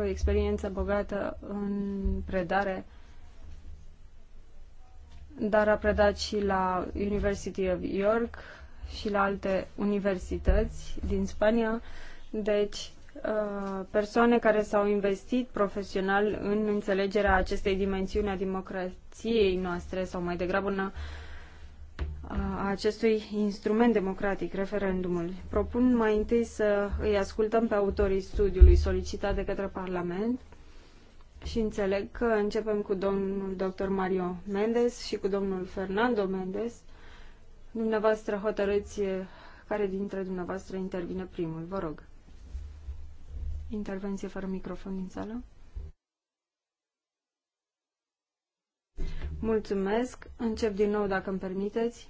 o experiență bogată în predare, dar a predat și la University of York și la alte universități din Spania. Deci, uh, persoane care s-au investit profesional în înțelegerea acestei dimensiuni a democrației noastre sau mai degrabă în a acestui instrument democratic, referendumul. Propun mai întâi să îi ascultăm pe autorii studiului solicitat de către Parlament și înțeleg că începem cu domnul dr. Mario Mendes și cu domnul Fernando Mendes. Dumneavoastră hotărâți care dintre dumneavoastră intervine primul. Vă rog. Intervenție fără microfon din sală. Mulțumesc. Încep din nou, dacă îmi permiteți.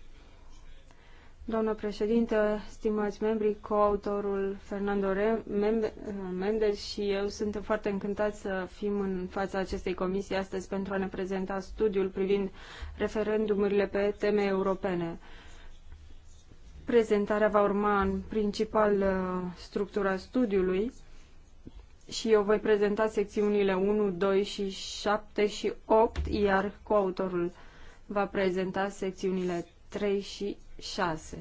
Doamnă președintă, stimați membri, coautorul Fernando Mendes și eu suntem foarte încântați să fim în fața acestei comisii astăzi pentru a ne prezenta studiul privind referendumurile pe teme europene. Prezentarea va urma în principal uh, structura studiului și eu voi prezenta secțiunile 1, 2 și 7 și 8, iar coautorul va prezenta secțiunile 3 și 6.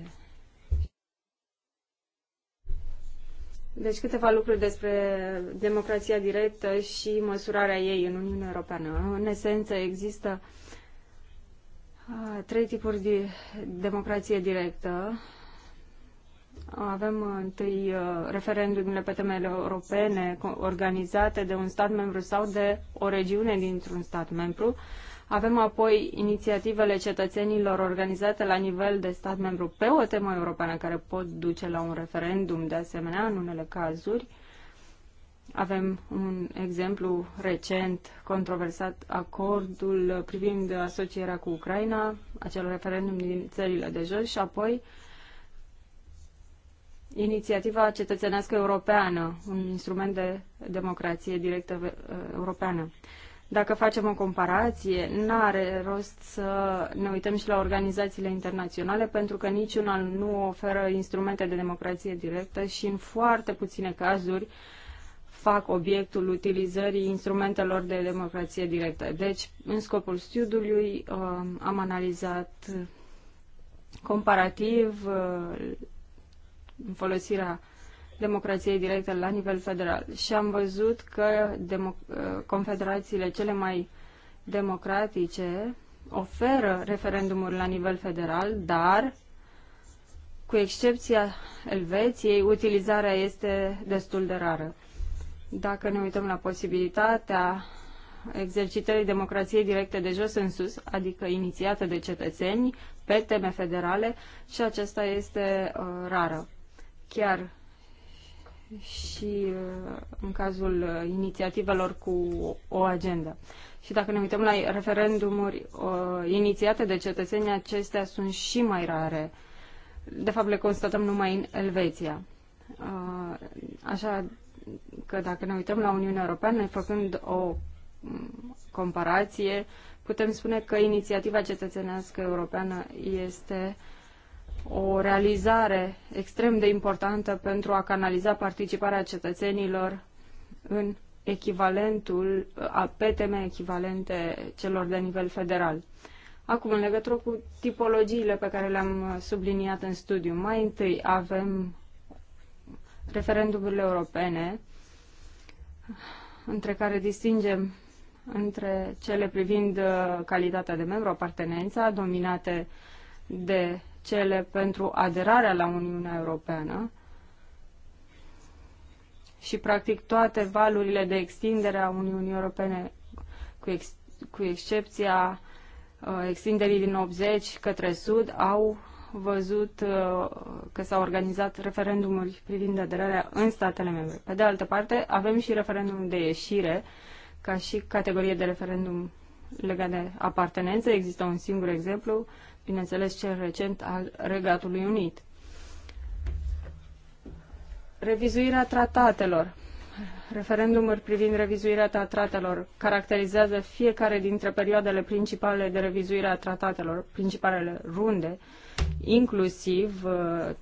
Deci câteva lucruri despre democrația directă și măsurarea ei în Uniunea Europeană. În esență există trei tipuri de democrație directă. Avem întâi referendumurile pe temele europene organizate de un stat membru sau de o regiune dintr-un stat membru. Avem apoi inițiativele cetățenilor organizate la nivel de stat membru pe o temă europeană care pot duce la un referendum de asemenea în unele cazuri. Avem un exemplu recent controversat, acordul privind asocierea cu Ucraina, acel referendum din țările de jos și apoi inițiativa cetățenească europeană, un instrument de democrație directă eh, europeană. Dacă facem o comparație, nu are rost să ne uităm și la organizațiile internaționale, pentru că niciuna nu oferă instrumente de democrație directă și în foarte puține cazuri fac obiectul utilizării instrumentelor de democrație directă. Deci, în scopul studiului, um, am analizat comparativ uh, folosirea democrației directe la nivel federal. Și am văzut că uh, confederațiile cele mai democratice oferă referendumuri la nivel federal, dar cu excepția Elveției, utilizarea este destul de rară. Dacă ne uităm la posibilitatea exercitării democrației directe de jos în sus, adică inițiată de cetățeni pe teme federale, și aceasta este uh, rară. Chiar și uh, în cazul uh, inițiativelor cu o agendă. Și dacă ne uităm la referendumuri uh, inițiate de cetățeni, acestea sunt și mai rare. De fapt, le constatăm numai în Elveția. Așa că dacă ne uităm la Uniunea Europeană, făcând o mm, comparație, putem spune că inițiativa cetățenească europeană este uh, o realizare extrem de importantă pentru a canaliza participarea cetățenilor în echivalentul, a PTM echivalente celor de nivel federal. Acum, în legătură cu tipologiile pe care le-am uh, subliniat în studiu, mai întâi avem referendumurile europene, între care distingem între cele privind uh, calitatea de membru, apartenența, dominate de cele pentru aderarea la Uniunea Europeană și practic toate valurile de extindere a Uniunii Europene, cu, ex, cu excepția uh, extinderii din 80 către Sud, au văzut uh, că s-au organizat referendumuri privind aderarea în statele membre. Pe de altă parte, avem și referendumul de ieșire, ca și categorie de referendum legat de apartenență. Există un singur exemplu bineînțeles cel recent al Regatului Unit. Revizuirea tratatelor. Referendumul privind revizuirea tratatelor caracterizează fiecare dintre perioadele principale de revizuire a tratatelor, principalele runde, inclusiv uh,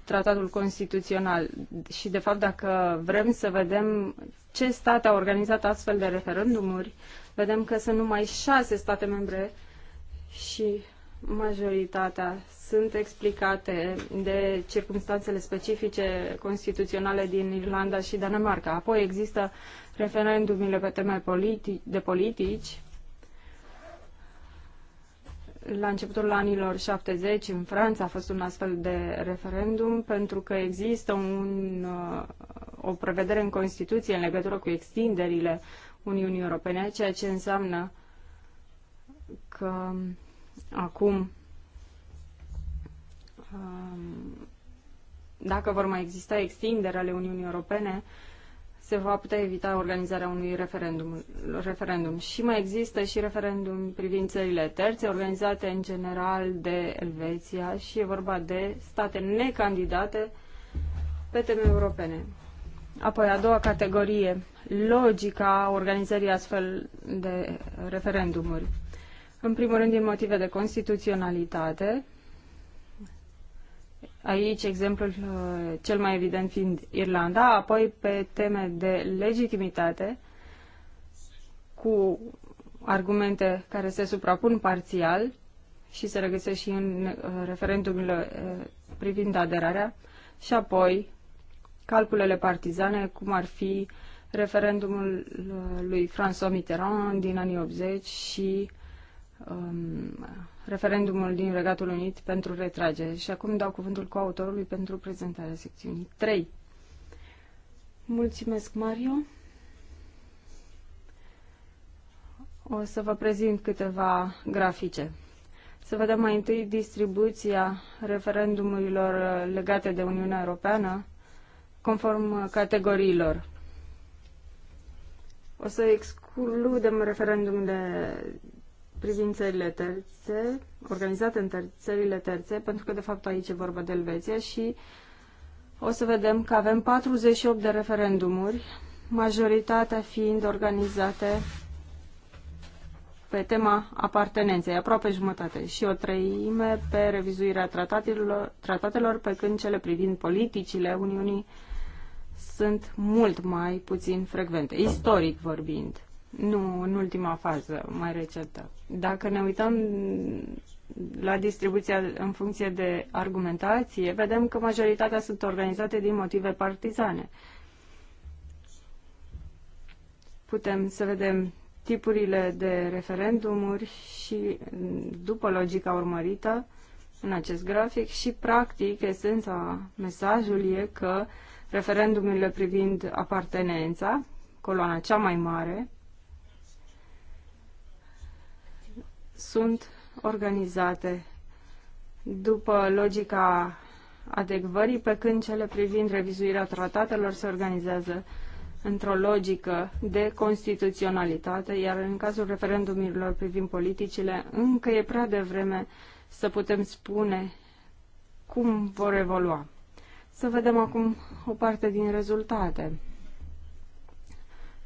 tratatul constituțional. Și, de fapt, dacă vrem să vedem ce state au organizat astfel de referendumuri, vedem că sunt numai șase state membre și majoritatea sunt explicate de circumstanțele specifice constituționale din Irlanda și Danemarca. Apoi există referendumile pe teme politi- de politici la începutul anilor 70 în Franța a fost un astfel de referendum pentru că există un, uh, o prevedere în Constituție în legătură cu extinderile Uniunii Europene, ceea ce înseamnă că Acum, um, dacă vor mai exista extinderi ale Uniunii Europene, se va putea evita organizarea unui referendum, referendum. Și mai există și referendum privind țările terțe, organizate în general de Elveția și e vorba de state necandidate pe teme europene. Apoi, a doua categorie, logica organizării astfel de referendumuri. În primul rând, din motive de constituționalitate, aici exemplul uh, cel mai evident fiind Irlanda, apoi pe teme de legitimitate, cu argumente care se suprapun parțial și se regăsesc și în uh, referendumul uh, privind aderarea, și apoi calculele partizane, cum ar fi referendumul lui François Mitterrand din anii 80 și um, referendumul din Regatul Unit pentru retragere. Și acum dau cuvântul cu autorului pentru prezentarea secțiunii 3. Mulțumesc, Mario. O să vă prezint câteva grafice. Să vedem mai întâi distribuția referendumurilor uh, legate de Uniunea Europeană conform uh, categoriilor. O să excludem referendumul de privind țările terțe, organizate în ter- țările terțe, pentru că de fapt aici e vorba de Elveția și o să vedem că avem 48 de referendumuri, majoritatea fiind organizate pe tema apartenenței, aproape jumătate, și o treime pe revizuirea tratatelor, tratatelor pe când cele privind politicile Uniunii sunt mult mai puțin frecvente, istoric vorbind. Nu, în ultima fază, mai recentă. Dacă ne uităm la distribuția în funcție de argumentație, vedem că majoritatea sunt organizate din motive partizane. Putem să vedem tipurile de referendumuri și după logica urmărită în acest grafic și practic esența mesajului e că referendumurile privind apartenența, coloana cea mai mare, sunt organizate după logica adecvării, pe când cele privind revizuirea tratatelor se organizează într-o logică de constituționalitate, iar în cazul referendumurilor privind politicile, încă e prea devreme să putem spune cum vor evolua. Să vedem acum o parte din rezultate.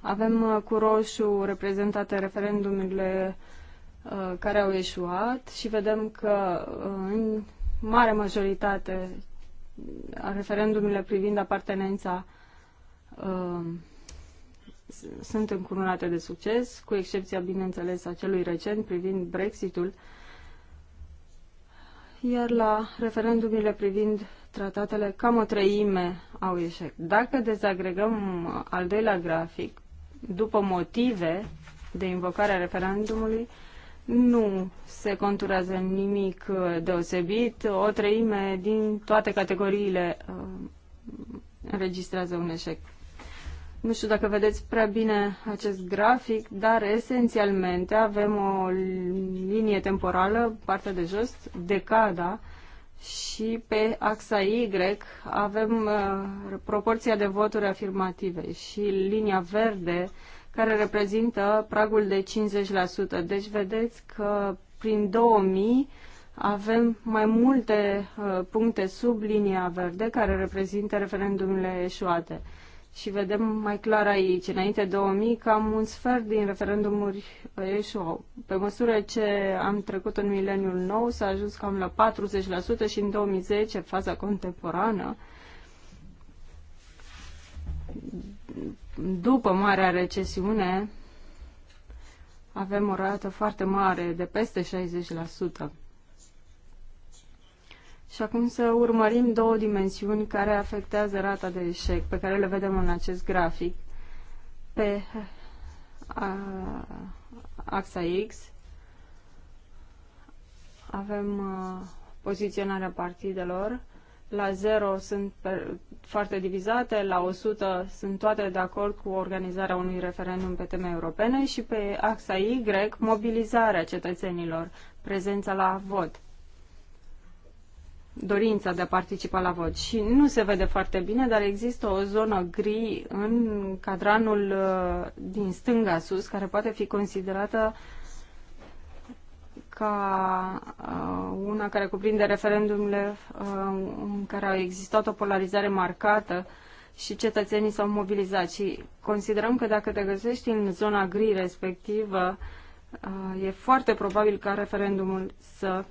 Avem uh, cu roșu reprezentate referendumurile Uh, care au ieșuat și vedem că uh, în mare majoritate uh, referendumurile privind apartenența sunt încurunate de succes, cu excepția, bineînțeles, a celui recent privind Brexitul, iar la referendumurile privind tratatele, cam o treime au ieșit. Dacă dezagregăm al doilea grafic, după motive de invocare a referendumului, nu se conturează nimic uh, deosebit. O treime din toate categoriile uh, înregistrează un eșec. Nu știu dacă vedeți prea bine acest grafic, dar esențialmente avem o linie temporală, partea de jos, decada, și pe axa Y avem uh, proporția de voturi afirmative și linia verde uh, care reprezintă pragul de 50%. Deci vedeți că prin 2000 avem mai multe uh, puncte sub linia verde care reprezintă referendumurile eșuate. Și vedem mai clar aici, înainte 2000, cam un sfert din referendumuri eșuau. Pe măsură ce am trecut în mileniul nou, s-a ajuns cam la 40% și în 2010, faza contemporană, uh, după marea recesiune avem o rată foarte mare de peste 60%. Și acum să urmărim două dimensiuni care afectează rata de eșec, pe care le vedem în acest grafic. Pe a, axa X avem a, poziționarea partidelor. La 0 sunt per, foarte divizate, la 100 sunt toate de acord cu organizarea unui referendum pe teme europene și pe axa Y, mobilizarea cetățenilor, prezența la vot, dorința de a participa la vot. Și nu se vede foarte bine, dar există o zonă gri în cadranul uh, din stânga sus, care poate fi considerată uh, ca uh, una care cuprinde referendumurile uh, în care a existat o polarizare marcată și cetățenii s-au mobilizat și considerăm că dacă te găsești în zona gri respectivă, uh, e foarte probabil ca referendumul să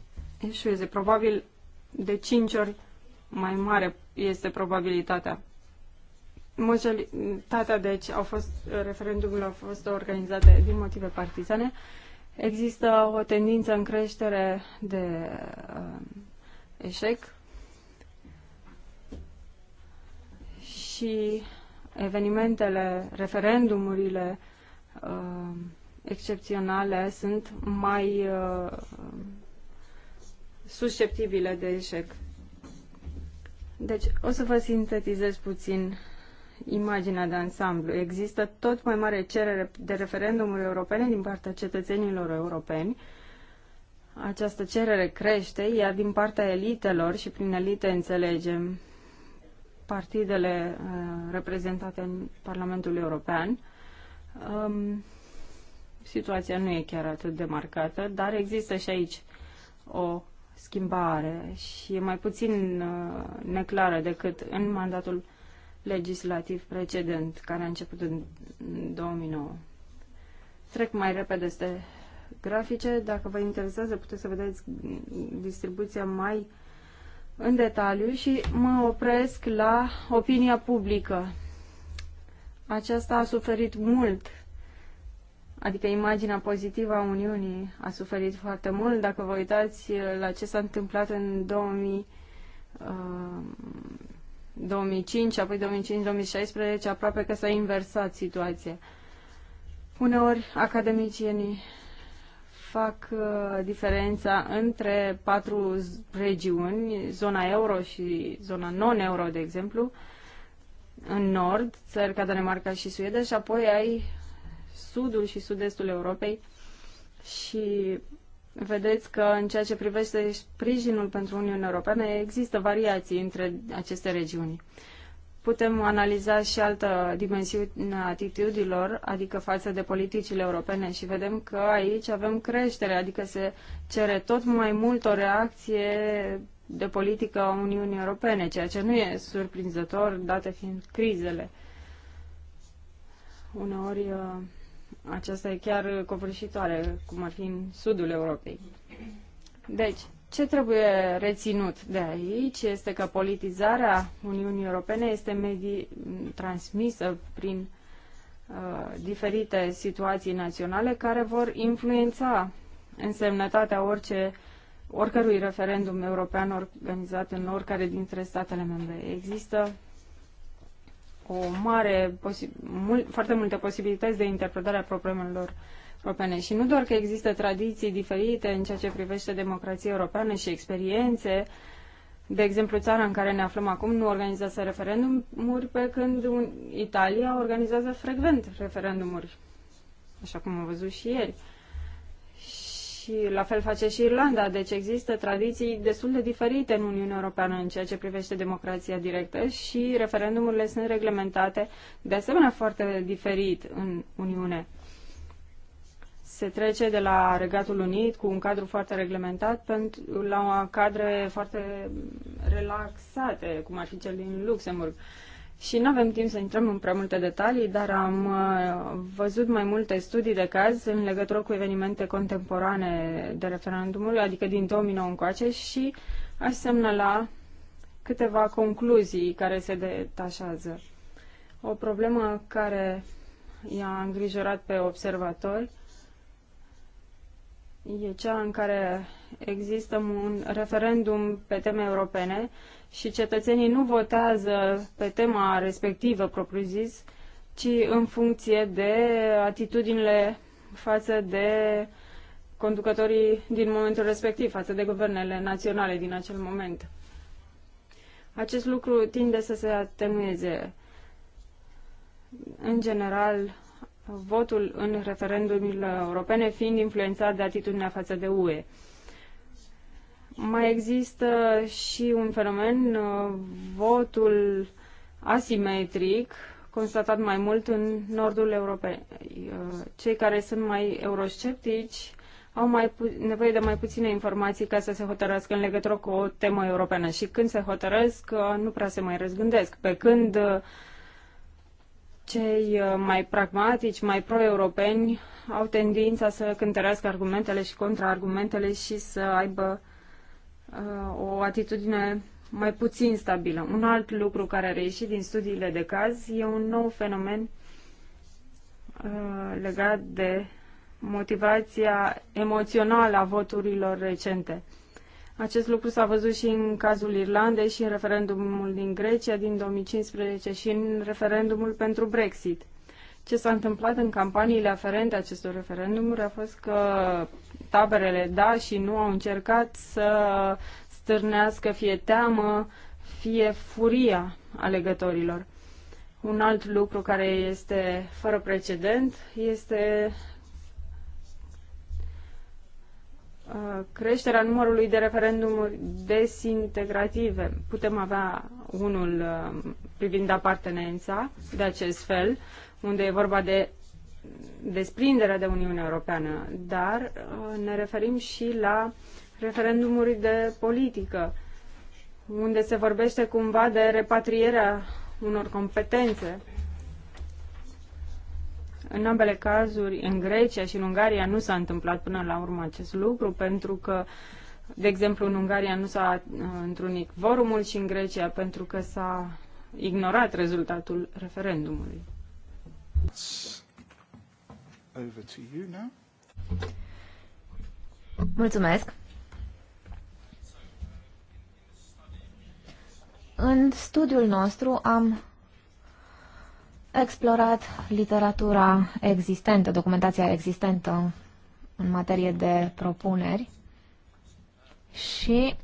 eșueze. Probabil de cinci ori mai mare este probabilitatea. Majoritatea, deci, au fost, referendumurile au fost organizate din motive partizane Există o tendință în creștere de uh, eșec și evenimentele, referendumurile uh, excepționale sunt mai uh, susceptibile de eșec. Deci o să vă sintetizez puțin imaginea de ansamblu. Există tot mai mare cerere de referendumuri europene din partea cetățenilor europeni. Această cerere crește, iar din partea elitelor, și prin elite înțelegem partidele uh, reprezentate în Parlamentul European, um, situația nu e chiar atât de marcată, dar există și aici o schimbare și e mai puțin uh, neclară decât în mandatul legislativ precedent, care a început în 2009. Trec mai repede este grafice. Dacă vă interesează, puteți să vedeți distribuția mai în detaliu și mă opresc la opinia publică. Aceasta a suferit mult, adică imaginea pozitivă a Uniunii a suferit foarte mult. Dacă vă uitați la ce s-a întâmplat în 2000, 2005, apoi 2005-2016, aproape că s-a inversat situația. Uneori, academicienii fac uh, diferența între patru regiuni, zona euro și zona non-euro, de exemplu, în nord, țări ca Danemarca și Suedia, și apoi ai sudul și sud-estul Europei și vedeți că în ceea ce privește sprijinul pentru Uniunea Europeană există variații între aceste regiuni. Putem analiza și altă dimensiune a atitudilor, adică față de politicile europene și vedem că aici avem creștere, adică se cere tot mai mult o reacție de politică a Uniunii Europene, ceea ce nu e surprinzător, date fiind crizele. Uneori uh, aceasta e chiar covârșitoare, cum ar fi în sudul Europei. Deci, ce trebuie reținut de aici este că politizarea Uniunii Europene este medii, transmisă prin uh, diferite situații naționale care vor influența însemnătatea orice, oricărui referendum european organizat în oricare dintre statele membre. Există o mare, mul, foarte multe posibilități de interpretare a problemelor europene. Și nu doar că există tradiții diferite în ceea ce privește democrația europeană și experiențe, de exemplu, țara în care ne aflăm acum nu organizează referendumuri, pe când Italia organizează frecvent referendumuri, așa cum am văzut și ieri. Uh, și la fel face și Irlanda, deci există tradiții destul de diferite în Uniunea Europeană în ceea ce privește democrația directă și referendumurile sunt reglementate de asemenea foarte diferit în Uniune. Se trece de la Regatul Unit cu un cadru foarte reglementat pentru, la cadre foarte relaxate, cum ar fi cel din Luxemburg. Uh, și nu avem timp să intrăm în prea multe detalii, dar am uh, văzut mai multe studii de caz în legătură cu evenimente contemporane de referendumul, adică din 2009 încoace, și aș semnala câteva concluzii care se detașează. O problemă care i-a îngrijorat pe observatori e cea în care există un referendum pe teme europene și cetățenii nu votează pe tema respectivă, propriu-zis, ci în funcție de atitudinile față de conducătorii din momentul respectiv, față de guvernele naționale din acel moment. Acest lucru tinde să se atenueze. În general, votul în referendumurile europene fiind influențat de atitudinea față de UE. Mai există și un fenomen, uh, votul asimetric, constatat mai mult în nordul Europei. Uh, cei care sunt mai eurosceptici au mai nevoie de mai puține informații ca să se hotărască în legătură cu o temă europeană și când se hotărăsc uh, nu prea se mai răzgândesc. Pe când cei mai pragmatici, mai pro-europeni au tendința să cântărească argumentele și contraargumentele și să aibă uh, Uh, o atitudine mai puțin stabilă. Un alt lucru care a reieșit din studiile de caz e un nou fenomen uh, legat de motivația emoțională a voturilor recente. Acest lucru s-a văzut și în cazul Irlandei și în referendumul din Grecia din 2015 și în referendumul pentru Brexit. Ce s-a întâmplat în campaniile aferente acestor referendumuri a fost că taberele da și nu au încercat să stârnească fie teamă, fie furia alegătorilor. Un alt lucru care este fără precedent este uh, creșterea numărului de referendumuri desintegrative. Putem avea unul uh, privind apartenența de acest fel, unde e vorba de desprinderea de Uniunea Europeană, dar uh, ne referim și la referendumuri de politică, unde se vorbește cumva de repatrierea unor competențe. În ambele cazuri, în Grecia și în Ungaria, nu s-a întâmplat până la urmă acest lucru, pentru că, de exemplu, în Ungaria nu s-a uh, întrunit vorumul și în Grecia pentru că s-a ignorat rezultatul referendumului over to you now. Mulțumesc. În studiul nostru am explorat literatura existentă, documentația existentă în materie de propuneri și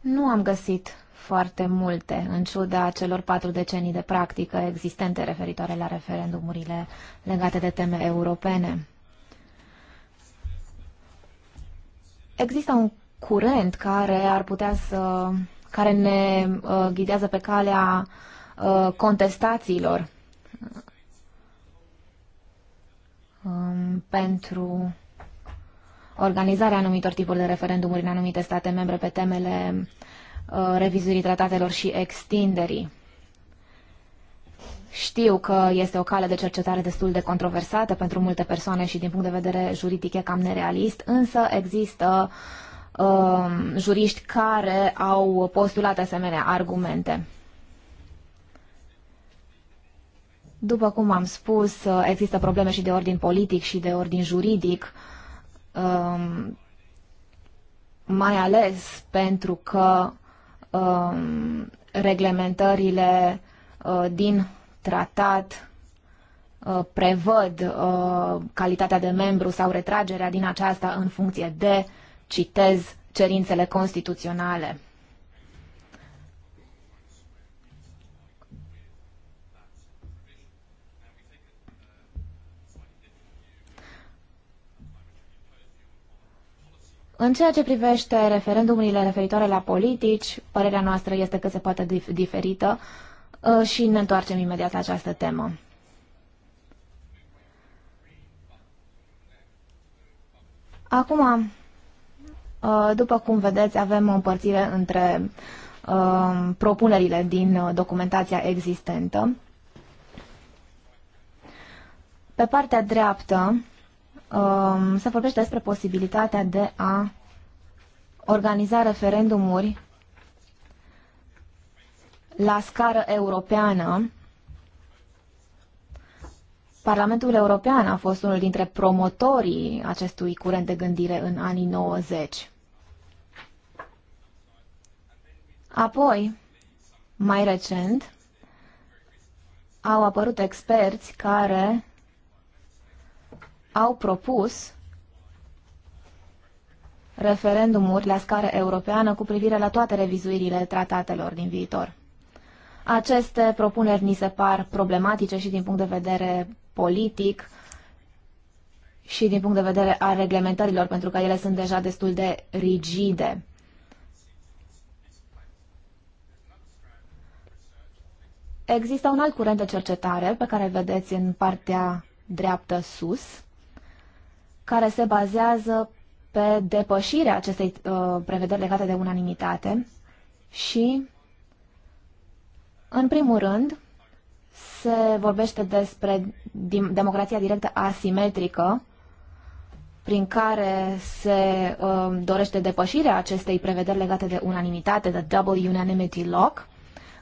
nu am găsit foarte multe, în ciuda celor patru decenii de practică existente referitoare la referendumurile legate de teme europene. Există un curent care ar putea să care ne uh, ghidează pe calea uh, contestațiilor um, pentru organizarea anumitor tipuri de referendumuri în anumite state membre pe temele Uh, revizuirii tratatelor și extinderii. Știu că este o cale de cercetare destul de controversată pentru multe persoane și din punct de vedere juridic e cam nerealist, însă există uh, juriști care au postulat asemenea argumente. După cum am spus, uh, există probleme și de ordin politic și de ordin juridic, uh, mai ales pentru că Um, reglementările uh, din tratat uh, prevăd uh, calitatea de membru sau retragerea din aceasta în funcție de, citez, cerințele constituționale. În ceea ce privește referendumurile referitoare la politici, părerea noastră este că se poate diferită uh, și ne întoarcem imediat la această temă. Acum, uh, după cum vedeți, avem o împărțire între uh, propunerile din documentația existentă. Pe partea dreaptă, um, se vorbește despre posibilitatea de a organiza referendumuri la scară europeană. Parlamentul European a fost unul dintre promotorii acestui curent de gândire în anii 90. Apoi, mai recent, au apărut experți care au propus referendumuri la scară europeană cu privire la toate revizuirile tratatelor din viitor. Aceste propuneri ni se par problematice și din punct de vedere politic și din punct de vedere a reglementărilor, pentru că ele sunt deja destul de rigide. Există un alt curent de cercetare pe care îl vedeți în partea dreaptă sus, care se bazează pe depășirea acestei uh, prevederi legate de unanimitate și, în primul rând, se vorbește despre democrația directă asimetrică, prin care se uh, dorește depășirea acestei prevederi legate de unanimitate, de double unanimity lock,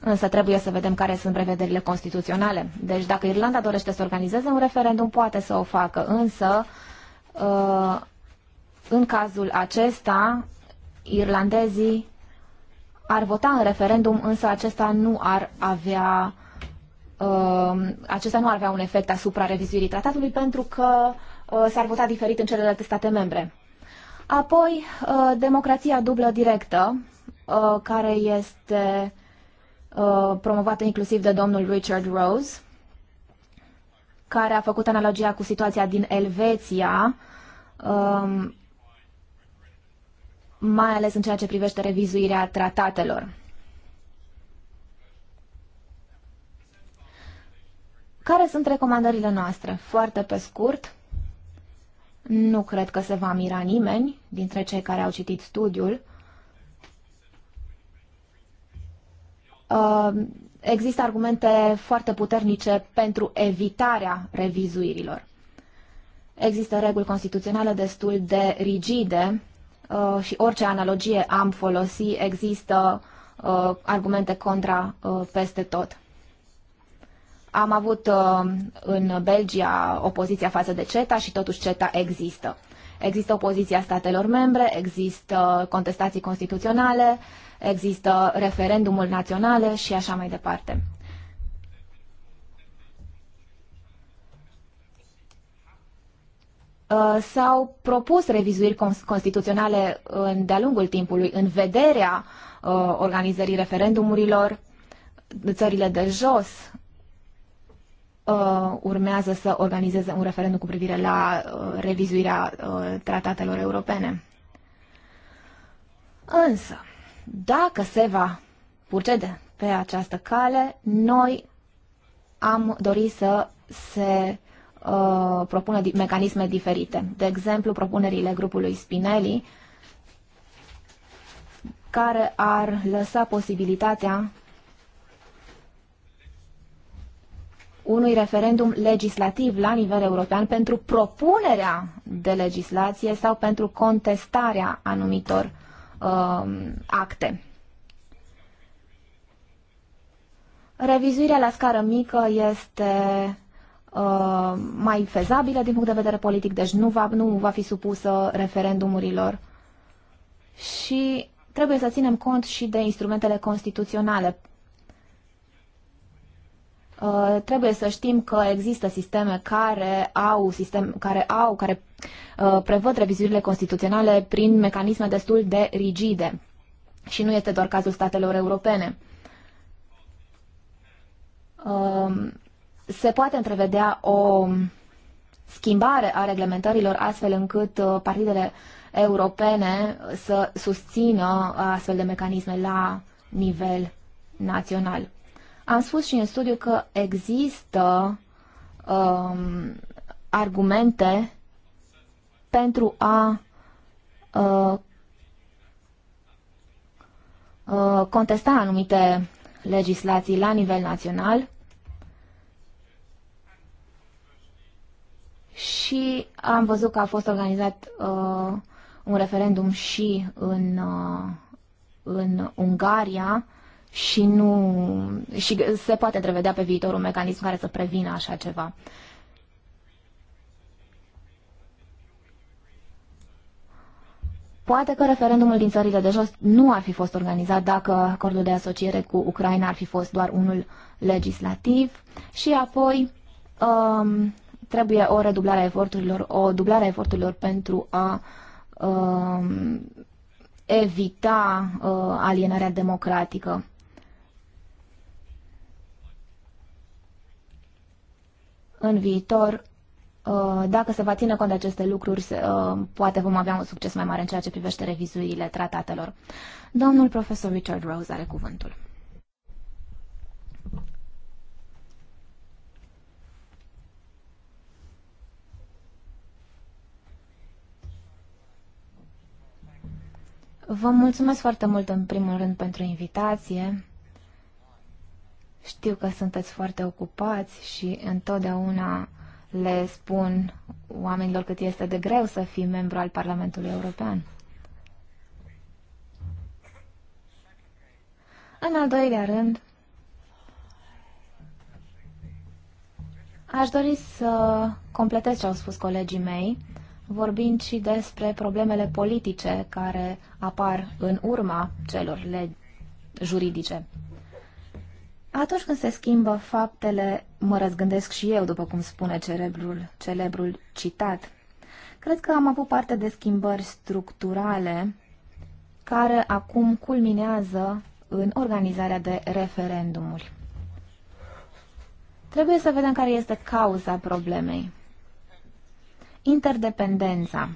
însă trebuie să vedem care sunt prevederile constituționale. Deci dacă Irlanda dorește să organizeze un referendum, poate să o facă, însă uh, Uh, în cazul acesta, irlandezii ar vota în referendum, însă acesta nu ar avea uh, acesta nu ar avea un efect asupra revizuirii tratatului pentru că uh, s-ar vota diferit în celelalte state membre. Apoi, democrația dublă directă, care este promovată inclusiv de domnul Richard Rose care a făcut analogia cu situația din Elveția, um, mai ales în ceea ce privește revizuirea tratatelor. Care sunt recomandările noastre? Foarte pe scurt, nu cred că se va mira nimeni dintre cei care au citit studiul. Uh, există argumente foarte puternice pentru evitarea revizuirilor. Există reguli constituționale destul de rigide uh, și orice analogie am folosi există uh, argumente contra uh, peste tot. Am avut în Belgia opoziția față de CETA și totuși CETA există. Există opoziția statelor membre, există contestații constituționale, există referendumul național și așa mai departe. Uh, s-au propus revizuiri constituționale uh, de-a lungul timpului în vederea uh, organizării referendumurilor. Țările de jos urmează să organizeze un referendum cu privire la revizuirea tratatelor europene. Însă, dacă se va procede pe această cale, noi am dorit să se uh, propună mecanisme diferite. De exemplu, propunerile grupului Spinelli, care ar lăsa posibilitatea unui referendum legislativ la nivel european pentru propunerea de legislație sau pentru contestarea anumitor Um, acte. Revizuirea la scară mică este uh, mai fezabilă din punct de vedere politic, deci nu va, nu va fi supusă referendumurilor. Și trebuie să ținem cont și de instrumentele constituționale Uh, trebuie să știm că există sisteme care au, sistem, care, au, care uh, prevăd revizuirile constituționale prin mecanisme destul de rigide. Și nu este doar cazul statelor europene. Uh, se poate întrevedea o schimbare a reglementărilor astfel încât uh, partidele europene să susțină uh, astfel de mecanisme la nivel național. Am spus și în studiu că există um, argumente pentru a uh, uh, contesta anumite legislații la nivel național și am văzut că a fost organizat uh, un referendum și în, uh, în Ungaria și nu și se poate întrevedea pe viitor un mecanism care să prevină așa ceva. Poate că referendumul din țările de jos nu ar fi fost organizat dacă acordul de asociere cu Ucraina ar fi fost doar unul legislativ și apoi um, trebuie o redublare a eforturilor, o dublare a eforturilor pentru a um, evita uh, alienarea democratică. în viitor, uh, dacă se va ține cont de aceste lucruri, uh, poate vom avea un succes mai mare în ceea ce privește revizuirile tratatelor. Domnul profesor Richard Rose are cuvântul. Vă mulțumesc foarte mult în primul rând pentru invitație. Știu că sunteți foarte ocupați și întotdeauna le spun oamenilor cât este de greu să fii membru al Parlamentului European. În al doilea rând, aș dori să completez ce au spus colegii mei, vorbind și despre problemele politice care apar în urma celor legi juridice. Atunci când se schimbă faptele, mă răzgândesc și eu, după cum spune cerebrul, celebrul citat. Cred că am avut parte de schimbări structurale care acum culminează în organizarea de referendumuri. Trebuie să vedem care este cauza problemei. Interdependența.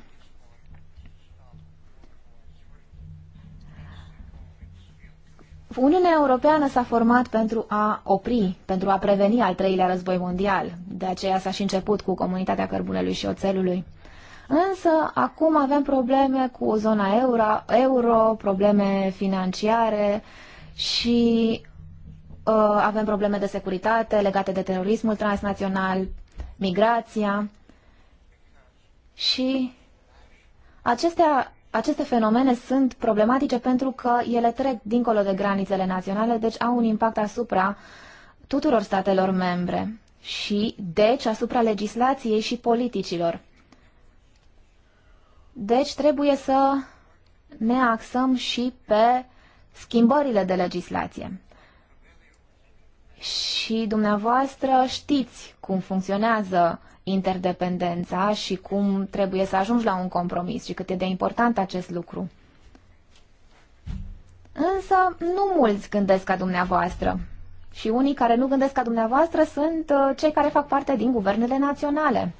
Uniunea Europeană s-a format pentru a opri, pentru a preveni al treilea război mondial. De aceea s-a și început cu comunitatea cărbunelui și oțelului. Însă, acum avem probleme cu zona euro, euro probleme financiare și uh, avem probleme de securitate legate de terorismul transnațional, migrația și acestea aceste fenomene sunt problematice pentru că ele trec dincolo de granițele naționale, deci au un impact asupra tuturor statelor membre și, deci, asupra legislației și politicilor. Deci, trebuie să ne axăm și pe schimbările de legislație. Și dumneavoastră știți cum funcționează interdependența și cum trebuie să ajungi la un compromis și cât e de important acest lucru. Însă nu mulți gândesc ca dumneavoastră. Și unii care nu gândesc ca dumneavoastră sunt uh, cei care fac parte din guvernele naționale.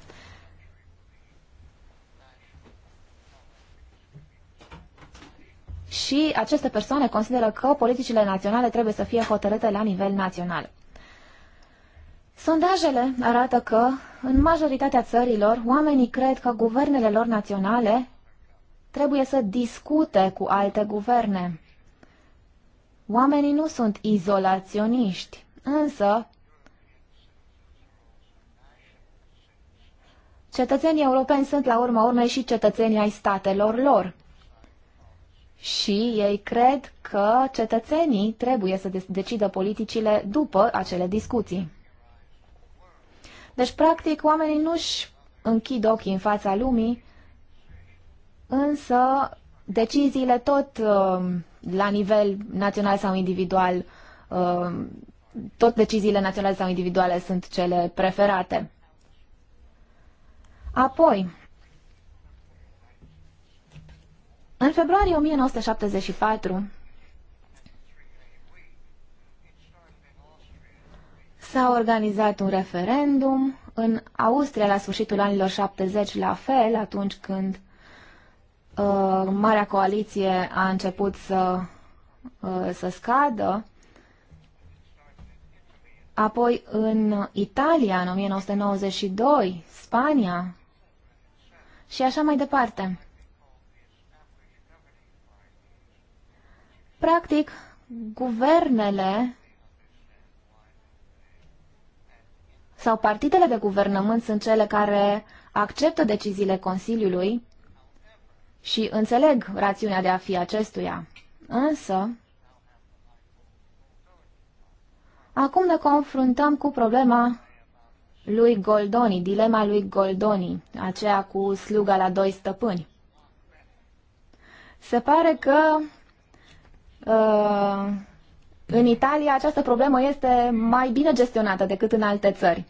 Și aceste persoane consideră că politicile naționale trebuie să fie hotărâte la nivel național. Sondajele arată că, în majoritatea țărilor, oamenii cred că guvernele lor naționale trebuie să discute cu alte guverne. Oamenii nu sunt izolaționiști, însă cetățenii europeni sunt la urma urmei și cetățenii ai statelor lor. Și ei cred că cetățenii trebuie să decidă politicile după acele discuții. Deci, practic, oamenii nu-și închid ochii în fața lumii, însă deciziile tot uh, la nivel național sau individual, uh, tot deciziile naționale sau individuale sunt cele preferate. Apoi, în februarie 1974, S-a organizat un referendum în Austria la sfârșitul anilor 70, la fel, atunci când uh, Marea Coaliție a început să, uh, să scadă. Apoi în Italia, în 1992, Spania și așa mai departe. Practic, guvernele sau partidele de guvernământ sunt cele care acceptă deciziile Consiliului și înțeleg rațiunea de a fi acestuia. Însă, acum ne confruntăm cu problema lui Goldoni, dilema lui Goldoni, aceea cu sluga la doi stăpâni. Se pare că uh, în Italia această problemă este mai bine gestionată decât în alte țări.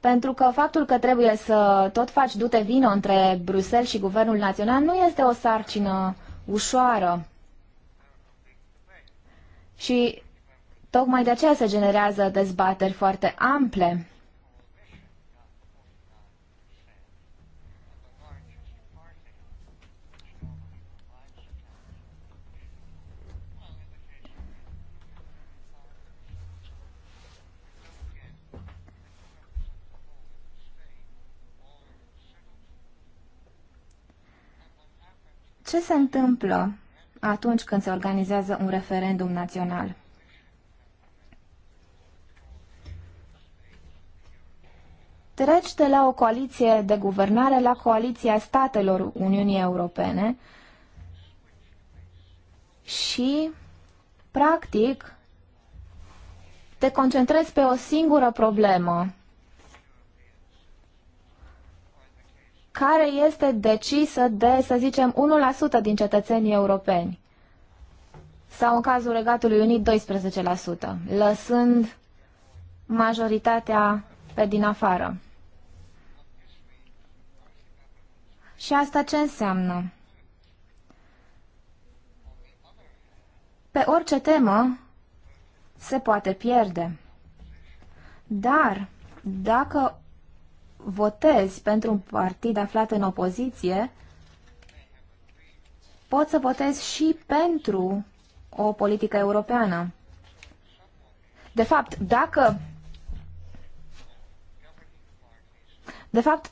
Pentru că faptul că trebuie să tot faci dute vino între Bruxelles și Guvernul Național nu este o sarcină ușoară. Și tocmai de aceea se generează dezbateri foarte ample. Ce se întâmplă atunci când se organizează un referendum național? Treci de la o coaliție de guvernare la coaliția statelor Uniunii Europene și, practic, te concentrezi pe o singură problemă care este decisă de, să zicem, 1% din cetățenii europeni sau în cazul Regatului Unit 12%, lăsând majoritatea pe din afară. Și asta ce înseamnă? Pe orice temă se poate pierde. Dar dacă votezi pentru un partid aflat în opoziție, poți să votezi și pentru o politică europeană. De fapt, dacă De fapt,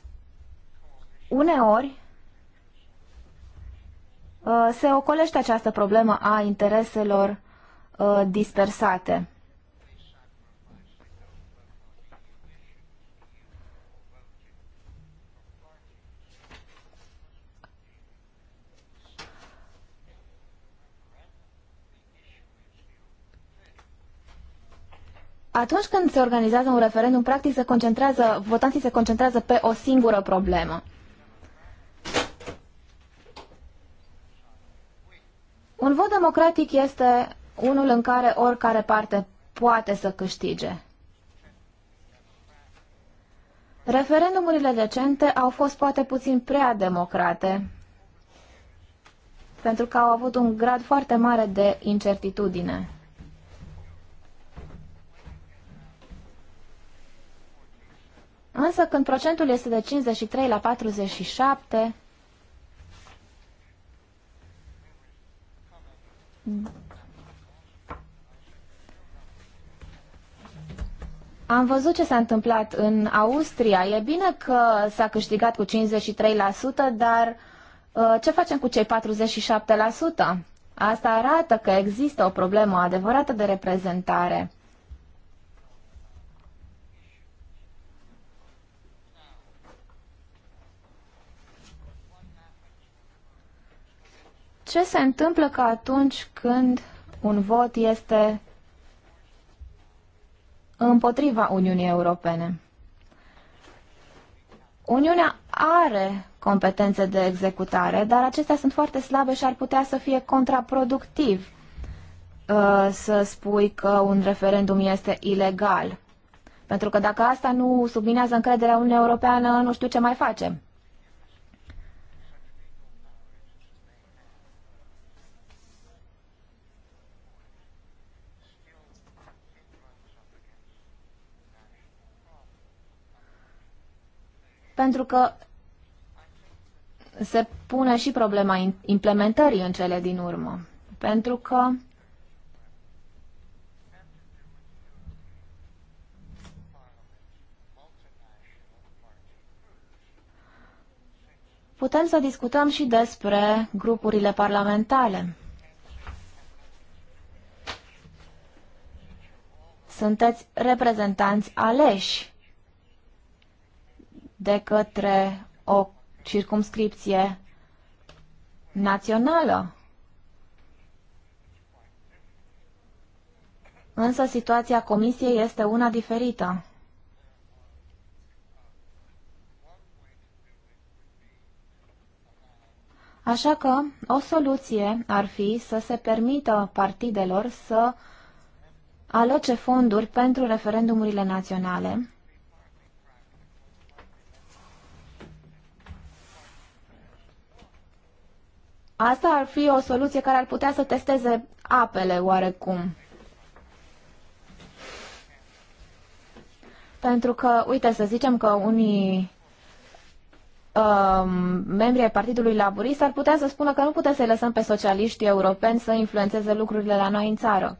uneori uh, se ocolește această problemă a intereselor uh, dispersate. atunci când se organizează un referendum, practic se concentrează, votanții se concentrează pe o singură problemă. Un vot democratic este unul în care oricare parte poate să câștige. Referendumurile recente au fost poate puțin prea democrate, pentru că au avut un grad foarte mare de incertitudine. Însă când procentul este de 53 la 47, Am văzut ce s-a întâmplat în Austria. E bine că s-a câștigat cu 53%, dar uh, ce facem cu cei 47%? Asta arată că există o problemă adevărată de reprezentare. ce se întâmplă că atunci când un vot este împotriva Uniunii Europene. Uniunea are competențe de executare, dar acestea sunt foarte slabe și ar putea să fie contraproductiv uh, să spui că un referendum este ilegal. Pentru că dacă asta nu subminează încrederea Uniunii Europeană, nu știu ce mai facem. pentru că se pune și problema implementării în cele din urmă. Pentru că putem să discutăm și despre grupurile parlamentare. Sunteți reprezentanți aleși de către o circumscripție națională. Însă situația comisiei este una diferită. Așa că o soluție ar fi să se permită partidelor să aloce fonduri pentru referendumurile naționale Asta ar fi o soluție care ar putea să testeze apele oarecum. Pentru că, uite, să zicem că unii um, membri ai Partidului Laburist ar putea să spună că nu putem să-i lăsăm pe socialiștii europeni să influențeze lucrurile la noi în țară.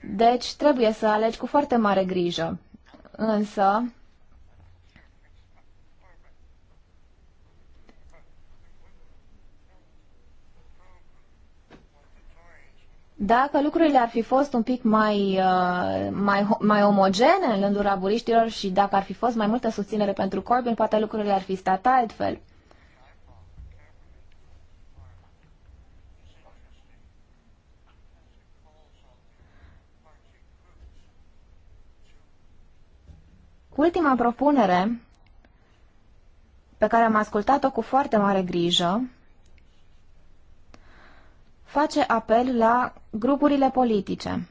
Deci trebuie să alegi cu foarte mare grijă. Însă, Dacă lucrurile ar fi fost un pic mai, uh, mai, mai omogene în rândul raburiștilor și dacă ar fi fost mai multă susținere pentru Corbyn, poate lucrurile ar fi stat altfel. Ultima propunere pe care am ascultat-o cu foarte mare grijă face apel la grupurile politice.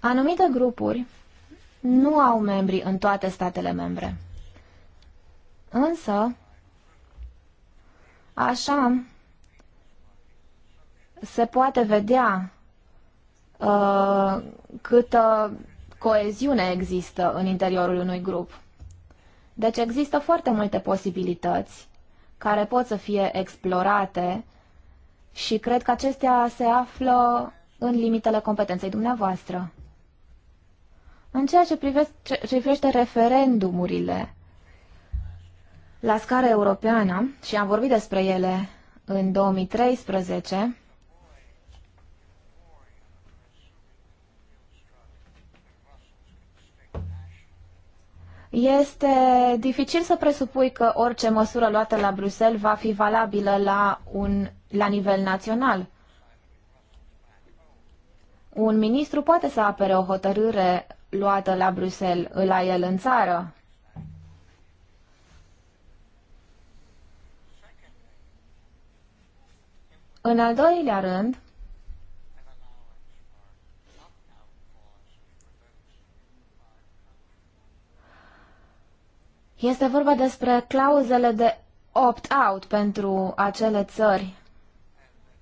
Anumite grupuri nu au membri în toate statele membre. Însă, așa se poate vedea Uh, câtă coeziune există în interiorul unui grup. Deci există foarte multe posibilități care pot să fie explorate și cred că acestea se află în limitele competenței dumneavoastră. În ceea ce privește referendumurile la scară europeană, și am vorbit despre ele în 2013, Este dificil să presupui că orice măsură luată la Bruxelles va fi valabilă la, un, la nivel național. Un ministru poate să apere o hotărâre luată la Bruxelles, la el în țară. În al doilea rând, Este vorba despre clauzele de opt-out pentru acele țări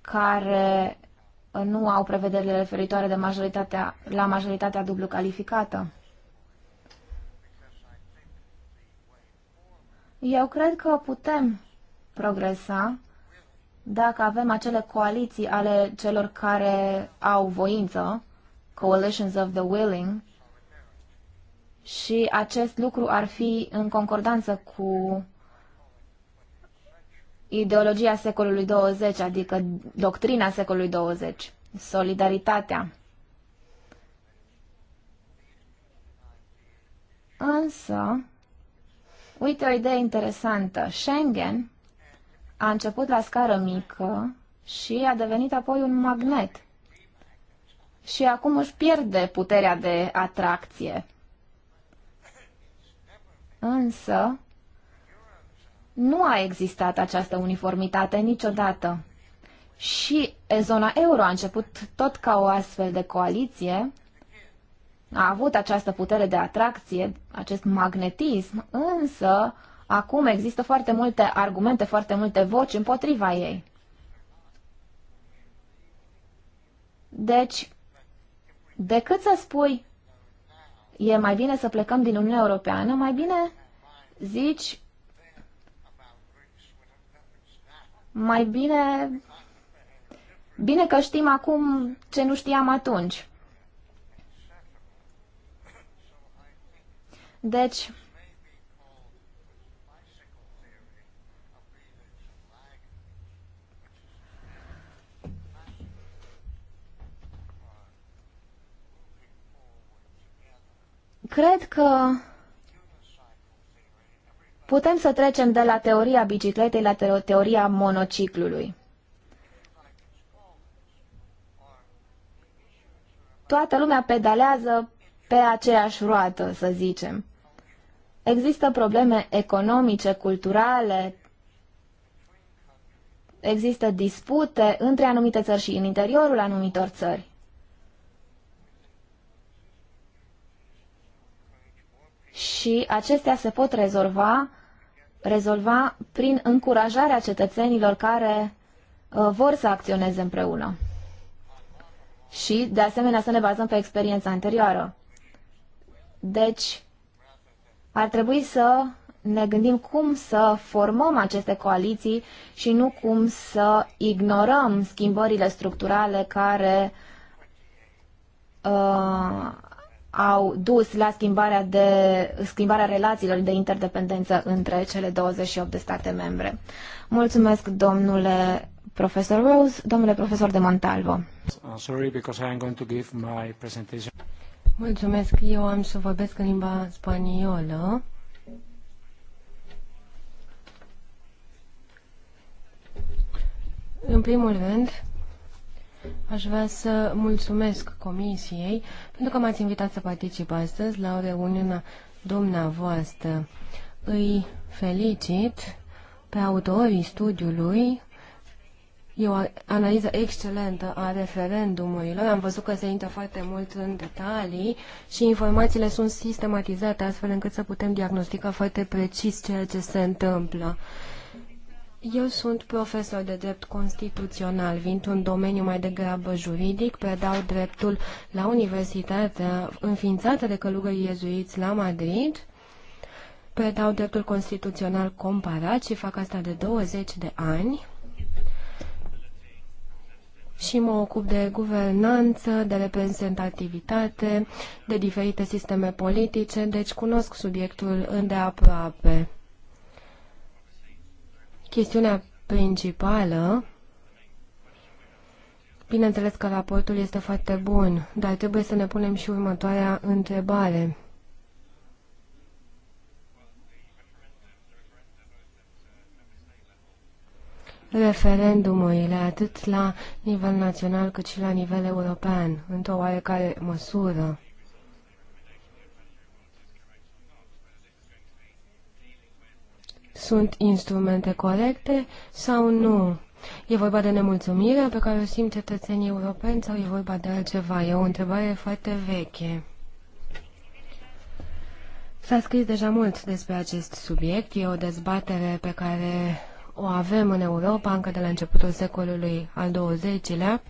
care uh, nu au prevederile referitoare de majoritatea, la majoritatea dublu calificată. Eu cred că putem progresa dacă avem acele coaliții ale celor care au voință, coalitions of the willing, și acest lucru ar fi în concordanță cu ideologia secolului 20, adică doctrina secolului 20, solidaritatea. Însă, uite o idee interesantă. Schengen a început la scară mică și a devenit apoi un magnet. Și acum își pierde puterea de atracție. Însă, nu a existat această uniformitate niciodată. Și zona euro a început tot ca o astfel de coaliție, a avut această putere de atracție, acest magnetism, însă acum există foarte multe argumente, foarte multe voci împotriva ei. Deci, decât să spui e mai bine să plecăm din Uniunea Europeană, mai bine zici mai bine bine că știm acum ce nu știam atunci. Deci, Cred că putem să trecem de la teoria bicicletei la teoria monociclului. Toată lumea pedalează pe aceeași roată, să zicem. Există probleme economice, culturale, există dispute între anumite țări și în interiorul anumitor țări. și acestea se pot rezolva, rezolva prin încurajarea cetățenilor care uh, vor să acționeze împreună. Și, de asemenea, să ne bazăm pe experiența anterioară. Deci, ar trebui să ne gândim cum să formăm aceste coaliții și nu cum să ignorăm schimbările structurale care uh, au dus la schimbarea, de, schimbarea relațiilor de interdependență între cele 28 de state membre. Mulțumesc, domnule profesor Rose, domnule profesor de Montalvo. Uh, sorry, because I am going to give my presentation. Mulțumesc, eu am să vorbesc în limba spaniolă. În primul rând, Aș vrea să mulțumesc Comisiei pentru că m-ați invitat să particip astăzi la o reuniune dumneavoastră. Îi felicit pe autorii studiului. E o analiză excelentă a referendumurilor. Am văzut că se intră foarte mult în detalii și informațiile sunt sistematizate astfel încât să putem diagnostica foarte precis ceea ce se întâmplă. Eu sunt profesor de drept constituțional, vin un domeniu mai degrabă juridic, predau dreptul la universitatea înființată de călugării iezuiți la Madrid, predau dreptul constituțional comparat și fac asta de 20 de ani și mă ocup de guvernanță, de reprezentativitate, de diferite sisteme politice, deci cunosc subiectul îndeaproape. Chestiunea principală, bineînțeles că raportul este foarte bun, dar trebuie să ne punem și următoarea întrebare. referendumurile, atât la nivel național cât și la nivel european, într-o oarecare măsură. sunt instrumente corecte sau nu. E vorba de nemulțumirea pe care o simt cetățenii europeni sau e vorba de altceva? E o întrebare foarte veche. S-a scris deja mult despre acest subiect. E o dezbatere pe care o avem în Europa încă de la începutul secolului al XX-lea.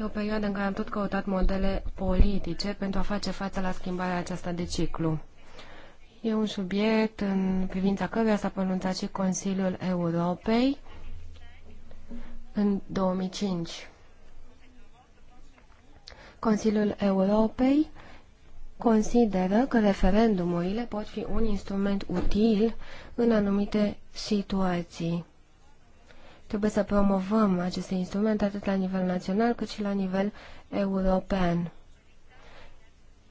E o perioadă în care am tot căutat modele politice pentru a face față la schimbarea aceasta de ciclu. E un subiect în privința căruia s-a pronunțat și Consiliul Europei în 2005. Consiliul Europei consideră că referendumurile pot fi un instrument util în anumite situații. Trebuie să promovăm aceste instrumente atât la nivel național cât și la nivel european.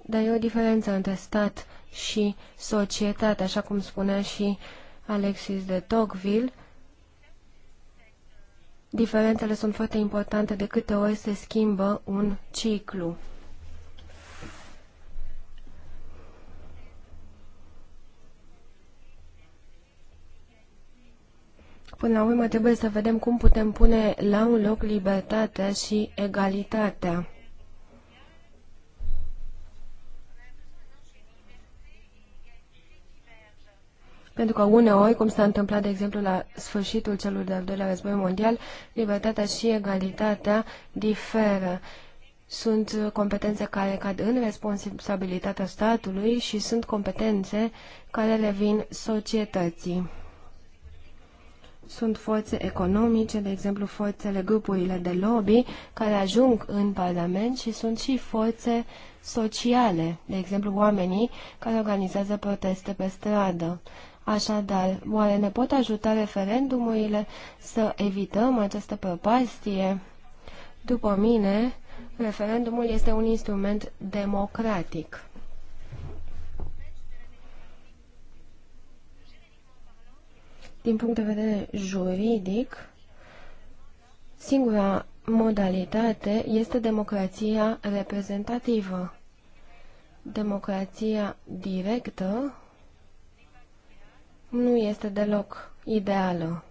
Dar e o diferență între stat și societate, așa cum spunea și Alexis de Tocqueville. Diferențele sunt foarte importante de câte ori se schimbă un ciclu. Până la urmă trebuie să vedem cum putem pune la un loc libertatea și egalitatea. Pentru că uneori, cum s-a întâmplat, de exemplu, la sfârșitul celor de-al doilea război mondial, libertatea și egalitatea diferă. Sunt competențe care cad în responsabilitatea statului și sunt competențe care le vin societății. Sunt forțe economice, de exemplu forțele grupurile de lobby, care ajung în Parlament și sunt și forțe sociale, de exemplu oamenii care organizează proteste pe stradă. Așadar, oare ne pot ajuta referendumurile să evităm această prăpastie? După mine, referendumul este un instrument democratic. Din punct de vedere juridic, singura modalitate este democrația reprezentativă. Democrația directă nu este deloc ideală.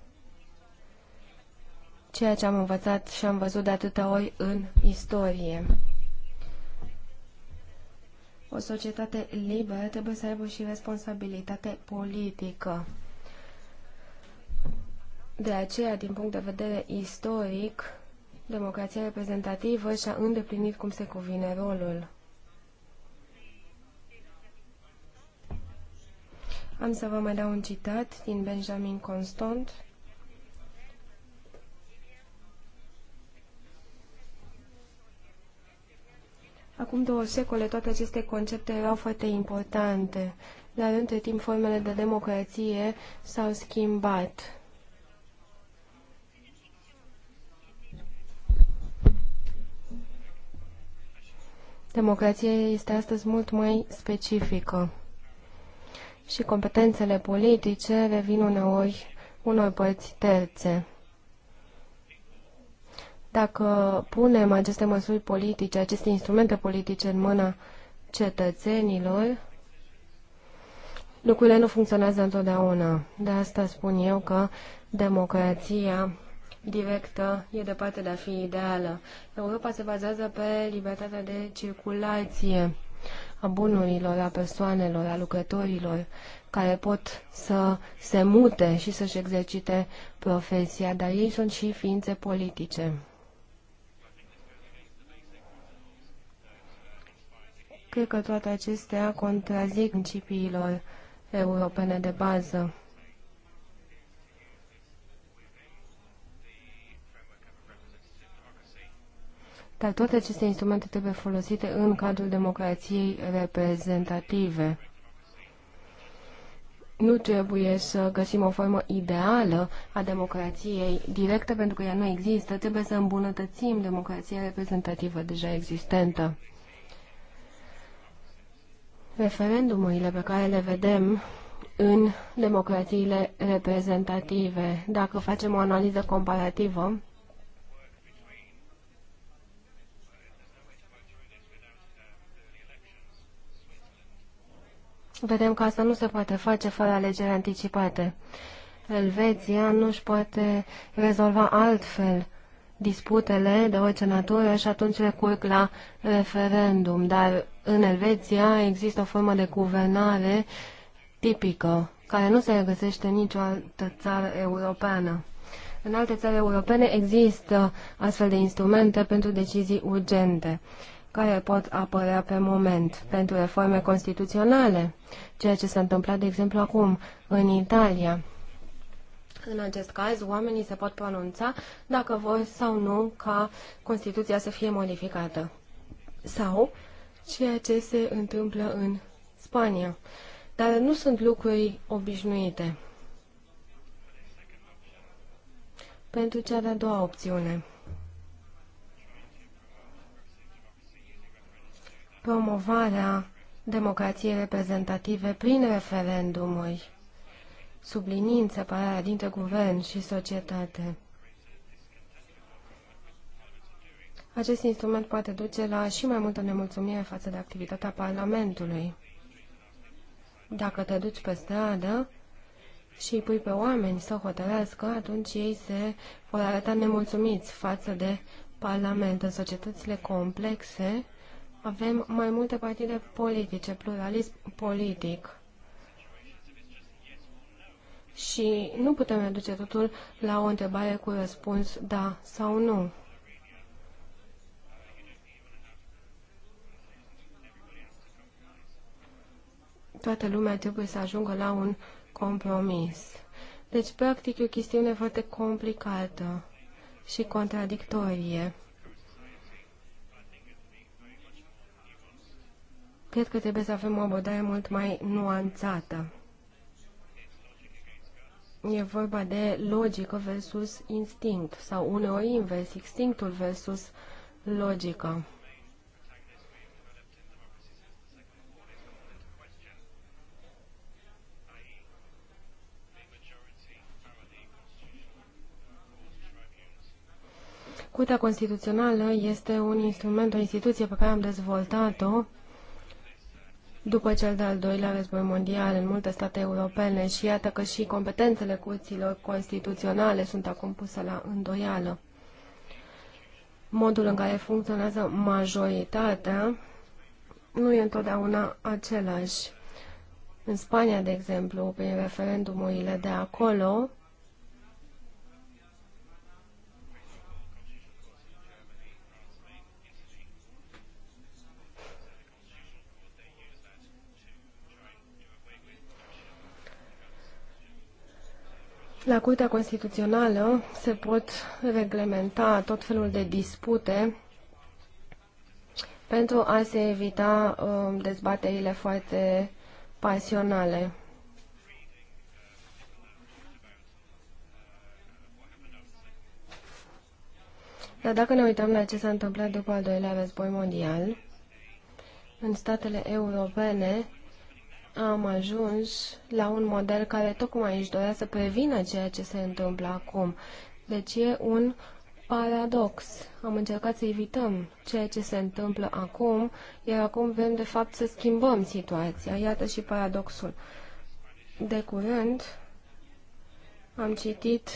Ceea ce am învățat și am văzut de atâtea ori în istorie. O societate liberă trebuie să aibă și responsabilitate politică. De aceea, din punct de vedere istoric, democrația reprezentativă și-a îndeplinit cum se cuvine rolul. Am să vă mai dau un citat din Benjamin Constant. Acum două secole toate aceste concepte erau foarte importante, dar între timp formele de democrație s-au schimbat. Democrația este astăzi mult mai specifică și competențele politice revin uneori unor părți terțe. Dacă punem aceste măsuri politice, aceste instrumente politice în mâna cetățenilor, lucrurile nu funcționează întotdeauna. De asta spun eu că democrația directă e departe de a fi ideală. Europa se bazează pe libertatea de circulație a bunurilor, a persoanelor, a lucrătorilor care pot să se mute și să-și exercite profesia, dar ei sunt și ființe politice. Cred că toate acestea contrazic principiilor europene de bază. Dar toate aceste instrumente trebuie folosite în cadrul democrației reprezentative. Nu trebuie să găsim o formă ideală a democrației directă, pentru că ea nu există. Trebuie să îmbunătățim democrația reprezentativă deja existentă. Referendumurile pe care le vedem în democrațiile reprezentative, dacă facem o analiză comparativă, vedem că asta nu se poate face fără alegeri anticipate. Elveția nu își poate rezolva altfel disputele de orice natură și atunci recurg la referendum. Dar în Elveția există o formă de guvernare tipică, care nu se regăsește în nicio altă țară europeană. În alte țări europene există astfel de instrumente pentru decizii urgente care pot apărea pe moment pentru reforme constituționale, ceea ce s-a întâmplat, de exemplu, acum în Italia. În acest caz, oamenii se pot pronunța dacă vor sau nu ca Constituția să fie modificată. Sau ceea ce se întâmplă în Spania. Dar nu sunt lucruri obișnuite. Pentru cea de-a doua opțiune. promovarea democrației reprezentative prin referendumuri, sublinind separarea dintre guvern și societate. Acest instrument poate duce la și mai multă nemulțumire față de activitatea Parlamentului. Dacă te duci pe stradă și îi pui pe oameni să hotărească, atunci ei se vor arăta nemulțumiți față de Parlament. În societățile complexe, avem mai multe partide politice, pluralism politic. Și nu putem reduce totul la o întrebare cu răspuns da sau nu. Toată lumea trebuie să ajungă la un compromis. Deci, practic, e o chestiune foarte complicată și contradictorie. Cred că trebuie să avem o abordare mult mai nuanțată. E vorba de logică versus instinct sau uneori invers, instinctul versus logică. Curtea Constituțională este un instrument, o instituție pe care am dezvoltat-o după cel de-al doilea război mondial în multe state europene și iată că și competențele curților constituționale sunt acum puse la îndoială. Modul în care funcționează majoritatea nu e întotdeauna același. În Spania, de exemplu, prin referendumurile de acolo, la Curtea Constituțională se pot reglementa tot felul de dispute pentru a se evita uh, dezbaterile foarte pasionale. Dar dacă ne uităm la ce s-a întâmplat după al doilea război mondial, în statele europene am ajuns la un model care tocmai își dorea să prevină ceea ce se întâmplă acum. Deci e un paradox. Am încercat să evităm ceea ce se întâmplă acum, iar acum vrem de fapt să schimbăm situația. Iată și paradoxul. De curând am citit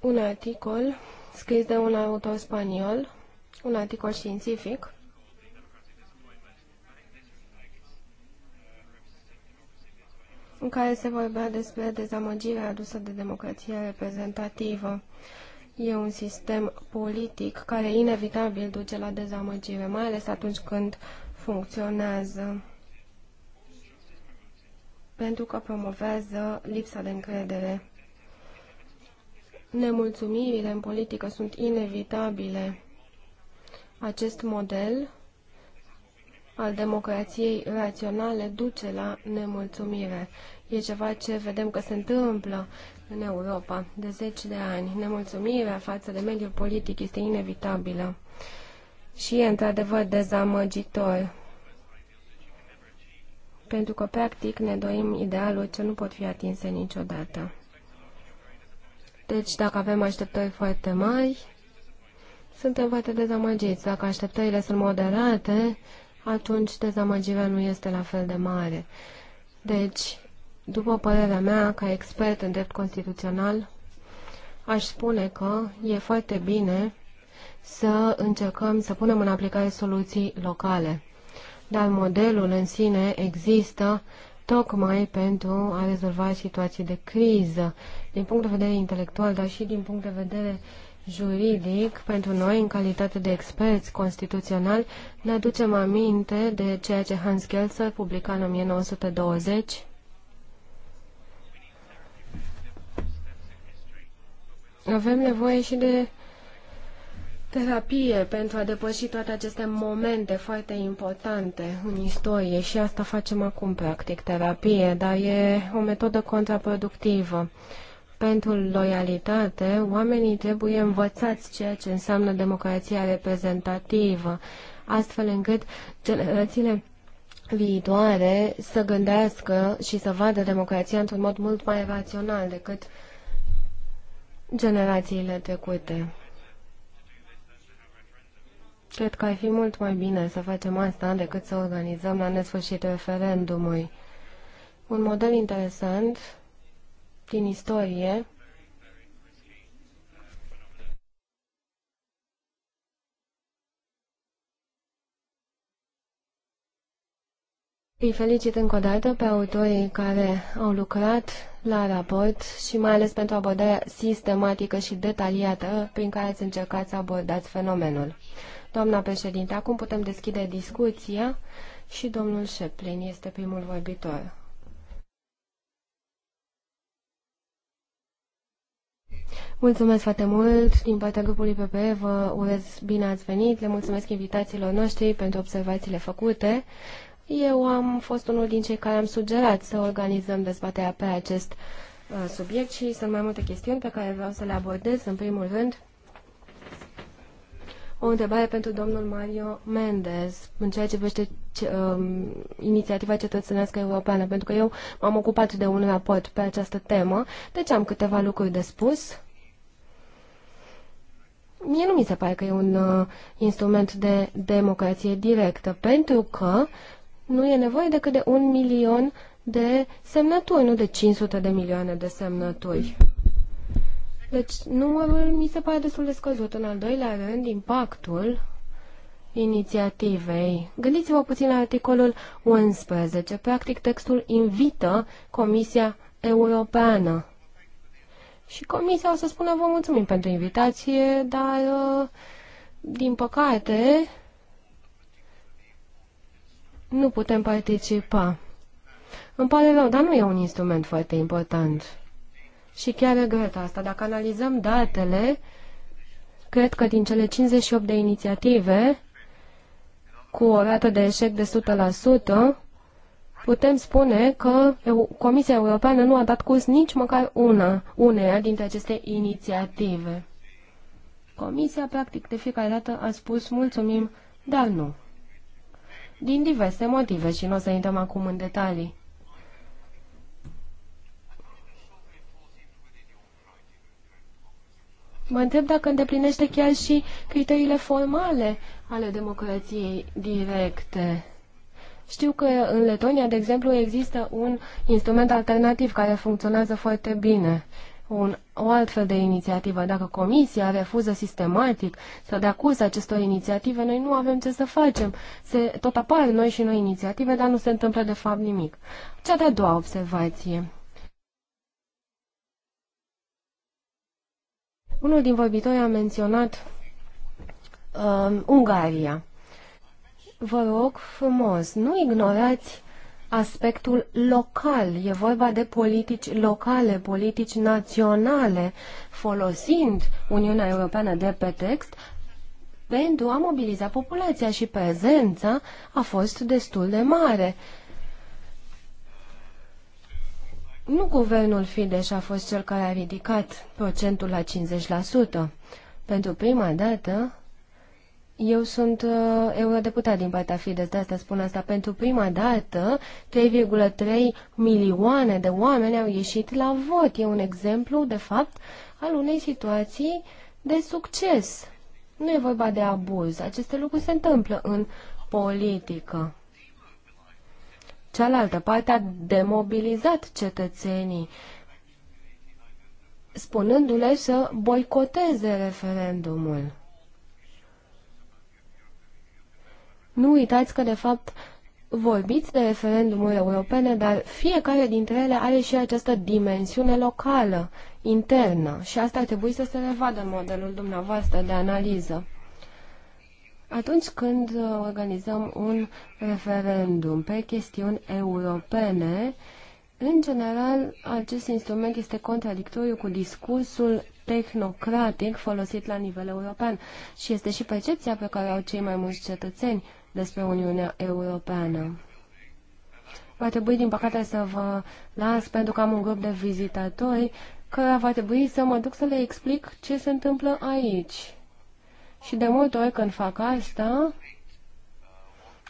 un articol scris de un autor spaniol, un articol științific, în care se vorbea despre dezamăgirea adusă de democrația reprezentativă. E un sistem politic care inevitabil duce la dezamăgire, mai ales atunci când funcționează, pentru că promovează lipsa de încredere. Nemulțumirile în politică sunt inevitabile. Acest model al democrației raționale duce la nemulțumire. E ceva ce vedem că se întâmplă în Europa de zeci de ani. Nemulțumirea față de mediul politic este inevitabilă și e într-adevăr dezamăgitor. Pentru că, practic, ne dorim idealuri ce nu pot fi atinse niciodată. Deci, dacă avem așteptări foarte mari, suntem foarte dezamăgiți. Dacă așteptările sunt moderate, atunci dezamăgirea nu este la fel de mare. Deci, după părerea mea, ca expert în drept constituțional, aș spune că e foarte bine să încercăm să punem în aplicare soluții locale. Dar modelul în sine există tocmai pentru a rezolva situații de criză, din punct de vedere intelectual, dar și din punct de vedere uh, juridic, pentru noi, în calitate de experți constituționali, ne aducem aminte de ceea ce Hans Gelser publica în 1920 Avem nevoie și de terapie pentru a depăși toate aceste momente foarte importante în istorie și asta facem acum, practic, terapie, dar e o metodă contraproductivă. Pentru loialitate, oamenii trebuie învățați ceea ce înseamnă democrația reprezentativă, astfel încât generațiile viitoare să gândească și să vadă democrația într-un mod mult mai rațional decât generațiile trecute. Cred că ar fi mult mai bine să facem asta decât să organizăm la nesfârșit referendumului. Un model interesant prin istorie, Îi felicit încă o dată pe autorii care au lucrat la raport și mai ales pentru abordarea sistematică și detaliată prin care ați încercat să abordați fenomenul. Doamna președinte, acum putem deschide discuția și domnul Șeplin este primul vorbitor. Mulțumesc foarte mult. Din partea grupului PPE vă urez bine ați venit. Le mulțumesc invitațiilor noștri pentru observațiile făcute. Eu am fost unul din cei care am sugerat să organizăm dezbaterea pe acest uh, subiect și sunt mai multe chestiuni pe care vreau să le abordez. În primul rând, o întrebare pentru domnul Mario Mendez în ceea ce privește ce, um, inițiativa cetățenească europeană, pentru că eu m-am ocupat de un raport pe această temă, deci am câteva lucruri de spus. Mie nu mi se pare că e un uh, instrument de democrație directă, pentru că nu e nevoie decât de un milion de semnături, nu de 500 de milioane de semnături. Deci numărul mi se pare destul de scăzut. În al doilea rând, impactul inițiativei. Gândiți-vă puțin la articolul 11. Practic, textul invită Comisia Europeană și comisia o să spună vă mulțumim pentru invitație, dar uh, din păcate nu putem participa. Îmi pare rău, dar nu e un instrument foarte important. Și chiar regret asta. Dacă analizăm datele, cred că din cele 58 de inițiative, cu o rată de eșec de 100%, putem spune că Comisia Europeană nu a dat curs nici măcar una, uneia dintre aceste inițiative. Comisia, practic, de fiecare dată a spus mulțumim, dar nu. Din diverse motive și nu o să intrăm acum în detalii. Mă întreb dacă îndeplinește chiar și criteriile formale ale democrației directe. Știu că în Letonia, de exemplu, există un instrument alternativ care funcționează foarte bine. Un, o altfel de inițiativă. Dacă comisia refuză sistematic să dea curs acestor inițiative, noi nu avem ce să facem. Se, tot apar noi și noi inițiative, dar nu se întâmplă de fapt nimic. Cea de-a doua observație. Unul din vorbitori a menționat uh, Ungaria vă rog frumos, nu ignorați aspectul local. E vorba de politici locale, politici naționale, folosind Uniunea Europeană de pe text pentru a mobiliza populația și prezența a fost destul de mare. Nu guvernul Fidesz a fost cel care a ridicat procentul la 50%. Pentru prima dată, eu sunt uh, eurodeputat din partea Fides, de asta spun asta. Pentru prima dată, 3,3 milioane de oameni au ieșit la vot. E un exemplu, de fapt, al unei situații de succes. Nu e vorba de abuz. Aceste lucruri se întâmplă în politică. Cealaltă parte a demobilizat cetățenii, spunându-le să boicoteze referendumul. Nu uitați că, de fapt, vorbiți de referendumuri europene, dar fiecare dintre ele are și această dimensiune locală, internă, și asta ar trebui să se revadă modelul dumneavoastră de analiză. Atunci când organizăm un referendum pe chestiuni europene, în general, acest instrument este contradictoriu cu discursul tehnocratic folosit la nivel european și este și percepția pe care o au cei mai mulți cetățeni despre Uniunea Europeană. Va trebui, din păcate, să vă las pentru că am un grup de vizitatori că va trebui să mă duc să le explic ce se întâmplă aici. Și de multe ori când fac asta,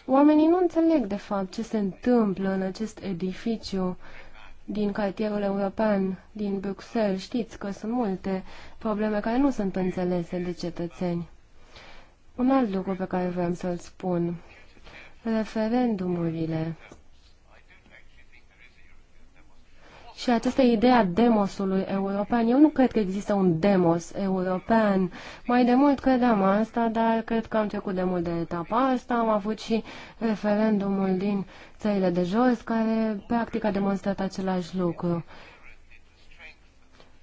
oamenii nu înțeleg de fapt ce se întâmplă în acest edificiu din cartierul european, din Bruxelles. Știți că sunt multe probleme care nu sunt înțelese de cetățeni. Un alt lucru pe care vreau să-l spun, referendumurile. Și această idee a demosului european, eu nu cred că există un demos european. Mai de mult credeam asta, dar cred că am trecut de mult de etapa asta. Am avut și referendumul din țările de jos, care practic a demonstrat același lucru.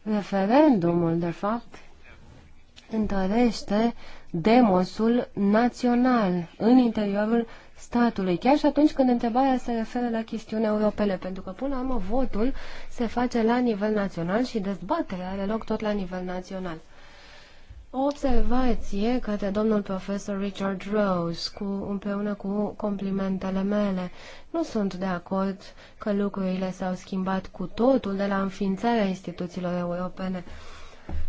Referendumul, de fapt, întărește demosul național în interiorul statului, chiar și atunci când întrebarea se referă la chestiuni europene, pentru că până la urmă votul se face la nivel național și dezbaterea are loc tot la nivel național. O observație către domnul profesor Richard Rose cu, împreună cu complimentele mele. Nu sunt de acord că lucrurile s-au schimbat cu totul de la înființarea instituțiilor europene.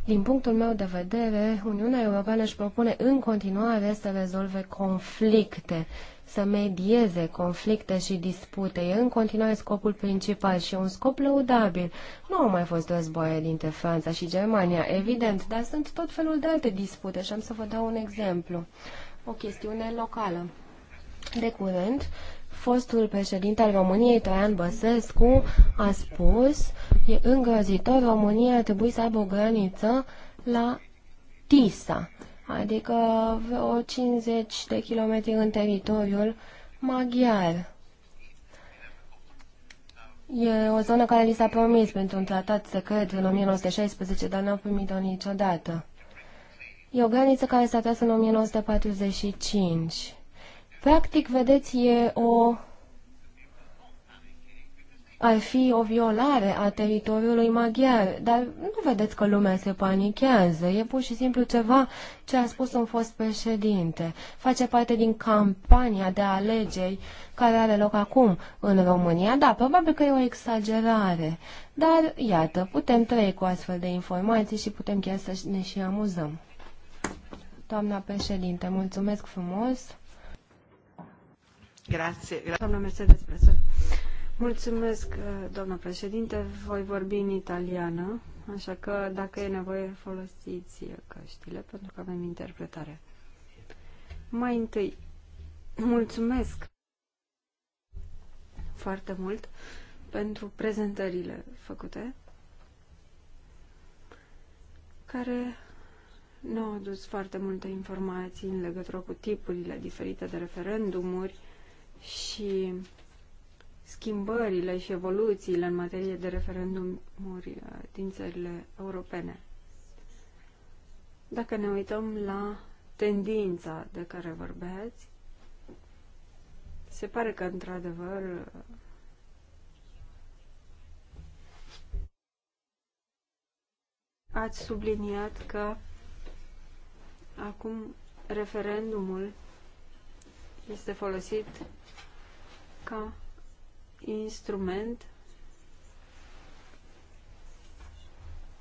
Din punctul meu de vedere, Uniunea Europeană își propune în continuare să rezolve conflicte, să medieze conflicte și dispute. E în continuare scopul principal și un scop lăudabil. Nu au mai fost războaie dintre Franța și Germania, evident, dar sunt tot felul de alte dispute și am să vă dau un exemplu. O chestiune locală. De curând, fostul președinte al României, Traian Băsescu, a spus, e îngrozitor, România ar trebui să aibă o graniță la Tisa, adică vreo 50 de kilometri în teritoriul maghiar. E o zonă care li s-a promis pentru un tratat secret în 1916, dar n-a primit-o niciodată. E o graniță care s-a tras în 1945. Practic, vedeți, e o... ar fi o violare a teritoriului maghiar, dar nu vedeți că lumea se panichează, e pur și simplu ceva ce a spus un fost președinte. Face parte din campania de alegeri care are loc acum în România, da, probabil că e o exagerare, dar iată, putem trăi cu astfel de informații și putem chiar să ne și amuzăm. Doamna președinte, mulțumesc frumos! Grazie. Doamna Mercedes Presul. Mulțumesc, uh, doamna președinte. Voi vorbi în italiană, așa că dacă e nevoie folosiți uh, căștile pentru că avem interpretare. Mai întâi, mulțumesc foarte mult pentru prezentările făcute, care ne-au adus foarte multe informații în legătură cu tipurile diferite de referendumuri, și schimbările și evoluțiile în materie de referendumuri uh, din țările europene. Dacă ne uităm la tendința de care vorbeați, se pare că, într-adevăr, ați subliniat că acum referendumul este folosit ca instrument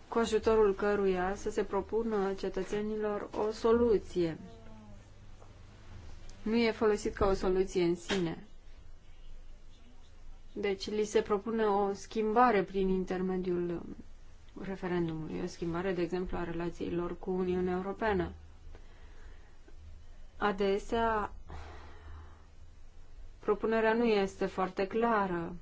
cu ajutorul căruia să se propună cetățenilor o soluție. Nu e folosit ca o soluție în sine. Deci li se propune o schimbare prin intermediul referendumului, o schimbare, de exemplu, a relațiilor cu Uniunea Europeană. Adesea, propunerea nu este foarte clară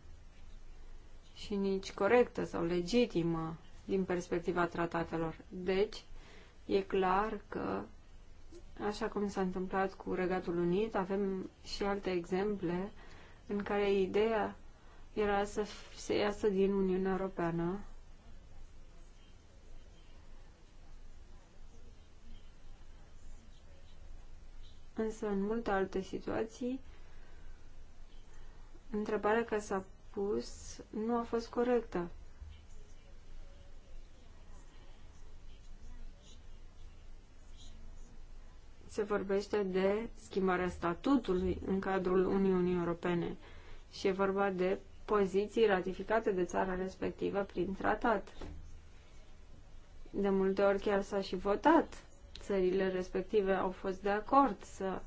și nici corectă sau legitimă din perspectiva tratatelor. Deci, e clar că, așa cum s-a întâmplat cu Regatul Unit, avem și alte exemple în care ideea era să se iasă din Uniunea Europeană Însă, în multe alte situații, întrebarea care s-a pus nu a fost corectă. Se vorbește de schimbarea statutului în cadrul Uniunii Europene și e vorba de poziții ratificate de țara respectivă prin tratat. De multe ori chiar s-a și votat. Țările respective au fost de acord să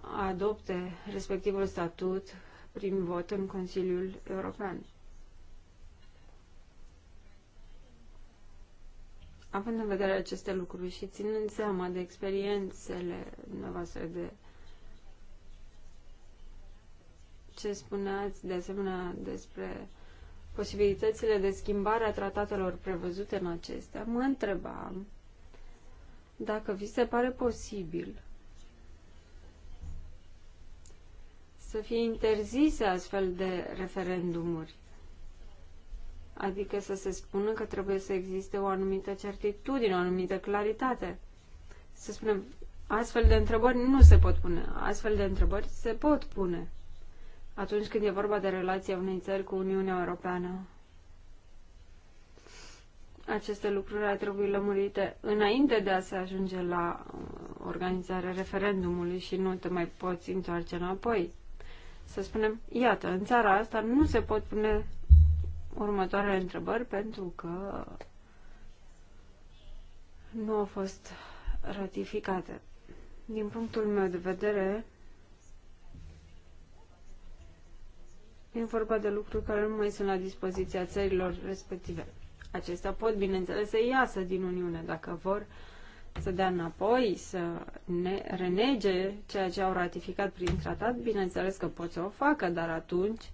adopte respectivul statut prin vot în Consiliul European. Având în vedere aceste lucruri și ținând seama de experiențele noastre de ce spuneați de asemenea despre posibilitățile de schimbare a tratatelor prevăzute în acestea, mă întrebam dacă vi se pare posibil să fie interzise astfel de referendumuri. Adică să se spună că trebuie să existe o anumită certitudine, o anumită claritate. Să spunem, astfel de întrebări nu se pot pune, astfel de întrebări se pot pune atunci când e vorba de relația unei țări cu Uniunea Europeană. Aceste lucruri ar trebui lămurite înainte de a se ajunge la uh, organizarea referendumului și nu te mai poți întoarce înapoi să spunem, iată, în țara asta nu se pot pune următoarele întrebări pentru că nu au fost ratificate. Din punctul meu de vedere, e vorba de lucruri care nu mai sunt la dispoziția țărilor respective. Acestea pot, bineînțeles, să iasă din Uniune dacă vor, să dea înapoi, să ne renege ceea ce au ratificat prin tratat, bineînțeles că pot să o facă, dar atunci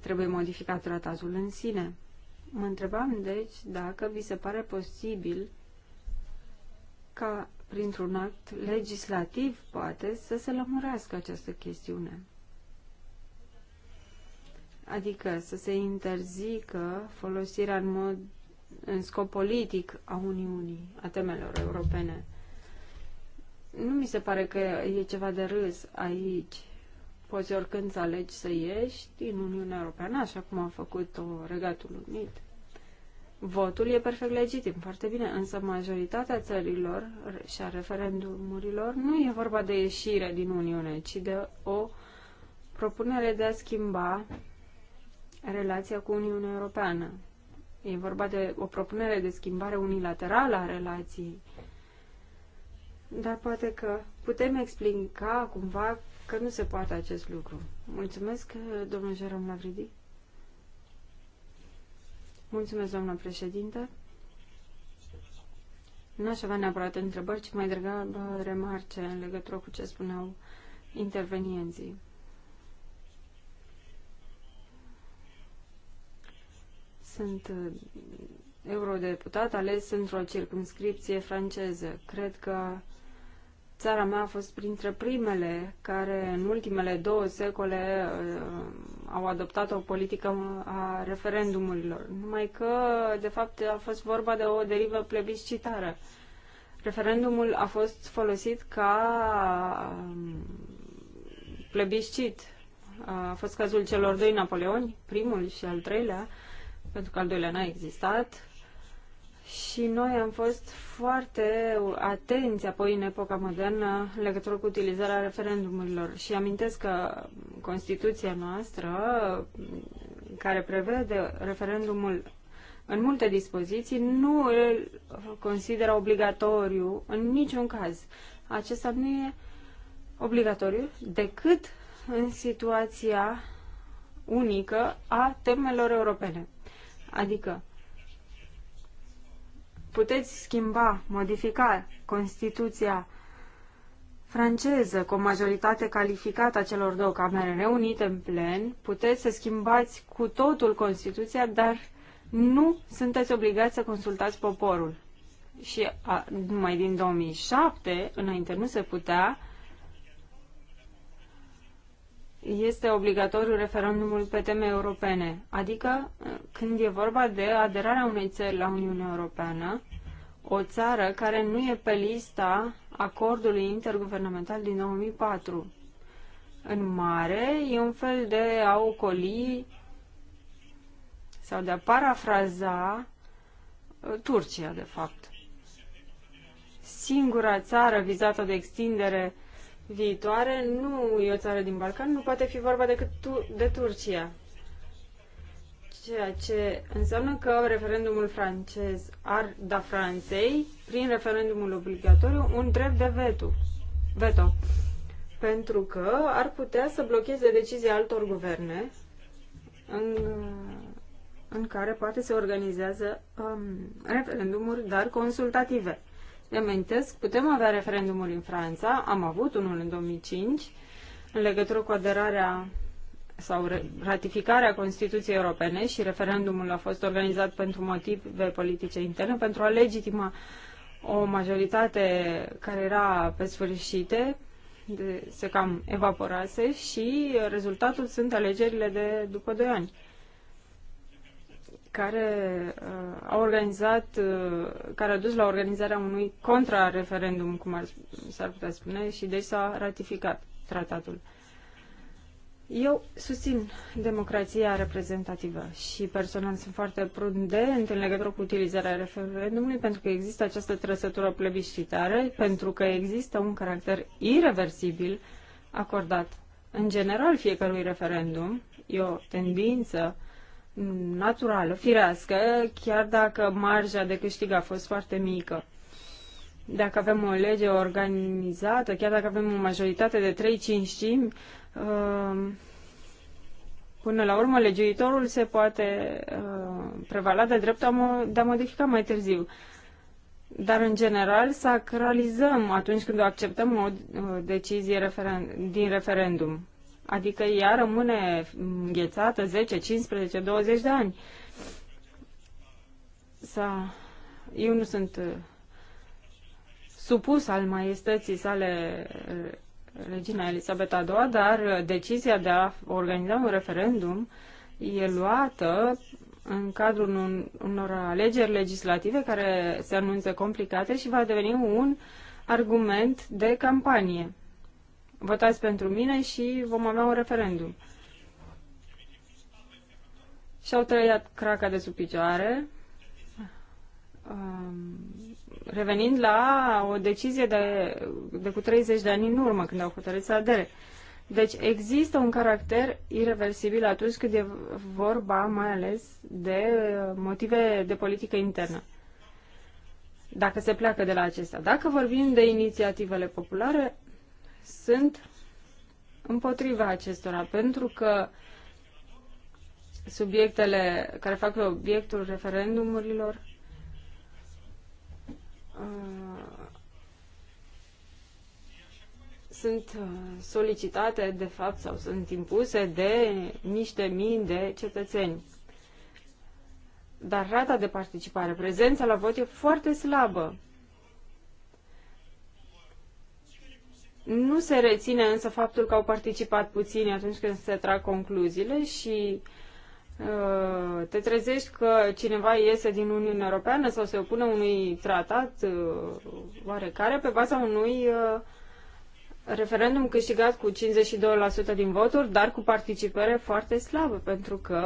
trebuie modificat tratatul în sine. Mă întrebam, deci, dacă vi se pare posibil ca, printr-un act legislativ, poate, să se lămurească această chestiune. Adică să se interzică folosirea în mod în scop politic a Uniunii, a temelor europene. Nu mi se pare că e ceva de râs aici. Poți oricând să alegi să ieși din Uniunea Europeană, așa cum a făcut-o Regatul Unit. Votul e perfect legitim, foarte bine, însă majoritatea țărilor și a referendumurilor nu e vorba de ieșire din Uniune, ci de o propunere de a schimba relația cu Uniunea Europeană. E vorba de o propunere de schimbare unilaterală a relației. Dar poate că putem explica cumva că nu se poate acest lucru. Mulțumesc, domnul Jerome Lavridi. Mulțumesc, doamnă președinte. Nu aș avea neapărat întrebări, ci mai degrabă remarce în legătură cu ce spuneau intervenienții. Sunt uh, eurodeputat ales într-o circumscripție franceză. Cred că țara mea a fost printre primele care în ultimele două secole uh, au adoptat o politică a referendumurilor. Numai că, de fapt, a fost vorba de o derivă plebiscitară. Referendumul a fost folosit ca um, plebiscit. A fost cazul celor doi Napoleoni, primul și al treilea, pentru că al doilea n-a existat. Și noi am fost foarte atenți apoi în epoca modernă în legătură cu utilizarea referendumurilor. Și amintesc că Constituția noastră, care prevede referendumul în multe dispoziții, nu îl consideră obligatoriu în niciun caz. Acesta nu e obligatoriu decât în situația unică a temelor europene. Adică puteți schimba, modifica Constituția franceză cu o majoritate calificată a celor două camere reunite în plen, puteți să schimbați cu totul Constituția, dar nu sunteți obligați să consultați poporul. Și a, numai din 2007, înainte nu se putea, este obligatoriu referendumul pe teme europene, adică eh, când e vorba de aderarea unei țări la Uniunea Europeană, o țară care nu e pe lista acordului interguvernamental din 2004. În mare, e un fel de a ocoli sau de a parafraza eh, Turcia, de fapt. Singura țară vizată de extindere viitoare nu e o țară din Balcan, nu poate fi vorba decât de Turcia. Ceea ce înseamnă că referendumul francez ar da Franței, prin referendumul obligatoriu, un drept de veto. veto pentru că ar putea să blocheze decizia altor guverne în, în care poate se organizează um, referendumuri, dar consultative. Reamintesc, putem avea referendumul în Franța, am avut unul în 2005, în legătură cu aderarea sau ratificarea Constituției Europene și referendumul a fost organizat pentru motive politice interne, pentru a legitima o majoritate care era pe sfârșite, de, se cam evaporase și rezultatul sunt alegerile de după 2 ani care uh, a organizat, uh, care a dus la organizarea unui contrareferendum, cum ar, s-ar putea spune, și deci s-a ratificat tratatul. Eu susțin democrația reprezentativă și personal sunt foarte prudent în legătură cu utilizarea referendumului pentru că există această trăsătură plebiscitară, pentru că există un caracter irreversibil acordat în general fiecărui referendum. E o tendință uh, naturală, firească, chiar dacă marja de câștig a fost foarte mică. Dacă avem o lege organizată, chiar dacă avem o majoritate de 3 5 uh, până la urmă legiuitorul se poate uh, prevala de dreptul de a modifica mai târziu. Dar, în general, sacralizăm atunci când o acceptăm o uh, decizie referen- din referendum. Adică ea rămâne înghețată 10, 15, 20 de ani. Sa, eu nu sunt uh, supus al maiestății sale uh, regina Elisabeta II, dar uh, decizia de a organiza un referendum e luată în cadrul unor alegeri legislative care se anunță complicate și va deveni un argument de campanie votați pentru mine și vom avea un referendum. Și-au trăiat craca de sub picioare, um, revenind la o decizie de, de cu 30 de ani în urmă, când au hotărât să adere. Deci există un caracter irreversibil atunci când e vorba mai ales de uh, motive de politică internă. Dacă se pleacă de la acesta. Dacă vorbim de inițiativele populare, sunt împotriva acestora, pentru că subiectele care fac obiectul referendumurilor uh, sunt uh, solicitate, de fapt, sau sunt impuse de niște mii de cetățeni. Dar rata de participare, prezența la vot e foarte slabă. Nu se reține însă faptul că au participat puțini atunci când se trag concluziile și uh, te trezești că cineva iese din Uniunea Europeană sau se opune unui tratat uh, oarecare pe baza unui uh, referendum câștigat cu 52% din voturi, dar cu participare foarte slabă, pentru că,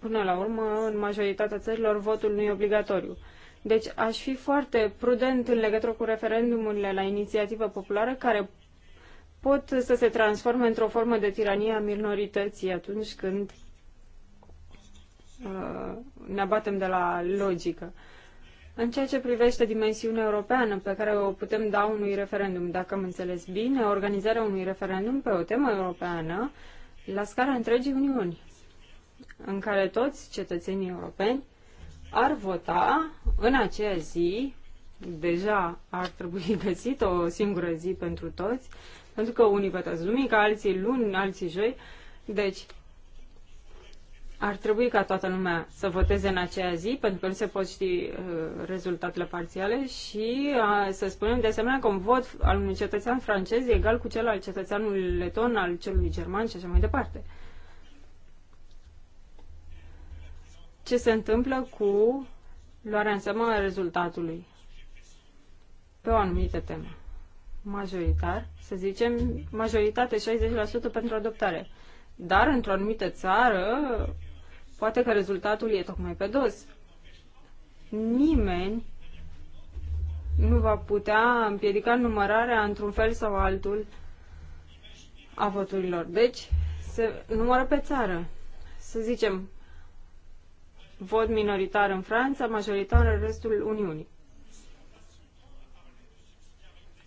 până la urmă, în majoritatea țărilor votul nu e obligatoriu. Deci aș fi foarte prudent în legătură cu referendumurile la inițiativă populară care pot să se transforme într-o formă de tiranie a minorității atunci când uh, ne abatem de la logică. În ceea ce privește dimensiunea europeană pe care o putem da unui referendum, dacă am înțeles bine, organizarea unui referendum pe o temă europeană la scara întregii Uniuni, în care toți cetățenii europeni ar vota în aceea zi, deja ar trebui găsit o singură zi pentru toți, pentru că unii votează duminică, alții luni, alții joi, deci ar trebui ca toată lumea să voteze în aceea zi, pentru că nu se pot ști uh, rezultatele parțiale și uh, să spunem de asemenea că un vot al unui cetățean francez e egal cu cel al cetățeanului leton, al celui german și așa mai departe. ce se întâmplă cu luarea în seamă a rezultatului pe o anumită temă. Majoritar, să zicem, majoritate 60% pentru adoptare. Dar într-o anumită țară, poate că rezultatul e tocmai pe dos. Nimeni nu va putea împiedica numărarea într-un fel sau altul a voturilor. Deci, se numără pe țară. Să zicem, vot minoritar în Franța, majoritar în restul Uniunii.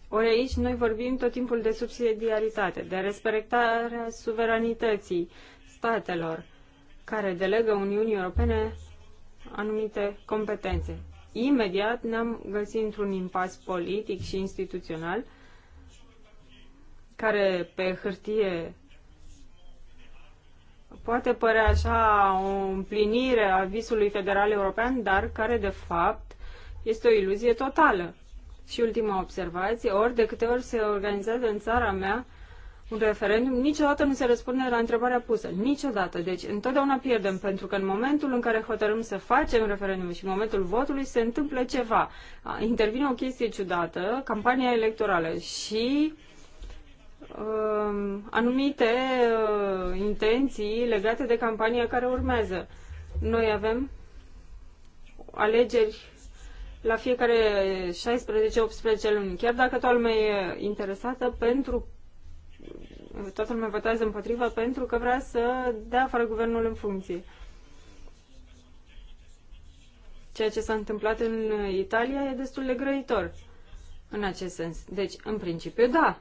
Ori aici noi vorbim tot timpul de subsidiaritate, de respectarea suveranității statelor care delegă Uniunii Europene anumite competențe. Imediat ne-am găsit într-un impas politic și instituțional care pe hârtie poate părea așa o împlinire a visului federal european, dar care de fapt este o iluzie totală. Și ultima observație, ori de câte ori se organizează în țara mea un referendum, niciodată nu se răspunde la întrebarea pusă. Niciodată. Deci întotdeauna pierdem, pentru că în momentul în care hotărâm să facem referendum și în momentul votului se întâmplă ceva. Intervine o chestie ciudată, campania electorală și Um, anumite uh, intenții legate de campania care urmează. Noi avem alegeri la fiecare 16-18 luni, chiar dacă toată lumea e interesată pentru toată lumea votează împotriva pentru că vrea să dea afară guvernul în funcție. Ceea ce s-a întâmplat în Italia e destul de grăitor în acest sens. Deci, în principiu, da,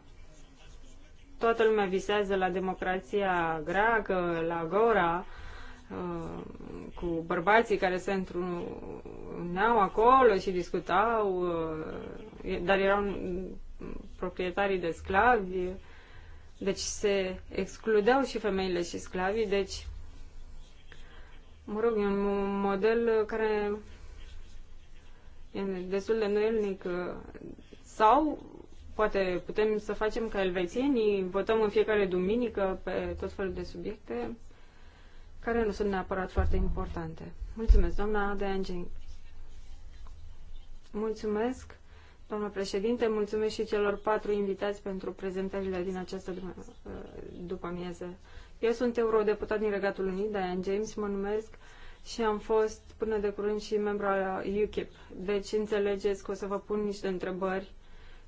toată lumea visează la democrația greacă, la Agora, uh, cu bărbații care se întruneau acolo și discutau, uh, dar erau proprietarii de sclavi, deci se excludeau și femeile și sclavii, deci, mă rog, e un model care e destul de noelnic. Sau poate putem să facem ca elvețienii, votăm în fiecare duminică pe tot felul de subiecte care nu sunt neapărat foarte importante. Mulțumesc, doamna de Angel. Mulțumesc, doamna președinte, mulțumesc și celor patru invitați pentru prezentările din această după uh, mieză. Eu sunt eurodeputat din Regatul Unit, Diane James, mă numesc și am fost până de curând și membru al UKIP. Deci înțelegeți că o să vă pun niște întrebări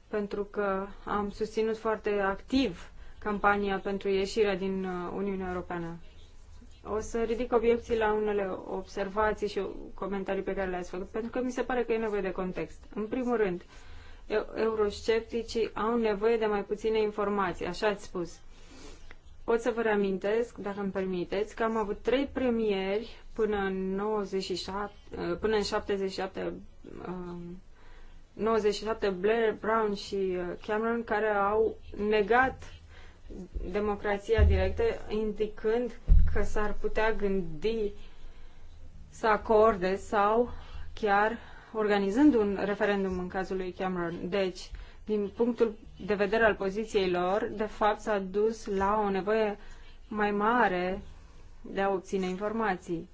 pentru că am susținut foarte activ campania pentru ieșirea din uh, Uniunea Europeană. O să ridic obiecții la unele observații și comentarii pe care le-ați făcut, pentru că mi se pare că e nevoie de context. În primul rând, euroscepticii au nevoie de mai puține informații, așa ați spus. Pot să vă reamintesc, dacă îmi permiteți, că am avut trei premieri până în 97, uh, până în 77 97, Blair, Brown și uh, Cameron, care au negat democrația directă, indicând că s-ar putea gândi să acorde sau chiar organizând un referendum în cazul lui Cameron. Deci, din punctul de vedere al poziției lor, de fapt s-a dus la o nevoie mai mare de a obține informații.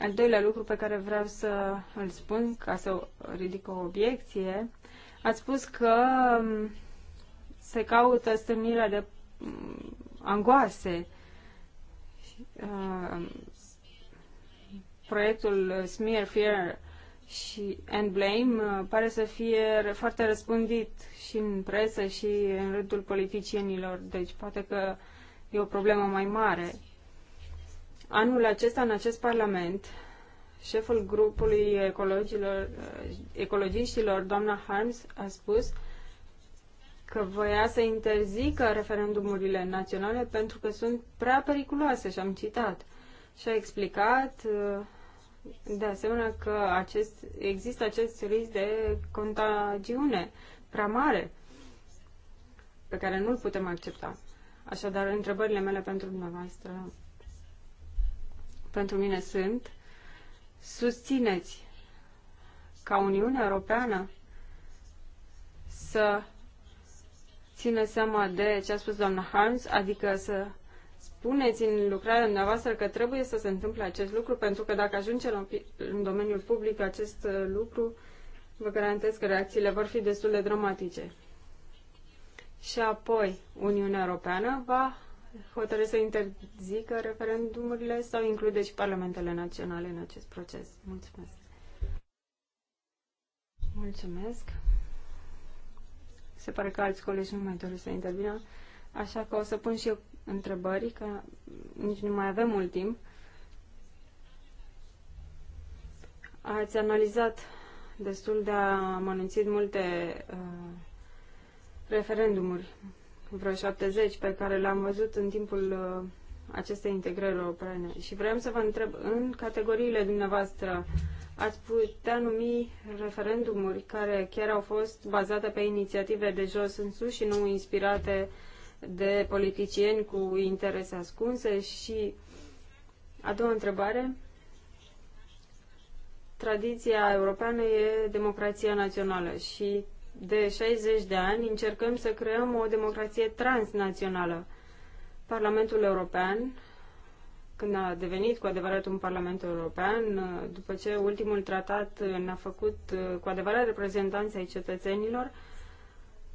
Al doilea lucru pe care vreau să îl spun, ca să ridic o obiecție, ați spus că mm, se caută stârnirea de mm, angoase. Uh, proiectul Smear, Fear și and Blame uh, pare să fie foarte răspândit și în presă și în rândul politicienilor, deci poate că e o problemă mai mare. Anul acesta, în acest Parlament, șeful grupului ecologilor, ecologiștilor, doamna Harms, a spus că voia să interzică referendumurile naționale pentru că sunt prea periculoase și am citat. Și a explicat uh, de asemenea că acest, există acest risc de contagiune prea mare pe care nu-l putem accepta. Așadar, întrebările mele pentru dumneavoastră pentru mine sunt, susțineți ca Uniunea Europeană să ține seama de ce a spus doamna Harms, adică să spuneți în lucrarea dumneavoastră că trebuie să se întâmple acest lucru, pentru că dacă ajunge în domeniul public acest uh, lucru, vă garantez că reacțiile vor fi destul de dramatice. Și apoi Uniunea Europeană va hotărât să interzică referendumurile sau include și parlamentele naționale în acest proces? Mulțumesc. Mulțumesc. Se pare că alți colegi nu mai doresc să intervină, așa că o să pun și eu întrebări, că nici nu mai avem mult timp. Ați analizat destul de amănânțit multe uh, referendumuri vreo 70 pe care le-am văzut în timpul uh, acestei integrări europene. Și vreau să vă întreb, în categoriile dumneavoastră, ați putea numi referendumuri care chiar au fost bazate pe inițiative de jos în sus și nu inspirate de politicieni cu interese ascunse? Și a doua întrebare, tradiția europeană e democrația națională și de 60 de ani încercăm să creăm o democrație transnațională. Parlamentul European, când a devenit cu adevărat un Parlament European, după ce ultimul tratat ne-a făcut uh, cu adevărat reprezentanța ai cetățenilor,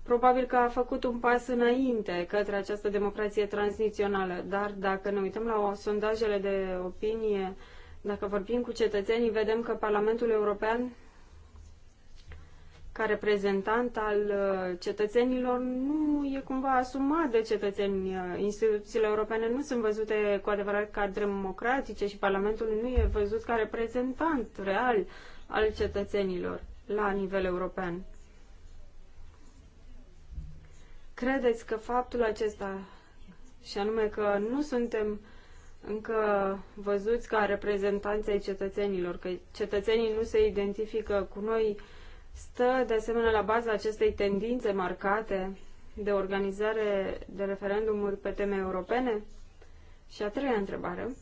probabil că a făcut un pas înainte către această democrație transnațională. Dar dacă ne uităm la o, sondajele de opinie, dacă vorbim cu cetățenii, vedem că Parlamentul European ca reprezentant al uh, cetățenilor nu e cumva asumat de cetățeni. Uh, instituțiile europene nu sunt văzute cu adevărat ca democratice și Parlamentul nu e văzut ca reprezentant real al cetățenilor la nivel european. Credeți că faptul acesta, și anume că nu suntem încă văzuți ca reprezentanții cetățenilor, că cetățenii nu se identifică cu noi, stă de asemenea la baza acestei tendințe marcate de organizare de referendumuri pe teme europene? Și a treia întrebare.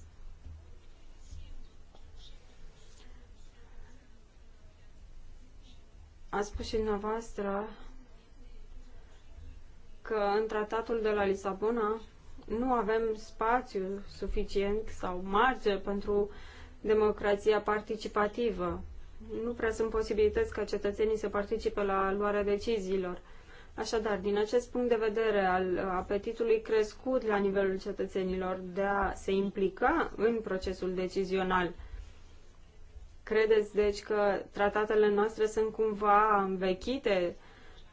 A spus și dumneavoastră că în tratatul de la Lisabona nu avem spațiu suficient sau marge pentru democrația participativă nu prea sunt posibilități ca cetățenii să participe la luarea deciziilor. Așadar, din acest punct de vedere al apetitului crescut la nivelul cetățenilor de a se implica în procesul decizional, credeți deci că tratatele noastre sunt cumva învechite,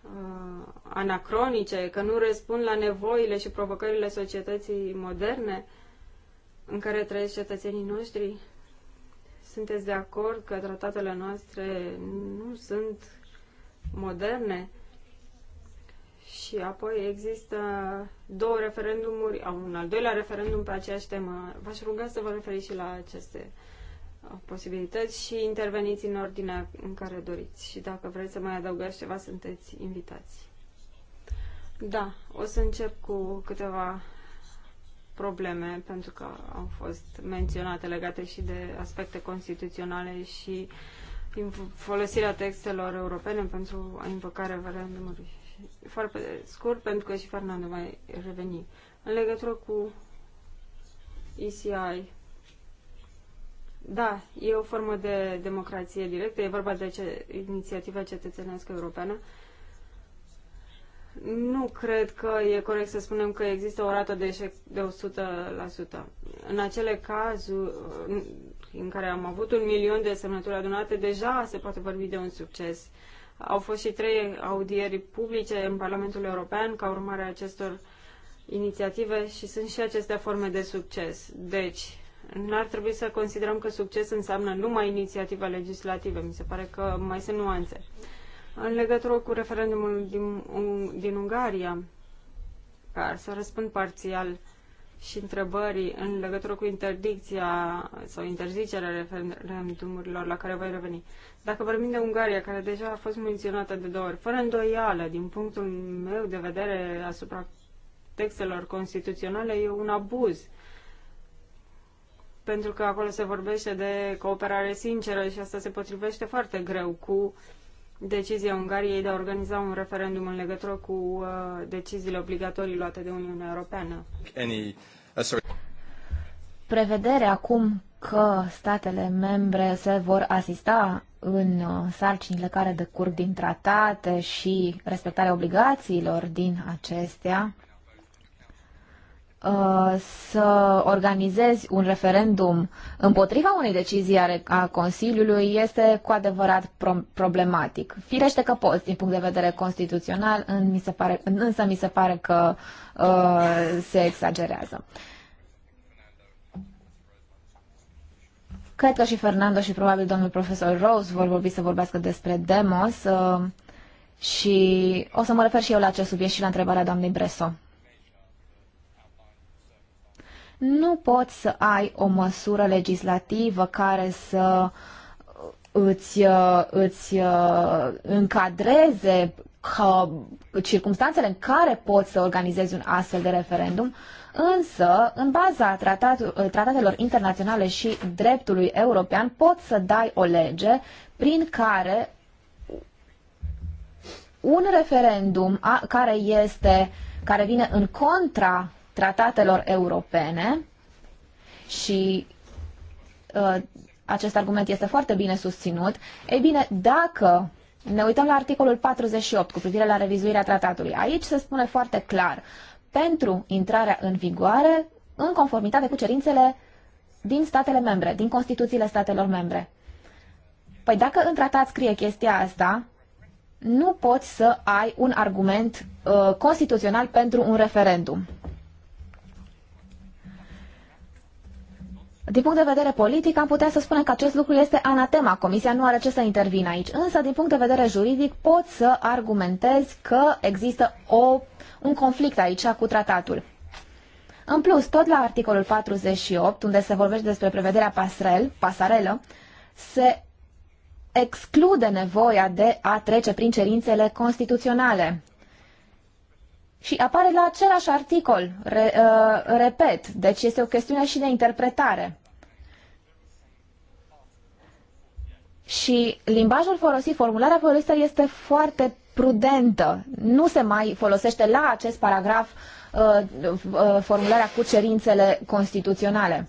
uh, anacronice, că nu răspund la nevoile și provocările societății moderne în care trăiesc cetățenii noștri? sunteți de acord că tratatele noastre nu sunt moderne? Și apoi există două referendumuri, un al doilea referendum pe aceeași temă. V-aș ruga să vă referiți și la aceste uh, posibilități și interveniți în ordinea în care doriți. Și dacă vreți să mai adăugați ceva, sunteți invitați. Da, o să încep cu câteva probleme, pentru că au fost menționate legate și de aspecte constituționale și folosirea textelor europene pentru invocarea referendumului. Foarte scurt, pentru că și Fernando mai reveni. În legătură cu ECI, da, e o formă de democrație directă, e vorba de ce, inițiativa cetățenească europeană, uh, nu cred că e corect să spunem că există o rată de eșec de 100%. În acele cazuri în care am avut un milion de semnături adunate, deja se poate vorbi de un succes. Au fost și trei audieri publice în Parlamentul European ca urmare a acestor inițiative și sunt și acestea forme de succes. Deci, n-ar trebui să considerăm că succes înseamnă numai inițiative legislative. Mi se pare că mai sunt nuanțe. În legătură cu referendumul din, din Ungaria, care să răspund parțial și întrebării în legătură cu interdicția sau interzicerea referendumurilor la care voi reveni. Dacă vorbim de Ungaria, care deja a fost menționată de două ori, fără îndoială, din punctul meu de vedere asupra textelor constituționale, e un abuz. Pentru că acolo se vorbește de cooperare sinceră și asta se potrivește foarte greu cu uh, decizia Ungariei de a organiza un referendum în legătură cu uh, deciziile obligatorii luate de Uniunea Europeană. Any, uh, Prevedere acum că statele membre se vor asista în uh, sarcinile care decurg din tratate și respectarea obligațiilor din acestea Uh, să organizezi un referendum împotriva unei decizii a Consiliului este cu adevărat problematic. Firește că poți din punct de vedere constituțional, mi se pare, însă mi se pare că uh, se exagerează. Cred că și Fernando și probabil domnul profesor Rose vor vorbi să vorbească despre demos uh, și o să mă refer și eu la acest subiect și la întrebarea doamnei Breso nu poți să ai o măsură legislativă care să îți, uh, îți uh, încadreze că circumstanțele în care poți să organizezi un astfel de referendum, însă, în baza tratat, uh, tratatelor internaționale și dreptului european, poți să dai o lege prin care un referendum a, care este care vine în contra tratatelor europene și uh, acest argument este foarte bine susținut, ei bine, dacă ne uităm la articolul 48 cu privire la revizuirea tratatului, aici se spune foarte clar, pentru intrarea în vigoare, în conformitate cu cerințele din statele membre, din Constituțiile statelor membre. Păi dacă în tratat scrie chestia asta, nu poți să ai un argument uh, constituțional pentru un referendum. Din punct de vedere politic, am putea să spunem că acest lucru este anatema. Comisia nu are ce să intervină aici. Însă, din punct de vedere juridic, pot să argumentez că există o, un conflict aici cu tratatul. În plus, tot la articolul 48, unde se vorbește despre prevederea pasarel, pasarelă, se exclude nevoia de a trece prin cerințele constituționale și apare la același articol, re, uh, repet, deci este o chestiune și de interpretare. Și limbajul folosit, formularea folosită este foarte prudentă. Nu se mai folosește la acest paragraf uh, uh, formularea cu cerințele constituționale.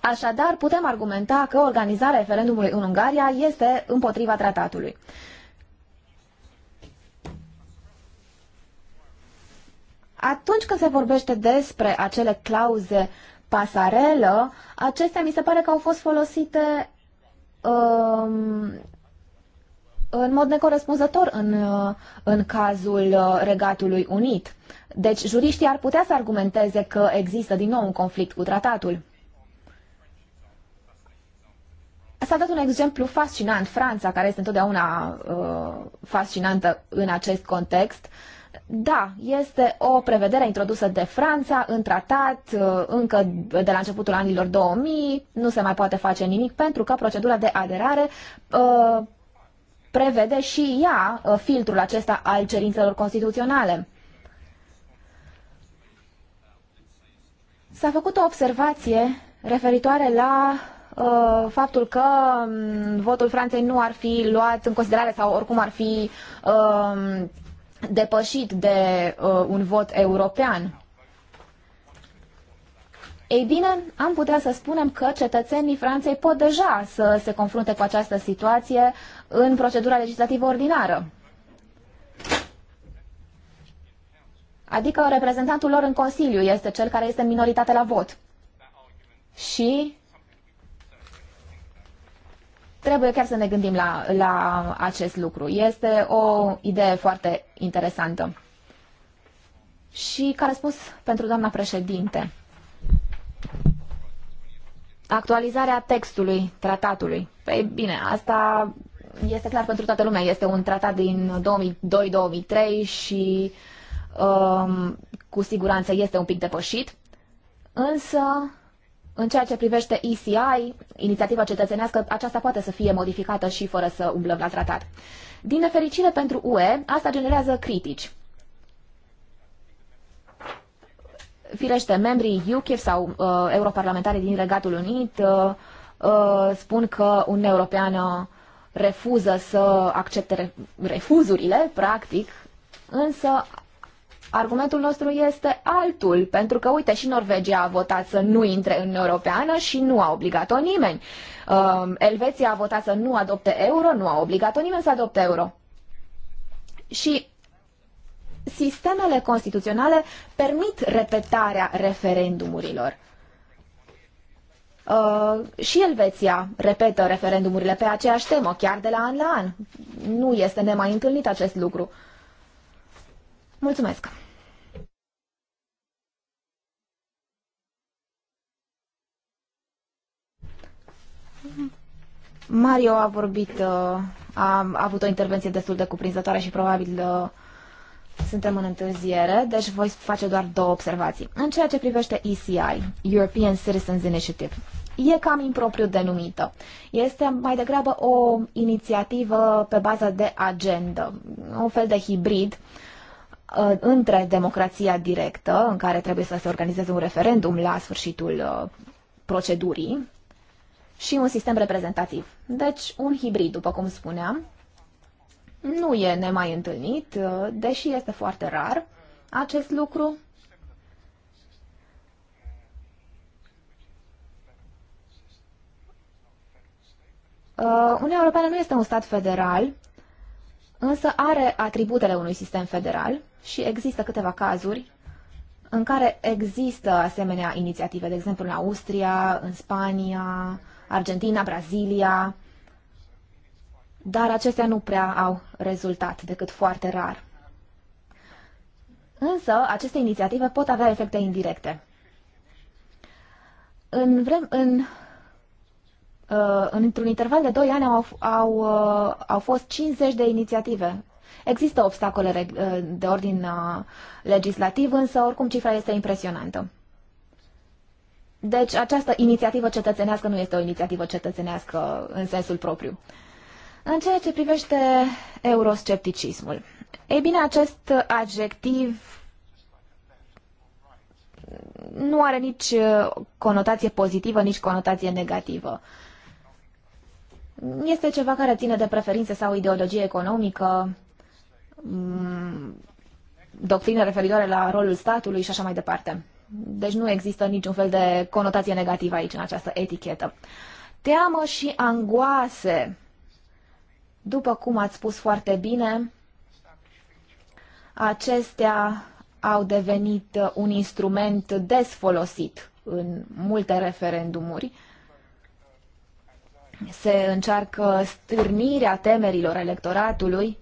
Așadar, putem argumenta că organizarea referendumului în Ungaria este împotriva tratatului. Uh, Atunci când se vorbește despre acele clauze pasarelă, acestea mi se pare că au fost folosite um, în mod necorespunzător în, uh, în cazul uh, Regatului Unit. Deci juriștii ar putea să argumenteze că există din nou un conflict cu tratatul. S-a dat un exemplu fascinant, Franța, care este întotdeauna uh, fascinantă în acest context. Uh, da, este o prevedere introdusă de Franța în tratat uh, încă de la începutul anilor 2000, nu se mai poate face nimic pentru că procedura de aderare uh, prevede și ea uh, filtrul acesta al cerințelor constituționale. S-a făcut o observație referitoare la uh, faptul că um, votul Franței nu ar fi luat în considerare sau oricum ar fi uh, depășit de uh, un vot european. Ei bine, am putea să spunem că cetățenii Franței pot deja să se confrunte cu această situație în procedura legislativă ordinară. Adică reprezentantul lor în Consiliu este cel care este în minoritate la vot. Și Trebuie chiar să ne gândim la, la acest lucru. Este o idee foarte interesantă. Și ca răspuns pentru doamna președinte, actualizarea textului tratatului. Păi bine, asta este clar pentru toată lumea. Este un tratat din 2002-2003 și um, cu siguranță este un pic depășit, însă în ceea ce privește ECI, inițiativa cetățenească, aceasta poate să fie modificată și fără să umblăm la tratat. Din nefericire pentru UE, asta generează critici. Firește, membrii UKIP sau uh, europarlamentari din Regatul Unit uh, uh, spun că Uniunea Europeană refuză să accepte refuzurile, practic, însă Argumentul nostru este altul, pentru că, uite, și Norvegia a votat să nu intre în Europeană și nu a obligat-o nimeni. Uh, Elveția a votat să nu adopte euro, nu a obligat-o nimeni să adopte euro. Și sistemele constituționale permit repetarea referendumurilor. Uh, și Elveția repetă referendumurile pe aceeași temă, chiar de la an la an. Nu este nemai întâlnit acest lucru. Mulțumesc! Mario a vorbit, uh, a avut o intervenție destul de cuprinzătoare și probabil uh, suntem în întârziere, deci voi face doar două observații. În ceea ce privește ECI, European Citizens Initiative, e cam impropriu denumită. Este mai degrabă o inițiativă pe bază de agendă, un fel de hibrid uh, între democrația directă, în care trebuie să se organizeze un referendum la sfârșitul procedurii, și un sistem reprezentativ. Deci, un hibrid, după cum spuneam, nu e nemai întâlnit, deși este foarte rar acest lucru. Uh, Uniunea Europeană nu este un stat federal, însă are atributele unui sistem federal și există câteva cazuri în care există asemenea inițiative, de exemplu în Austria, în Spania, Argentina, Brazilia, dar acestea nu prea au rezultat, decât foarte rar. Însă, aceste inițiative pot avea efecte indirecte. În, vrem, în uh, într-un interval de 2 ani au, au, uh, au fost 50 de inițiative. Există obstacole uh, de ordin uh, legislativ, însă oricum cifra este impresionantă. Deci această inițiativă cetățenească nu este o inițiativă cetățenească în sensul propriu. În ceea ce privește euroscepticismul, ei bine, acest adjectiv nu are nici uh, conotație pozitivă, nici conotație negativă. Este ceva care ține de preferințe sau ideologie economică, mm, doctrine referitoare la rolul statului și așa mai departe. Deci nu există niciun fel de conotație negativă aici în această etichetă. Teamă și angoase. După cum ați spus foarte bine, acestea au devenit un instrument des folosit în multe referendumuri. Se încearcă stârnirea temerilor electoratului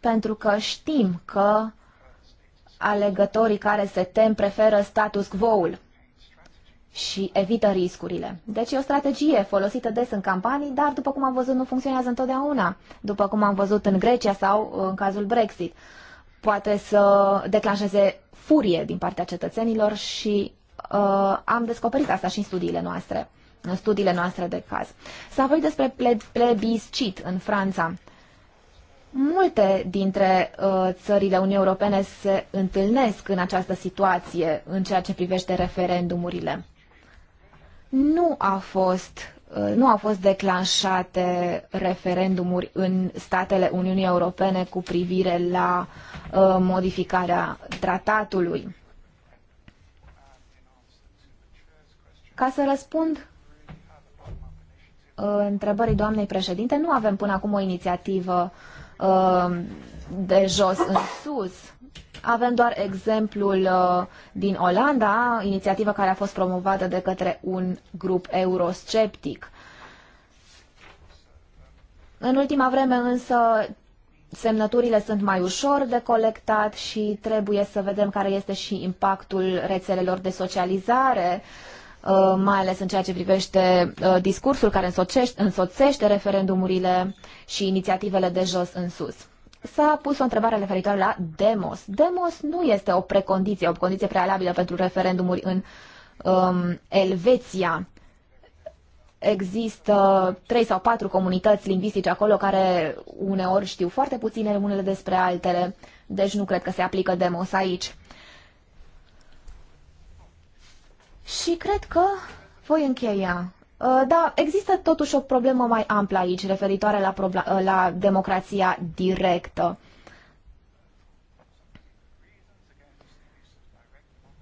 pentru că știm că alegătorii care se tem preferă status quo-ul și evită riscurile. Deci e o strategie folosită des în campanii, dar după cum am văzut nu funcționează întotdeauna, după cum am văzut în Grecia sau în cazul Brexit. Poate să declanșeze furie din partea cetățenilor și uh, am descoperit asta și în studiile noastre, în studiile noastre de caz. Să vorbit despre plebiscit în Franța. Multe dintre uh, țările Uniunii Europene se întâlnesc în această situație în ceea ce privește referendumurile. Nu a fost uh, nu au fost declanșate referendumuri în statele Uniunii Europene cu privire la uh, modificarea tratatului. Ca să răspund uh, întrebării doamnei președinte, nu avem până acum o inițiativă uh, Uh, de jos în sus. Avem doar exemplul uh, din Olanda, inițiativă care a fost promovată de către un grup eurosceptic. În ultima vreme însă semnăturile sunt mai ușor de colectat și trebuie să vedem care este și impactul rețelelor de socializare uh, Uh, mai ales în ceea ce privește uh, discursul care însoțește, însoțește referendumurile și inițiativele de jos în sus. S-a pus o întrebare referitoare la demos. Demos nu este o precondiție, o condiție prealabilă pentru referendumuri în um, Elveția. Există trei sau patru comunități lingvistice acolo care uneori știu foarte puține unele despre altele, deci nu cred că se aplică demos aici. Și cred că voi încheia. Uh, da, există totuși o problemă mai amplă aici, referitoare la, uh, la democrația directă.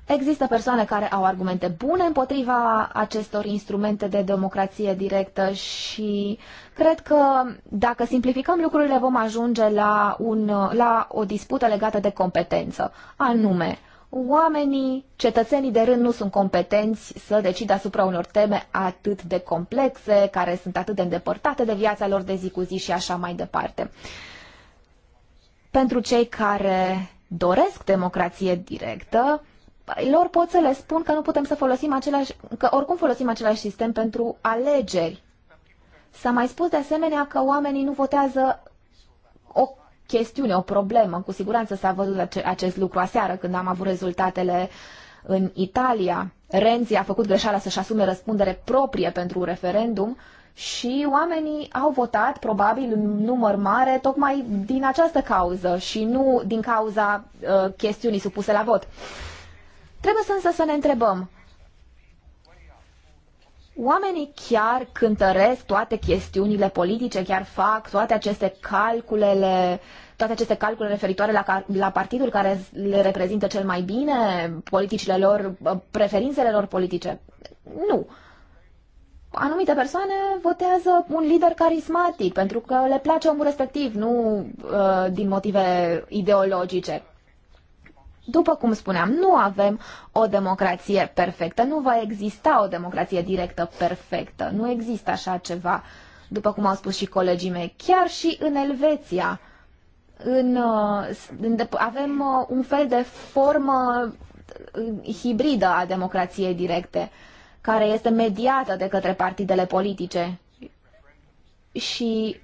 Există persoane care au argumente bune împotriva acestor instrumente de democrație directă și cred că dacă simplificăm lucrurile vom ajunge la, un, la o dispută legată de competență, anume oamenii, cetățenii de rând nu sunt competenți să decidă asupra unor teme atât de complexe, care sunt atât de îndepărtate de viața lor de zi cu zi și așa mai departe. Pentru cei care doresc democrație directă, lor pot să le spun că nu putem să folosim același, că oricum folosim același sistem pentru alegeri. S-a mai spus de asemenea că oamenii nu votează chestiune, o problemă. Cu siguranță s-a văzut acest lucru aseară când am avut rezultatele în Italia. Renzi a făcut greșeala să-și asume răspundere proprie pentru un referendum și oamenii au votat, probabil, un număr mare, tocmai din această cauză și nu din cauza uh, chestiunii supuse la vot. Trebuie însă să ne întrebăm, Oamenii chiar cântăresc toate chestiunile politice, chiar fac toate aceste calculele toate aceste calcule referitoare la, la partidul care le reprezintă cel mai bine, politicile lor, preferințele lor politice. Nu. Anumite persoane votează un lider carismatic pentru că le place omul respectiv, nu uh, din motive ideologice. După cum spuneam, nu avem o democrație perfectă, nu va exista o democrație directă perfectă, nu există așa ceva, după cum au spus și colegii mei, chiar și în Elveția. Uh, în, uh, avem uh, un fel de formă uh, hibridă a democrației directe, care este mediată de către partidele politice. Și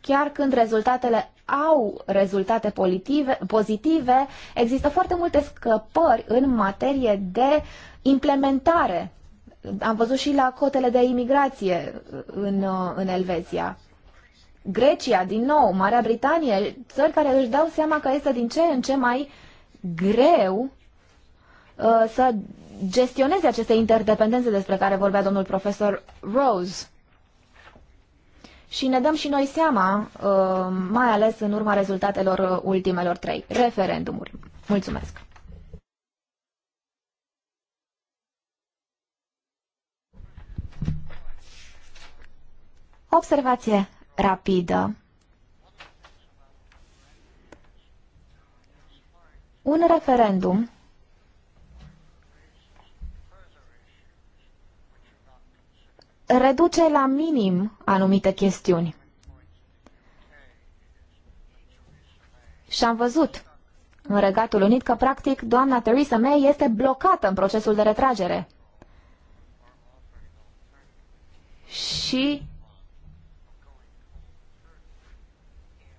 chiar când rezultatele au rezultate politive, pozitive, există foarte multe scăpări în materie de implementare. Am văzut și la cotele de imigrație în, în Elveția. Grecia, din nou, Marea Britanie, țări care își dau seama că este din ce în ce mai greu uh, să gestioneze aceste interdependențe despre care vorbea domnul profesor Rose. Și ne dăm și noi seama, uh, mai ales în urma rezultatelor uh, ultimelor trei referendumuri. Mulțumesc! Observație rapidă. Un referendum reduce la minim anumite chestiuni. Și am văzut în Regatul Unit că, practic, doamna Theresa May este blocată în procesul de retragere. Și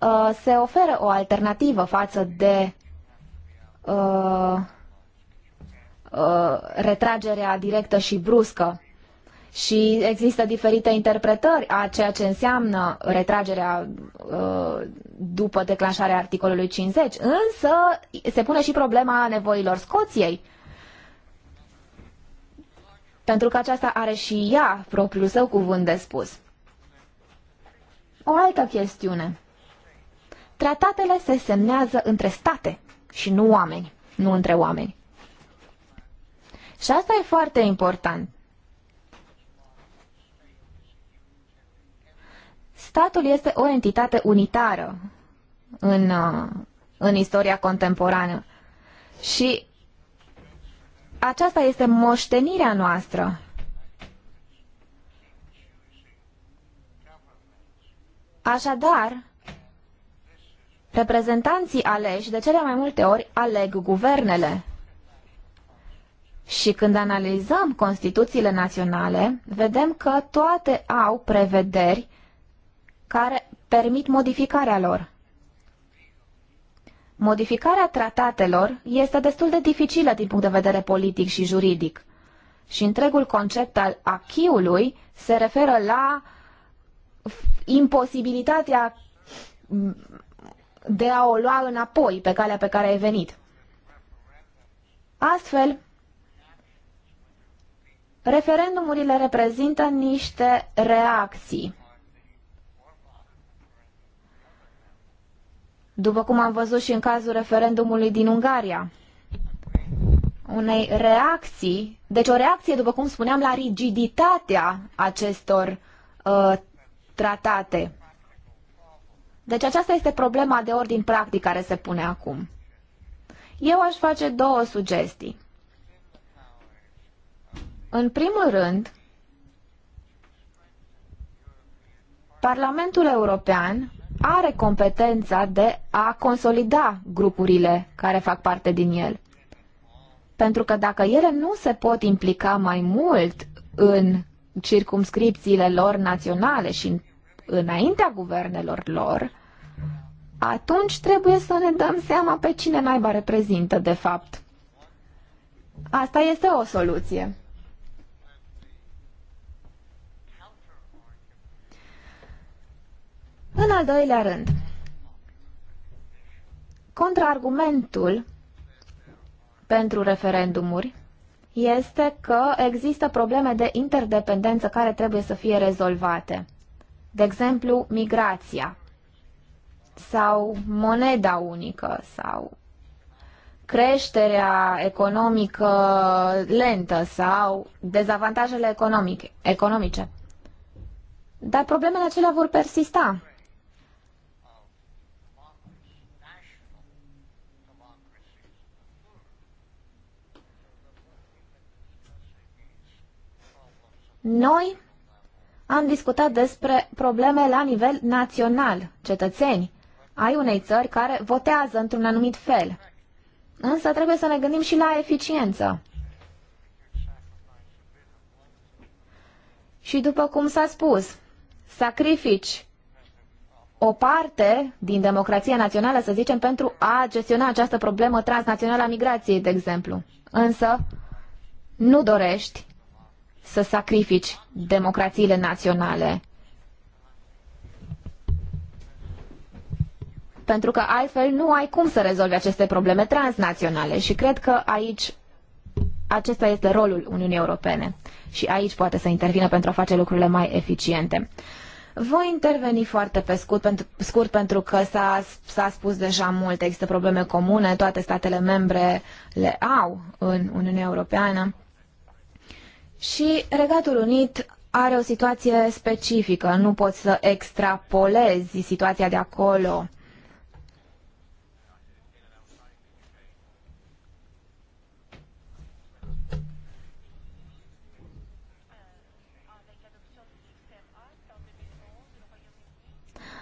Uh, se oferă o alternativă față de uh, uh, retragerea directă și bruscă. Și există diferite interpretări a ceea ce înseamnă retragerea uh, după declanșarea articolului 50, însă se pune și problema nevoilor Scoției, pentru că aceasta are și ea propriul său cuvânt de spus. O altă chestiune. Tratatele se semnează între state și nu oameni, nu între oameni. Și asta e foarte important. Statul este o entitate unitară în, uh, în istoria contemporană. Și aceasta este moștenirea noastră. Așadar, reprezentanții aleși de cele mai multe ori aleg guvernele. Și când analizăm Constituțiile naționale, vedem că toate au prevederi care permit modificarea lor. Modificarea tratatelor este destul de dificilă din punct de vedere politic și juridic. Și întregul concept al achiului se referă la imposibilitatea de a o lua înapoi pe calea pe care ai venit. Astfel, referendumurile reprezintă niște reacții. După cum am văzut și în cazul referendumului din Ungaria, unei reacții, deci o reacție, după cum spuneam, la rigiditatea acestor uh, tratate. Deci aceasta este problema de ordin practic care se pune acum. Eu aș face două sugestii. În primul rând, Parlamentul European are competența de a consolida grupurile care fac parte din el. Pentru că dacă ele nu se pot implica mai mult în circumscripțiile lor naționale și în înaintea guvernelor lor, atunci trebuie să ne dăm seama pe cine naiba reprezintă, de fapt. Asta este o soluție. În al doilea rând, contraargumentul pentru referendumuri este că există probleme de interdependență care trebuie să fie rezolvate. De exemplu, migrația sau moneda unică sau creșterea economică lentă sau dezavantajele economice. economice. Dar problemele acelea vor persista. Noi am discutat despre probleme la nivel național, cetățeni, ai unei țări care votează într-un anumit fel. Însă trebuie să ne gândim și la eficiență. Și după cum s-a spus, sacrifici o parte din democrația națională, să zicem, pentru a gestiona această problemă transnațională a migrației, de exemplu. Însă, nu dorești să sacrifici democrațiile naționale. Pentru că altfel nu ai cum să rezolvi aceste probleme transnaționale și cred că aici acesta este rolul Uniunii Europene și aici poate să intervină pentru a face lucrurile mai eficiente. Voi interveni foarte pe scurt pentru, scurt, pentru că s-a, s-a spus deja mult, există probleme comune, toate statele membre le au în Uniunea Europeană. Și Regatul Unit are o situație specifică, nu poți să extrapolezi situația de acolo.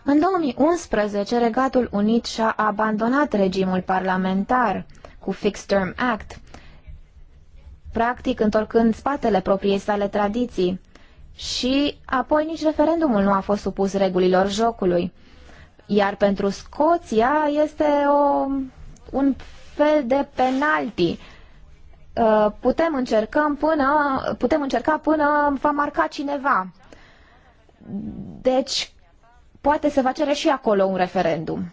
În 2011, Regatul Unit și-a abandonat regimul parlamentar cu Fixed Term Act practic întorcând spatele propriei sale tradiții. Și apoi nici referendumul nu a fost supus regulilor jocului. Iar pentru Scoția este o, un fel de penalti. Uh, putem, încercăm până, putem încerca până va marca cineva. Deci, poate se va cere și acolo un referendum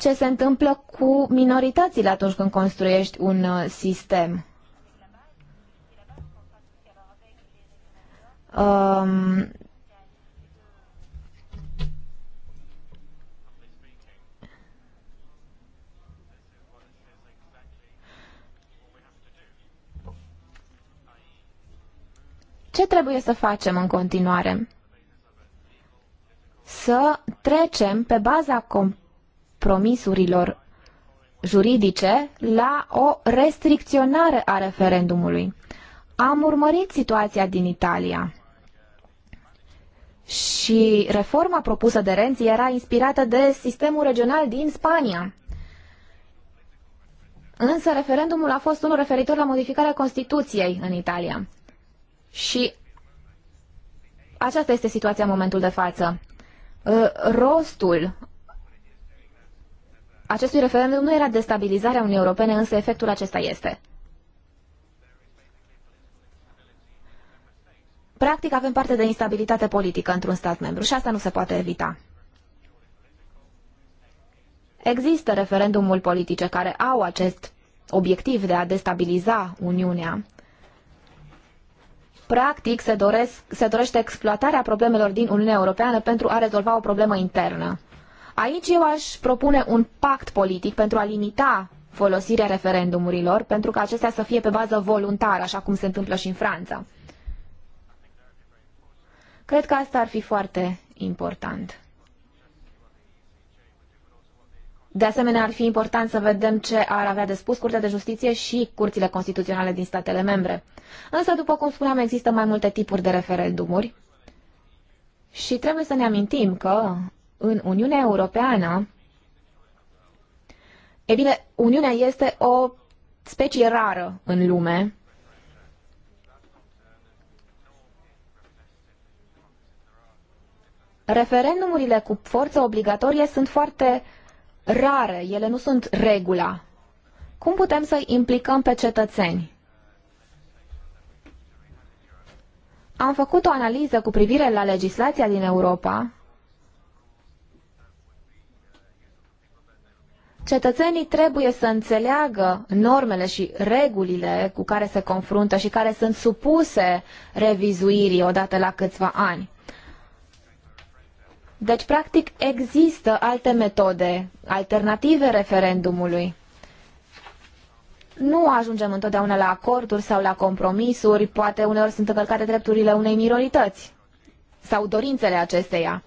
ce se întâmplă cu minoritățile atunci când construiești un uh, sistem. Um, Ce trebuie să facem în continuare? Să trecem pe baza com promisurilor juridice la o restricționare a referendumului. Am urmărit situația din Italia și reforma propusă de Renzi era inspirată de sistemul regional din Spania. Însă referendumul a fost unul referitor la modificarea Constituției în Italia. Și aceasta este situația în momentul de față. Ă, rostul acestui referendum nu era destabilizarea Uniunii Europene, însă efectul acesta este. Practic avem parte de instabilitate politică într-un stat membru și asta nu se poate evita. Există referendumul politice care au acest obiectiv de a destabiliza Uniunea. Practic se, doresc, se dorește exploatarea problemelor din Uniunea Europeană pentru a rezolva o problemă internă. Aici eu aș propune un pact politic pentru a limita folosirea referendumurilor, pentru ca acestea să fie pe bază voluntară, așa cum se întâmplă și în Franța. Cred că asta ar fi foarte important. De asemenea, ar fi important să vedem ce ar avea de spus Curtea de Justiție și curțile constituționale din statele membre. Însă, după cum spuneam, există mai multe tipuri de referendumuri și trebuie să ne amintim că în Uniunea Europeană, e bine, Uniunea este o specie rară în lume. Referendumurile cu forță obligatorie sunt foarte rare, ele nu sunt regula. Cum putem să implicăm pe cetățeni? Am făcut o analiză cu privire la legislația din Europa Cetățenii trebuie să înțeleagă normele și regulile cu care se confruntă și care sunt supuse revizuirii odată la câțiva ani. Deci, practic, există alte metode alternative referendumului. Nu ajungem întotdeauna la acorduri sau la compromisuri, poate uneori sunt încălcate drepturile unei minorități sau dorințele acesteia.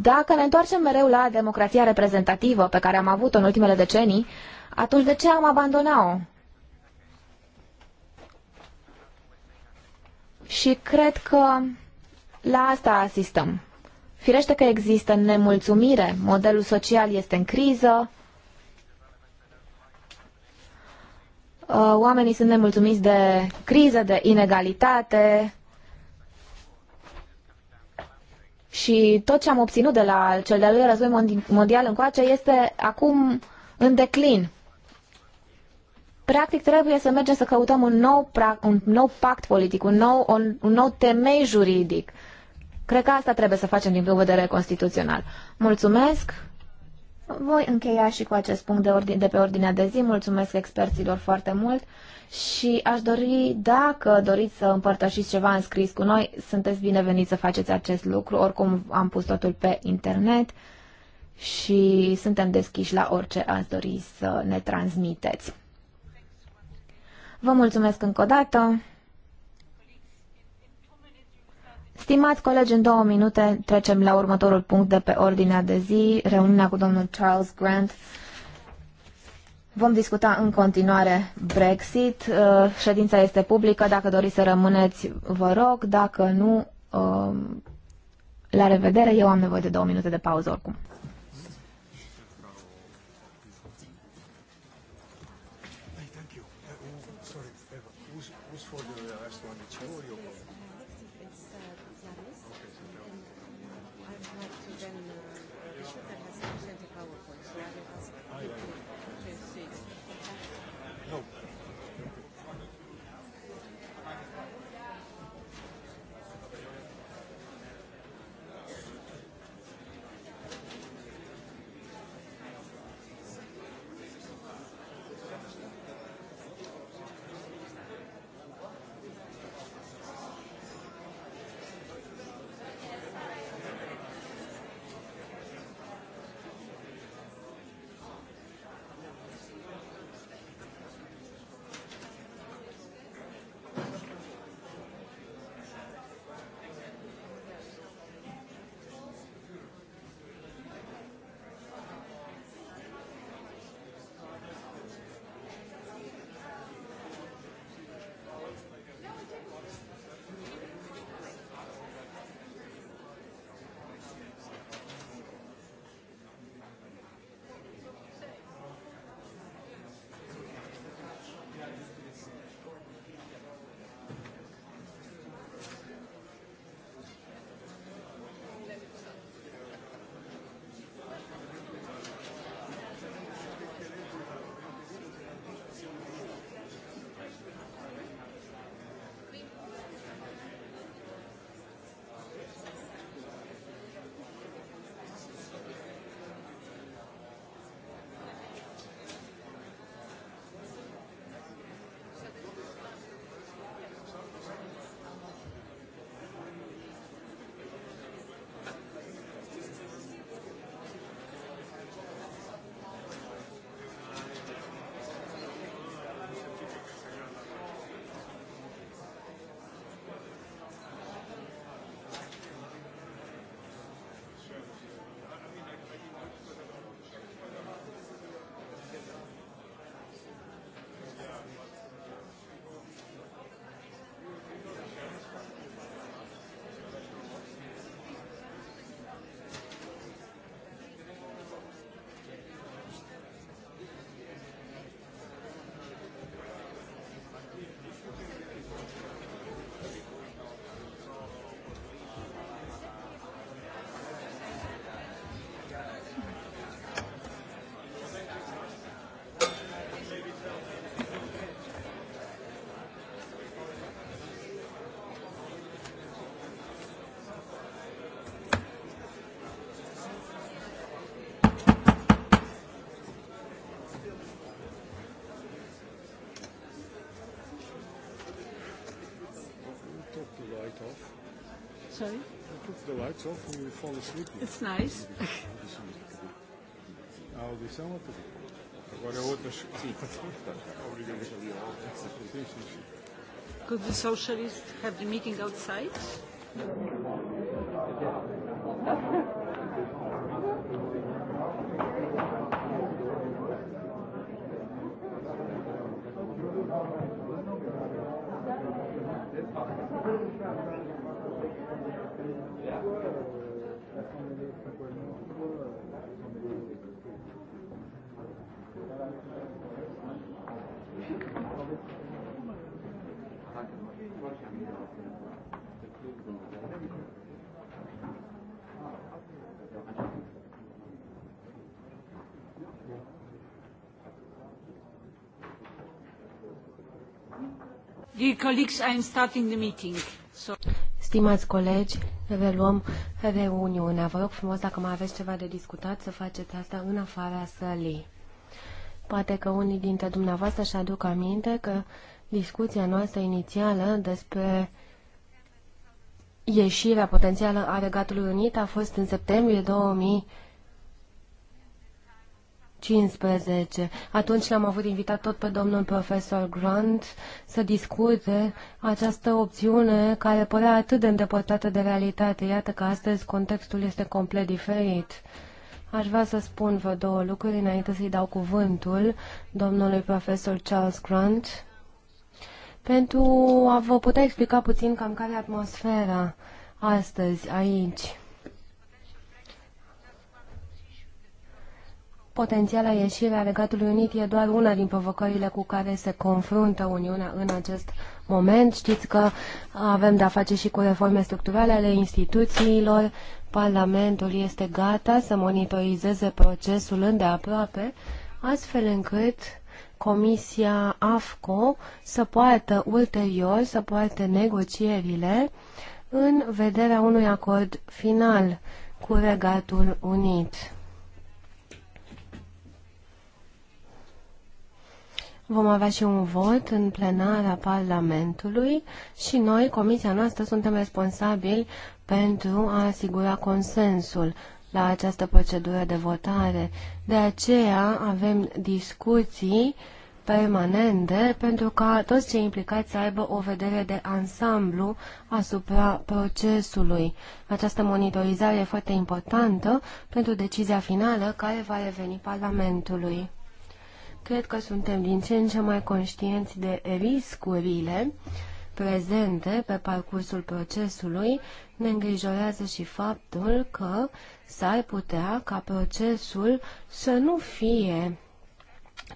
Dacă ne întoarcem mereu la democrația reprezentativă pe care am avut-o în ultimele decenii, atunci de ce am abandonat-o? Și cred că la asta asistăm. Firește că există nemulțumire, modelul social este în criză, uh, oamenii sunt nemulțumiți de criză, de inegalitate, și tot ce am obținut de la cel de-al doilea război mondial încoace este acum în declin. Practic trebuie să mergem să căutăm un nou, un nou pact politic, un nou, un, un nou temei juridic. Cred că asta trebuie să facem din punct de vedere constituțional. Mulțumesc! Voi încheia și cu acest punct de, ordine, de pe ordinea de zi. Mulțumesc experților foarte mult! și aș dori, dacă doriți să împărtășiți ceva în scris cu noi, sunteți bineveniți să faceți acest lucru. Oricum am pus totul pe internet și suntem deschiși la orice ați dori să ne transmiteți. Vă mulțumesc încă o dată. Stimați colegi, în două minute trecem la următorul punct de pe ordinea de zi, reuniunea cu domnul Charles Grant, Vom discuta în continuare Brexit. Uh, ședința este publică. Dacă doriți să rămâneți, vă rog. Dacă nu, uh, la revedere. Eu am nevoie de două minute de pauză oricum. the lights off and you fall asleep. It's nice. A audição ou tudo? Agora outras. Sim. Obrigado. Could the socialists have the meeting outside? Die Kollegen I am the meeting. So... Stimați colegi, reluăm reuniunea. Vă rog frumos, dacă mai aveți ceva de discutat, să faceți asta în afara sălii. Poate că unii dintre dumneavoastră își aduc aminte că discuția noastră inițială despre ieșirea potențială a Regatului Unit a fost în septembrie 2000 15. Atunci l-am avut invitat tot pe domnul profesor Grant să discute această opțiune care părea atât de îndepărtată de realitate. Iată că astăzi contextul este complet diferit. Aș vrea să spun vă două lucruri înainte să-i dau cuvântul domnului profesor Charles Grant pentru a vă putea explica puțin cam care e atmosfera astăzi aici. Potențiala ieșire a Regatului Unit e doar una din provocările cu care se confruntă Uniunea în acest moment. Știți că avem de-a face și cu reforme structurale ale instituțiilor. Parlamentul este gata să monitorizeze procesul îndeaproape, astfel încât Comisia AFCO să poată ulterior, să poată negocierile în vederea unui acord final cu Regatul Unit. Vom avea și un vot în plenara Parlamentului și noi, comisia noastră, suntem responsabili pentru a asigura consensul la această procedură de votare. De aceea avem discuții permanente pentru ca toți cei implicați să aibă o vedere de ansamblu asupra procesului. Această monitorizare e foarte importantă pentru decizia finală care va reveni Parlamentului. Cred că suntem din ce în ce mai conștienți de riscurile prezente pe parcursul procesului, ne îngrijorează și faptul că s-ar putea ca procesul să nu fie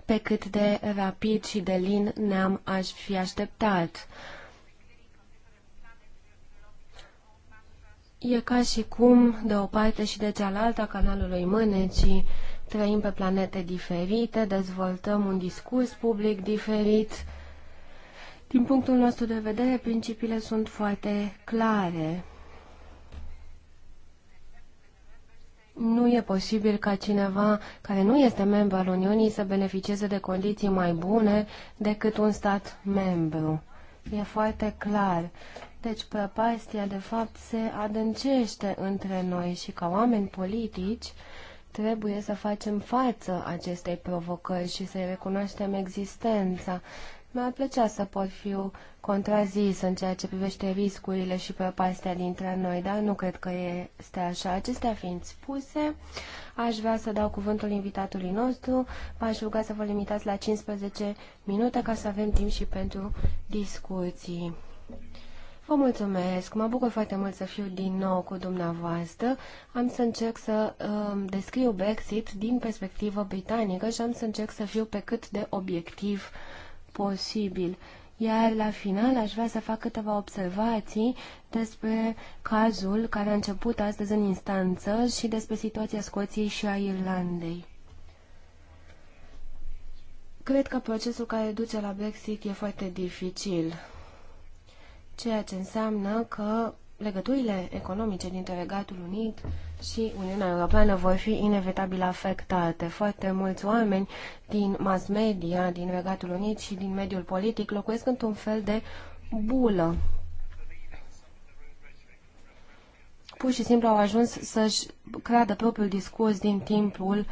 pe cât de rapid și de lin ne-am aș fi așteptat. E ca și cum, de o parte și de cealaltă a canalului mânecii, trăim pe planete diferite, dezvoltăm un discurs public diferit. Din punctul nostru de vedere, principiile sunt foarte clare. Nu e posibil ca cineva care nu este membru al Uniunii să beneficieze de condiții mai bune decât un stat membru. E foarte clar. Deci prăpastia, de fapt, se adâncește între noi și ca oameni politici, Trebuie să facem față acestei provocări și să-i recunoaștem existența. Mi-ar plăcea să pot fi contrazis în ceea ce privește riscurile și prăpastea dintre noi, dar nu cred că este așa. Acestea fiind spuse, aș vrea să dau cuvântul invitatului nostru. V-aș ruga să vă limitați la 15 minute ca să avem timp și pentru discuții. Vă mulțumesc, mă bucur foarte mult să fiu din nou cu dumneavoastră. Am să încerc să uh, descriu Brexit din perspectivă britanică și am să încerc să fiu pe cât de obiectiv posibil. Iar la final aș vrea să fac câteva observații despre cazul care a început astăzi în instanță și despre situația Scoției și a Irlandei. Cred că procesul care duce la Brexit e foarte dificil ceea ce înseamnă că legăturile economice dintre Regatul Unit și Uniunea Europeană vor fi inevitabil afectate. Foarte mulți oameni din mass media, din Regatul Unit și din mediul politic locuiesc într-un fel de bulă. Pur și simplu au ajuns să-și creadă propriul discurs din timpul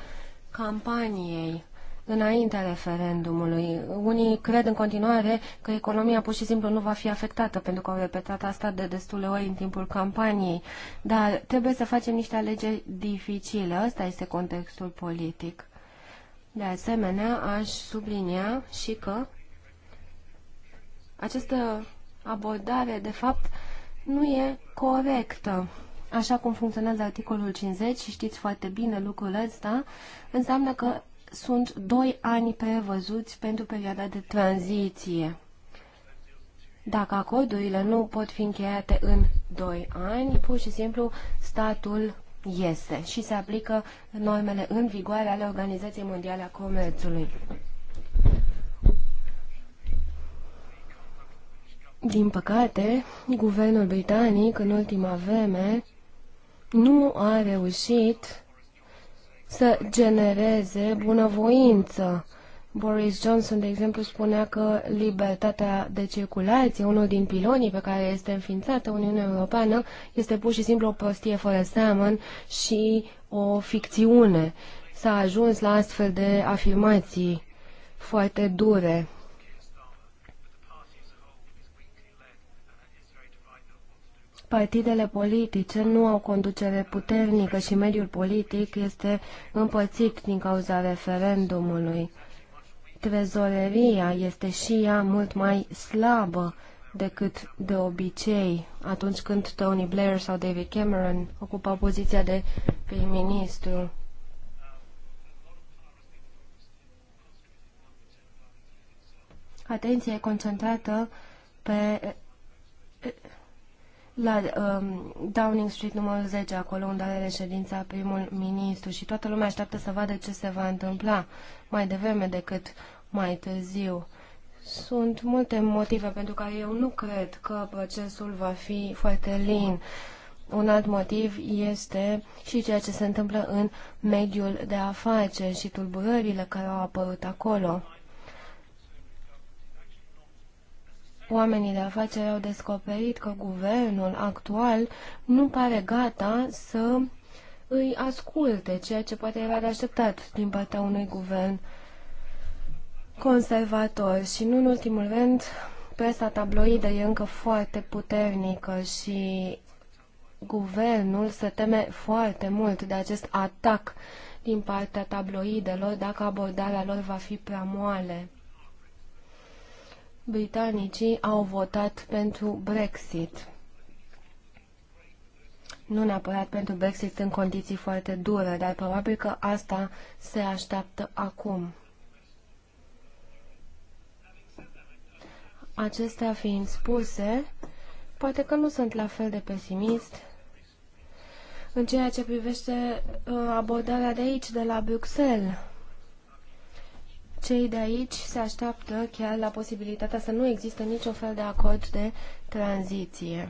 campaniei înaintea referendumului. Unii cred în continuare că economia pur și simplu nu va fi afectată, pentru că au repetat asta de destule ori în timpul campaniei. Dar trebuie să facem niște alegeri dificile. Ăsta este contextul politic. De asemenea, aș sublinia și că această abordare, de fapt, nu e corectă. Așa cum funcționează articolul 50, și știți foarte bine lucrul ăsta, înseamnă că sunt doi ani prevăzuți pentru perioada de tranziție. Dacă acordurile nu pot fi încheiate în doi ani, pur și simplu statul iese și se aplică normele în vigoare ale Organizației Mondiale a Comerțului. Din păcate, guvernul britanic în ultima vreme nu a reușit să genereze bunăvoință. Boris Johnson, de exemplu, spunea că libertatea de circulație, unul din pilonii pe care este înființată Uniunea Europeană, este pur și simplu o prostie fără seamăn și o ficțiune. S-a ajuns la astfel de afirmații foarte dure Partidele politice nu au conducere puternică și mediul politic este împățit din cauza referendumului. Trezoreria este și ea mult mai slabă decât de obicei atunci când Tony Blair sau David Cameron ocupau poziția de prim-ministru. Atenție concentrată pe la um, Downing Street numărul 10, acolo unde are reședința primul ministru și toată lumea așteaptă să vadă ce se va întâmpla mai devreme decât mai târziu. Sunt multe motive pentru care eu nu cred că procesul va fi foarte lin. Un alt motiv este și ceea ce se întâmplă în mediul de afaceri și tulburările care au apărut acolo. Oamenii de afaceri au descoperit că guvernul actual nu pare gata să îi asculte, ceea ce poate era de așteptat din partea unui guvern conservator. Și nu în ultimul rând, presa tabloidă e încă foarte puternică și guvernul se teme foarte mult de acest atac din partea tabloidelor dacă abordarea lor va fi prea moale britanicii au votat pentru Brexit. Nu neapărat pentru Brexit în condiții foarte dure, dar probabil că asta se așteaptă acum. Acestea fiind spuse, poate că nu sunt la fel de pesimist în ceea ce privește uh, abordarea de aici, de la Bruxelles. Cei de aici se așteaptă chiar la posibilitatea să nu existe niciun fel de acord de tranziție.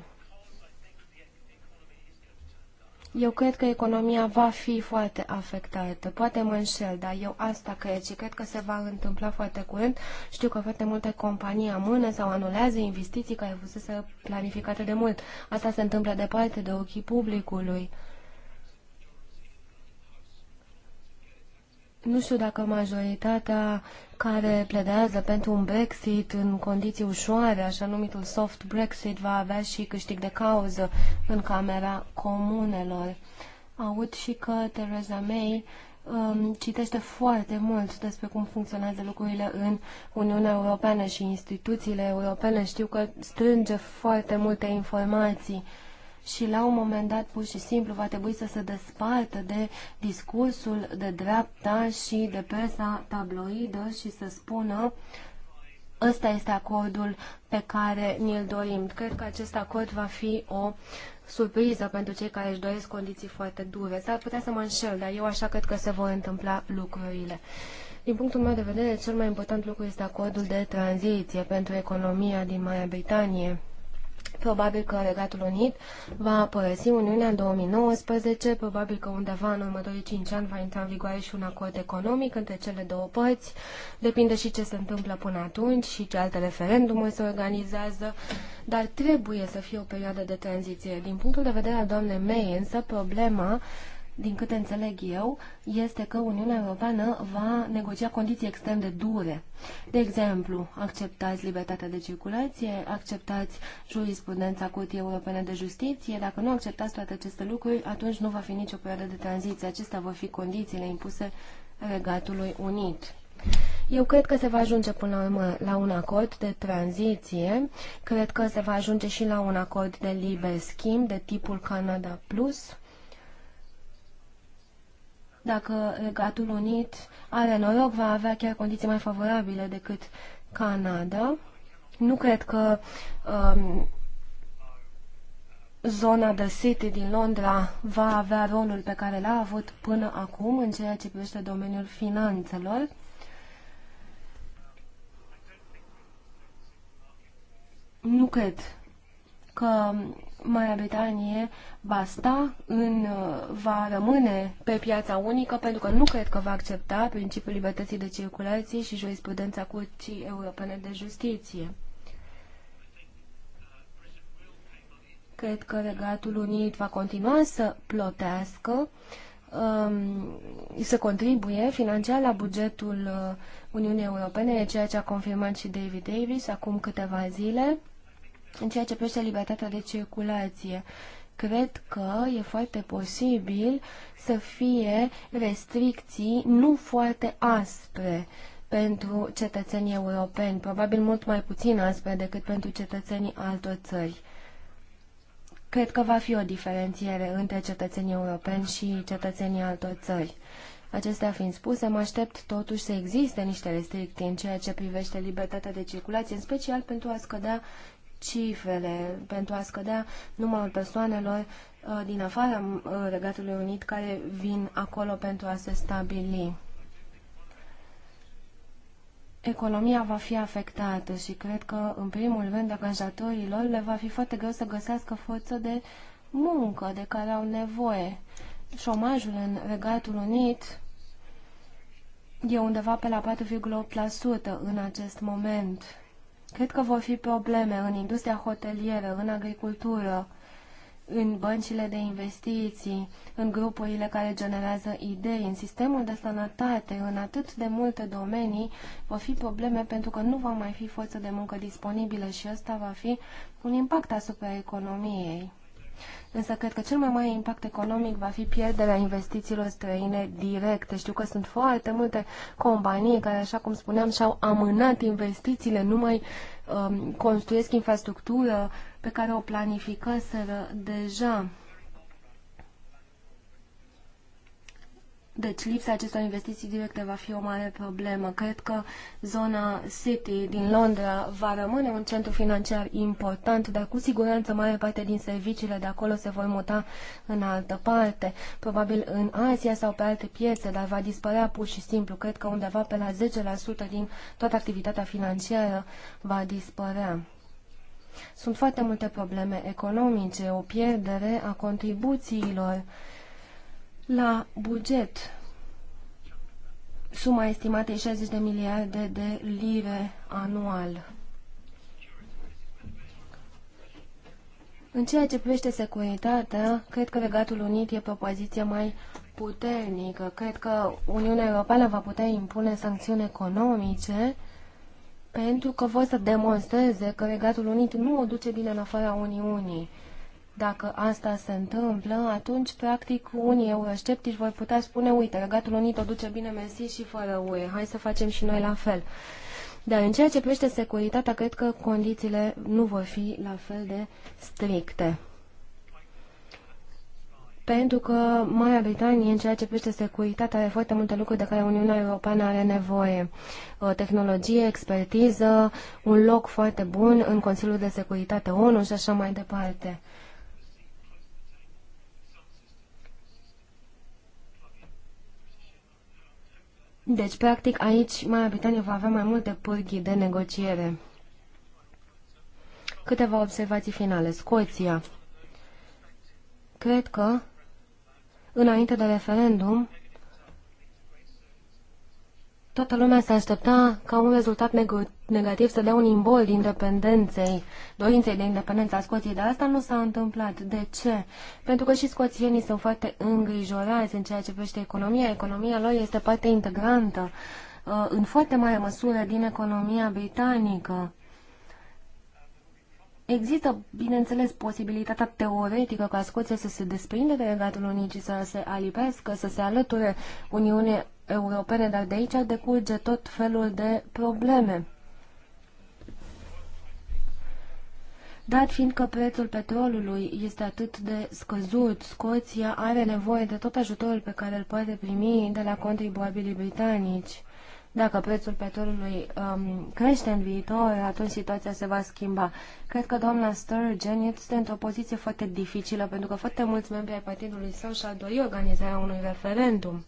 Eu cred că economia va fi foarte afectată. Poate mă înșel, dar eu asta cred și cred că se va întâmpla foarte curând. Știu că foarte multe companii amână sau anulează investiții care fusese planificate de mult. Asta se întâmplă departe de ochii publicului. Uh, Nu știu dacă majoritatea care pledează pentru un Brexit în condiții ușoare, așa numitul soft Brexit, va avea și câștig de cauză în Camera Comunelor. Aud și că Theresa May um, citește foarte mult despre cum funcționează lucrurile în Uniunea Europeană și instituțiile europene. Știu că strânge foarte multe informații și la un moment dat pur și simplu va trebui să se despartă de discursul de dreapta și de presa tabloidă și să spună ăsta este acordul pe care ni-l dorim. Cred că acest acord va fi o surpriză pentru cei care își doresc condiții foarte dure. S-ar putea să mă înșel, dar eu așa cred că se vor întâmpla lucrurile. Din punctul meu de vedere, cel mai important lucru este acordul de tranziție pentru economia din Marea Britanie Probabil că Regatul Unit va părăsi Uniunea în 2019, probabil că undeva în următorii 5 ani va intra în vigoare și un acord economic între cele două părți. Depinde și ce se întâmplă până atunci și ce alte referendumuri se organizează, dar trebuie să fie o perioadă de tranziție. Din punctul de vedere al doamnei May, însă, problema uh, din câte înțeleg eu, este că Uniunea Europeană va negocia condiții extrem de dure. De exemplu, acceptați libertatea de circulație, acceptați jurisprudența Curții Europene de Justiție. Dacă nu acceptați toate aceste lucruri, atunci nu va fi nicio perioadă de tranziție. Acestea vor fi condițiile impuse Regatului Unit. Eu cred că se va ajunge până la urmă la un acord de tranziție, cred că se va ajunge și la un acord de liber schimb de tipul Canada Plus, dacă Regatul Unit are noroc, va avea chiar condiții mai favorabile decât Canada. Nu cred că um, zona de City din Londra va avea rolul pe care l-a avut până acum în ceea ce privește domeniul finanțelor. Nu cred că Marea Britanie va sta în, va rămâne pe piața unică pentru că nu cred că va accepta principiul libertății de circulație și jurisprudența Curții Europene de Justiție. Cred că Regatul Unit va continua să plotească, um, să contribuie financiar la bugetul uh, Uniunii Europene, ceea ce a confirmat și David Davis acum câteva zile. În ceea ce privește libertatea de circulație, cred că e foarte posibil să fie restricții nu foarte aspre pentru cetățenii europeni, probabil mult mai puțin aspre decât pentru cetățenii altor țări. Cred că va fi o diferențiere între cetățenii europeni și cetățenii altor țări. Acestea fiind spuse, mă aștept totuși să existe niște restricții în ceea ce privește libertatea de circulație, în special pentru a scădea cifrele pentru a scădea numărul persoanelor uh, din afara uh, Regatului Unit care vin acolo pentru a se stabili. Economia va fi afectată și cred că, în primul rând, angajatorilor le va fi foarte greu să găsească forță de muncă de care au nevoie. Șomajul în Regatul Unit e undeva pe la 4,8% în acest moment. Cred că vor fi probleme în industria hotelieră, în agricultură, în băncile de investiții, în grupurile care generează idei, în sistemul de sănătate, în atât de multe domenii, vor fi probleme pentru că nu va mai fi forță de muncă disponibilă și ăsta va fi un impact asupra economiei. Însă cred că cel mai mare impact economic va fi pierderea investițiilor străine directe. Știu că sunt foarte multe companii care, așa cum spuneam, și-au amânat investițiile, nu mai um, construiesc infrastructură pe care o planificaseră deja. Deci lipsa acestor investiții directe va fi o mare problemă. Cred că zona City din Londra va rămâne un centru financiar important, dar cu siguranță mare parte din serviciile de acolo se vor muta în altă parte, probabil în Asia sau pe alte piețe, dar va dispărea pur și simplu. Cred că undeva pe la 10% din toată activitatea financiară va dispărea. Sunt foarte multe probleme economice, o pierdere a contribuțiilor la buget, suma estimată e 60 de miliarde de lire anual. În ceea ce privește securitatea, cred că Regatul Unit e pe o poziție mai puternică. Cred că Uniunea Europeană va putea impune sancțiuni economice pentru că vor să demonstreze că Regatul Unit nu o duce bine în afara Uniunii. Dacă asta se întâmplă, atunci, practic, unii eurosceptici vor putea spune, uite, Regatul Unit o duce bine mersi și fără UE, hai să facem și noi la fel. Dar în ceea ce privește securitatea, cred că condițiile nu vor fi la fel de stricte. Pentru că Marea Britanie, în ceea ce privește securitatea, are foarte multe lucruri de care Uniunea Europeană are nevoie. Tehnologie, expertiză, un loc foarte bun în Consiliul de Securitate ONU și așa mai departe. Deci, practic, aici Marea Britanie va avea mai multe pârghii de negociere. Câteva observații finale. Scoția. Cred că, înainte de referendum, Toată lumea se aștepta ca un rezultat neg negativ să dea un imbol independenței, dorinței de independență a Scoției, dar asta nu s-a întâmplat. De ce? Pentru că și scoțienii sunt foarte îngrijorați în ceea ce privește economia. Economia lor este parte integrantă uh, în foarte mare măsură din economia britanică. Există, bineînțeles, posibilitatea teoretică ca Scoția să se desprinde de Regatul Unit și să se alipească, să se alăture Uniunii europene, dar de aici decurge tot felul de probleme. Dar fiindcă prețul petrolului este atât de scăzut, Scoția are nevoie de tot ajutorul pe care îl poate primi de la contribuabilii britanici. Dacă prețul petrolului um, crește în viitor, atunci situația se va schimba. Cred că doamna Sturgeon este într-o poziție foarte dificilă, pentru că foarte mulți membri ai Partidului său și-ar dori organizarea unui referendum.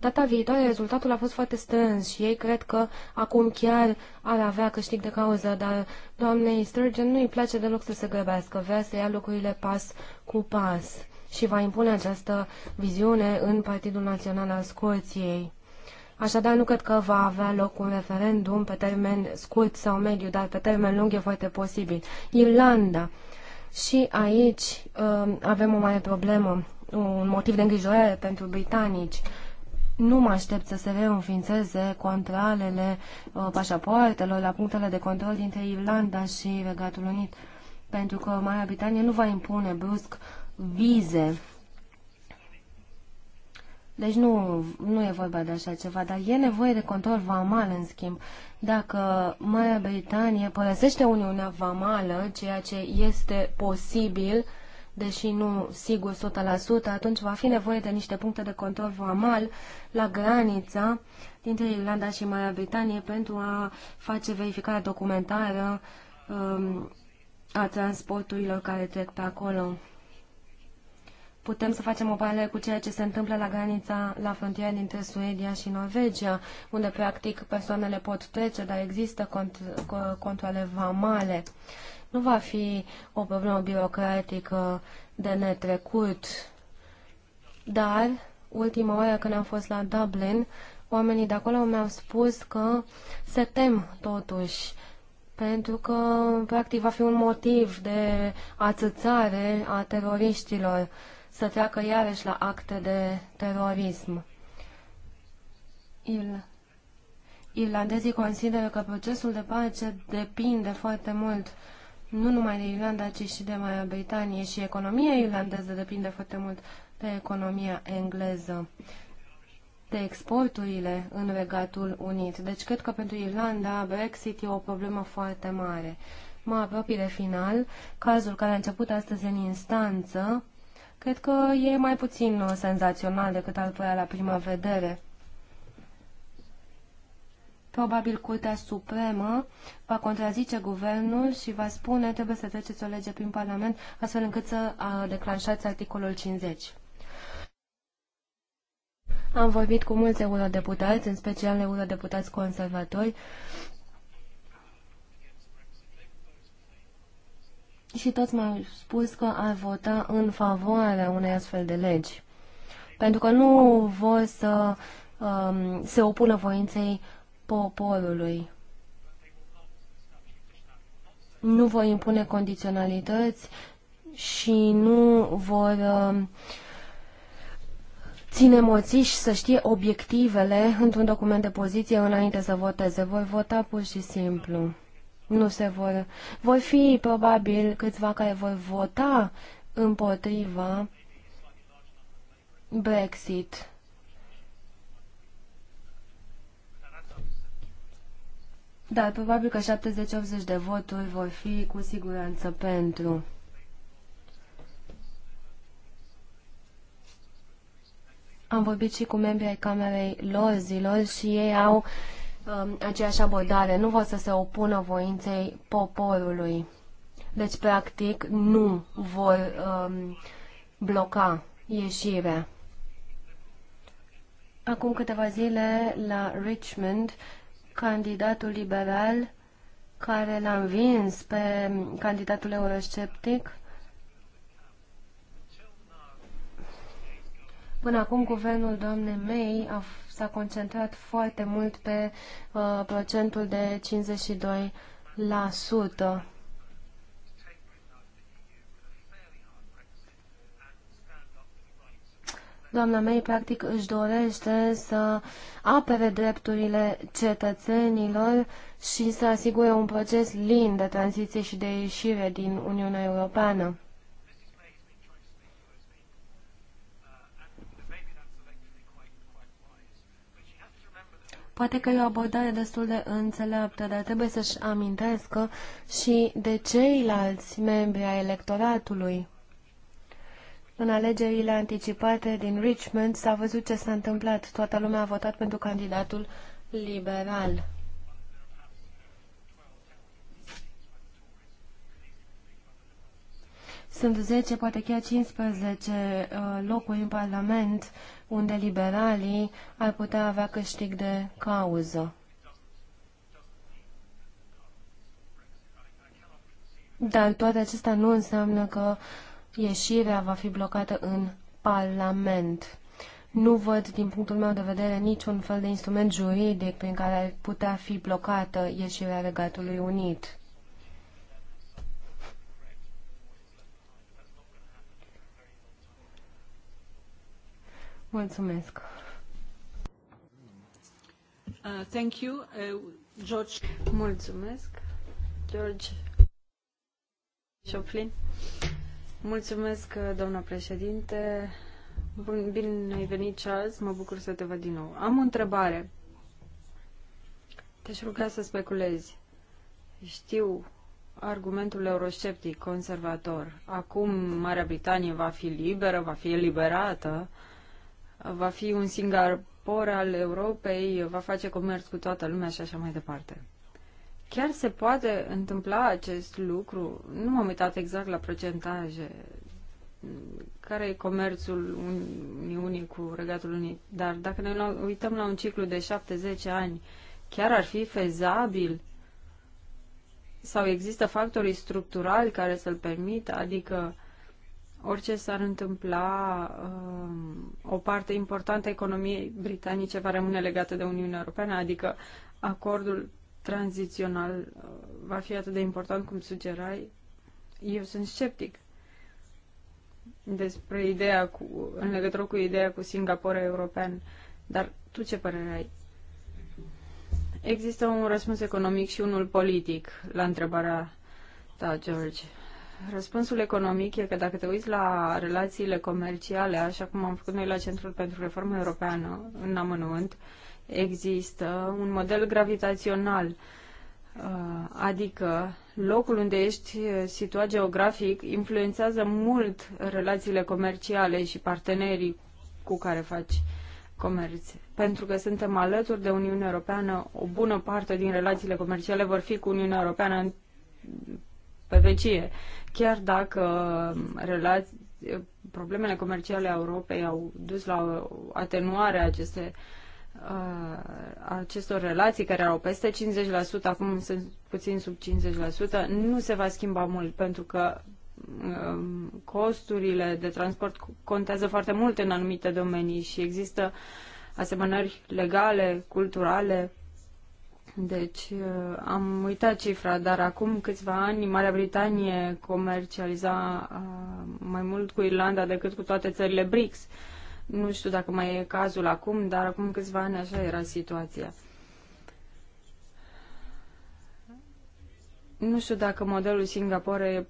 Data viitoare rezultatul a fost foarte strâns și ei cred că acum chiar ar avea câștig de cauză, dar doamnei Sturgeon nu îi place deloc să se grăbească, vrea să ia lucrurile pas cu pas și va impune această viziune în Partidul Național al Scoției. Așadar, nu cred că va avea loc un referendum pe termen scurt sau mediu, dar pe termen lung e foarte posibil. Irlanda. Și aici uh, avem o mare problemă, un motiv de îngrijorare pentru britanici. Uh, nu mă aștept să se reînființeze controlele uh, pașapoartelor la punctele de control dintre Irlanda și Regatul Unit, pentru că Marea Britanie nu va impune brusc vize. Deci nu, nu e vorba de așa ceva, dar e nevoie de control vamal, în schimb. Dacă Marea Britanie părăsește Uniunea Vamală, ceea ce este posibil, uh, deși nu sigur 100%, atunci va fi nevoie de niște puncte de control vamal la granița dintre Irlanda și Marea Britanie pentru a face verificarea documentară um, a transporturilor care trec pe acolo. Putem să facem o paralelă cu ceea ce se întâmplă la granița, la frontiera dintre Suedia și Norvegia, unde practic persoanele pot trece, dar există cont, controle vamale. Nu va fi o problemă birocratică de netrecut, dar ultima oară când am fost la Dublin, oamenii de acolo mi-au spus că se tem totuși, pentru că practic va fi un motiv de atâțare a teroriștilor să treacă iarăși la acte de terorism. Il... Irlandezii consideră că procesul de pace depinde foarte mult nu numai de Irlanda, ci și de Marea Britanie și economia irlandeză depinde foarte mult de economia engleză, de exporturile în Regatul Unit. Deci cred că pentru Irlanda Brexit e o problemă foarte mare. Mă apropii de final, cazul care a început astăzi în instanță, cred că e mai puțin senzațional decât al părea la prima vedere. Probabil Curtea Supremă va contrazice guvernul și va spune trebuie să treceți o lege prin Parlament astfel încât să declanșați articolul 50. Am vorbit cu mulți eurodeputați, în special eurodeputați conservatori, și toți m au spus că ar vota în favoarea unei astfel de legi. Pentru că nu vor să um, se opună voinței poporului. Nu voi impune condiționalități și nu vor uh, ține și să știe obiectivele într-un document de poziție înainte să voteze. Voi vota pur și simplu. Nu se vor. Vor fi probabil câțiva care vor vota împotriva Brexit. Da, probabil că 70-80 de voturi vor fi cu siguranță pentru. Am vorbit și cu membrii ai Camerei Lorzilor și ei au um, aceeași abordare. Nu vor să se opună voinței poporului. Deci, practic, nu vor um, bloca ieșirea. Acum câteva zile, la Richmond, uh, candidatul liberal care l-a învins pe candidatul eurosceptic. Până acum, guvernul doamnei May a, s-a concentrat foarte mult pe uh, procentul de 52%. Doamna mei, practic, își dorește să apere drepturile cetățenilor și să asigure un proces lin de tranziție și de ieșire din Uniunea Europeană. Poate că e o abordare destul de înțeleaptă, dar trebuie să-și amintească și de ceilalți membri ai electoratului. În alegerile anticipate din Richmond s-a văzut ce s-a întâmplat. Toată lumea a votat pentru candidatul liberal. Sunt 10, poate chiar 15 uh, locuri în Parlament unde liberalii ar putea avea câștig de cauză. Dar toate acestea nu înseamnă că ieșirea va fi blocată în Parlament. Nu văd, din punctul meu de vedere, niciun fel de instrument juridic prin care ar putea fi blocată ieșirea Regatului Unit. Mulțumesc. Uh, thank you, uh, George. Mulțumesc, George Choplin. Mulțumesc, doamna președinte. Bun, bine ai venit, Charles. Mă bucur să te văd din nou. Am o întrebare. Te-aș ruga să speculezi. Știu argumentul eurosceptic, conservator. Acum Marea Britanie va fi liberă, va fi eliberată, va fi un Singapore al Europei, va face comerț cu toată lumea și așa mai departe. Chiar se poate întâmpla acest lucru? Nu m-am uitat exact la procentaje. Care e comerțul Uniunii cu Regatul Unit? Dar dacă ne uităm la un ciclu de 70 ani, chiar ar fi fezabil? Sau există factorii structurali care să-l permită? Adică orice s-ar întâmpla, um, o parte importantă a economiei britanice va rămâne legată de Uniunea Europeană, adică acordul tranzițional uh, va fi atât de important cum sugerai, eu sunt sceptic despre ideea cu, în legătură cu ideea cu Singapore european. Dar tu ce părere ai? Există un răspuns economic și unul politic la întrebarea ta, George. Răspunsul economic e că dacă te uiți la relațiile comerciale, așa cum am făcut noi la Centrul pentru Reformă Europeană, în amănunt, există un model gravitațional, uh, adică locul unde ești uh, situat geografic influențează mult relațiile comerciale și partenerii cu care faci comerț. Pentru că suntem alături de Uniunea Europeană, o bună parte din relațiile comerciale vor fi cu Uniunea Europeană pe vecie. Chiar dacă um, relații, uh, problemele comerciale a Europei au dus la atenuarea acestei acestor relații care au peste 50%, acum sunt puțin sub 50%, nu se va schimba mult pentru că um, costurile de transport contează foarte mult în anumite domenii și există asemănări legale, culturale. Deci uh, am uitat cifra, dar acum câțiva ani Marea Britanie comercializa uh, mai mult cu Irlanda decât cu toate țările BRICS. Uh, nu știu dacă mai e cazul acum, dar acum câțiva ani așa era situația. Nu știu dacă modelul Singapore e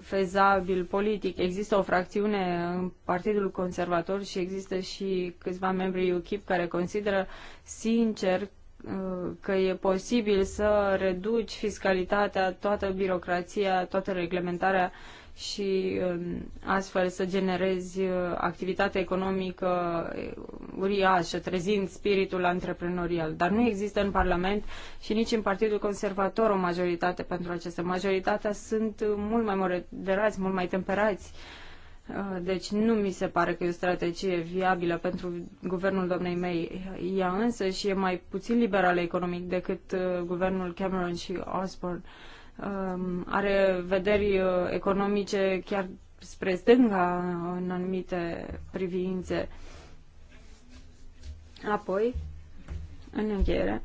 fezabil politic. Există o fracțiune în Partidul Conservator și există și câțiva membri UKIP care consideră sincer uh, că e posibil să reduci fiscalitatea, toată birocrația, toată reglementarea și um, astfel să generezi uh, activitate economică uh, uriașă, trezind spiritul antreprenorial. Dar nu există în Parlament și nici în Partidul Conservator o majoritate pentru acestea. Majoritatea sunt uh, mult mai moderați, mult mai temperați. Deci nu mi se pare că e o strategie viabilă pentru guvernul domnei mei. Ea însă și e mai puțin liberală economic decât guvernul Cameron și Osborne Um, are vederi uh, economice chiar spre stânga în anumite privințe. Apoi, în încheiere,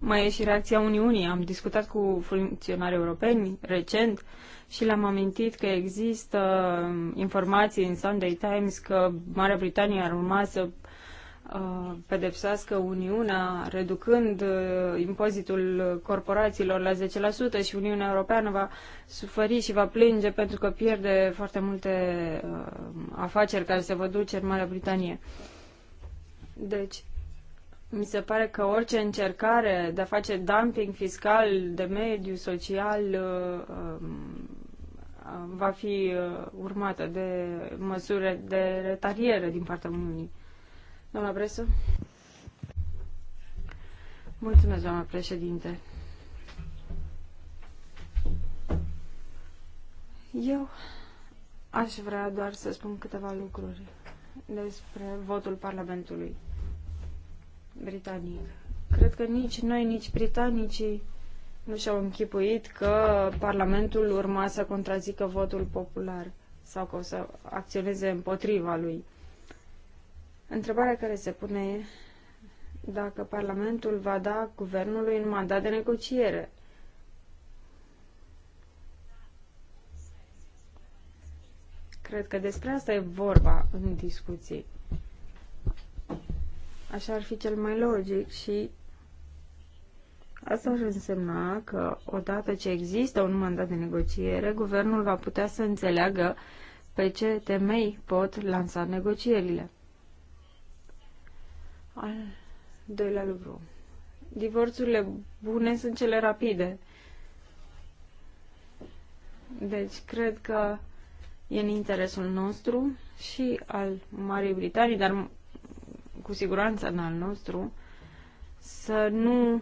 mai e și reacția Uniunii. Am discutat cu funcționari europeni recent și le-am amintit că există um, informații în Sunday Times că Marea Britanie ar urma să Uh, pedepsească Uniunea reducând uh, impozitul corporațiilor la 10% și Uniunea Europeană va suferi și va plânge pentru că pierde foarte multe uh, afaceri care se vor duce în Marea Britanie. Deci, mi se pare că orice încercare de a face dumping fiscal, de mediu, social, um, va fi urmată de măsuri de retariere din partea Uniunii. Doamna Bresu? Mulțumesc, doamna președinte. Eu aș vrea doar să spun câteva lucruri despre votul Parlamentului britanic. Cred că nici noi, nici britanicii nu și-au închipuit că Parlamentul urma să contrazică votul popular sau că o să acționeze împotriva lui. Întrebarea care se pune e dacă Parlamentul va da guvernului un mandat de negociere. Cred că despre asta e vorba în discuții. Așa ar fi cel mai logic și asta ar însemna că odată ce există un mandat de negociere, guvernul va putea să înțeleagă pe ce temei pot lansa negocierile. Al doilea lucru. Divorțurile bune sunt cele rapide. Deci, cred că e în interesul nostru și al Marii Britanii, dar cu siguranță în al nostru, să nu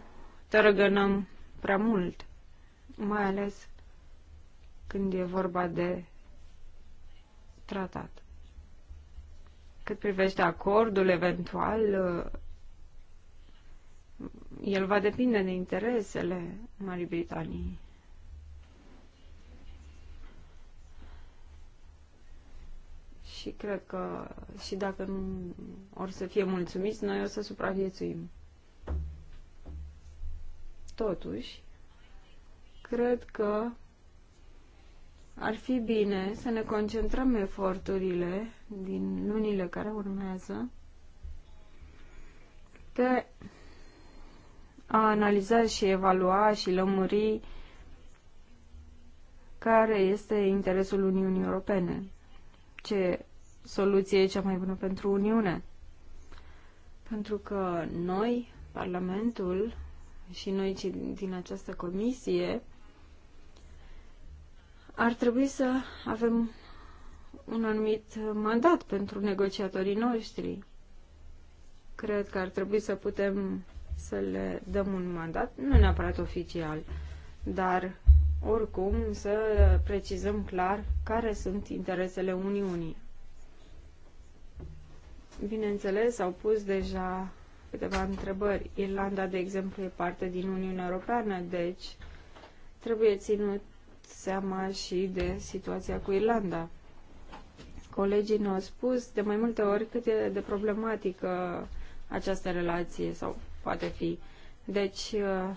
tărăgănăm prea mult, mai ales când e vorba de tratat. Cât privește acordul eventual, uh, el va depinde de interesele Marii Britanii. Și cred că și dacă nu or să fie mulțumiți, noi o să supraviețuim. Totuși, cred că ar fi bine să ne concentrăm eforturile din lunile care urmează pe a analiza și evalua și lămuri care este interesul Uniunii Europene, ce soluție e cea mai bună pentru Uniune. Pentru că noi, Parlamentul și noi din această comisie, ar trebui să avem un anumit mandat pentru negociatorii noștri. Cred că ar trebui să putem să le dăm un mandat, nu neapărat oficial, dar oricum să precizăm clar care sunt interesele Uniunii. Bineînțeles, au pus deja câteva întrebări. Irlanda, de exemplu, e parte din Uniunea Europeană, deci trebuie ținut seama și de situația cu Irlanda. Colegii ne-au spus de mai multe ori cât e de problematică această relație sau poate fi. Deci uh,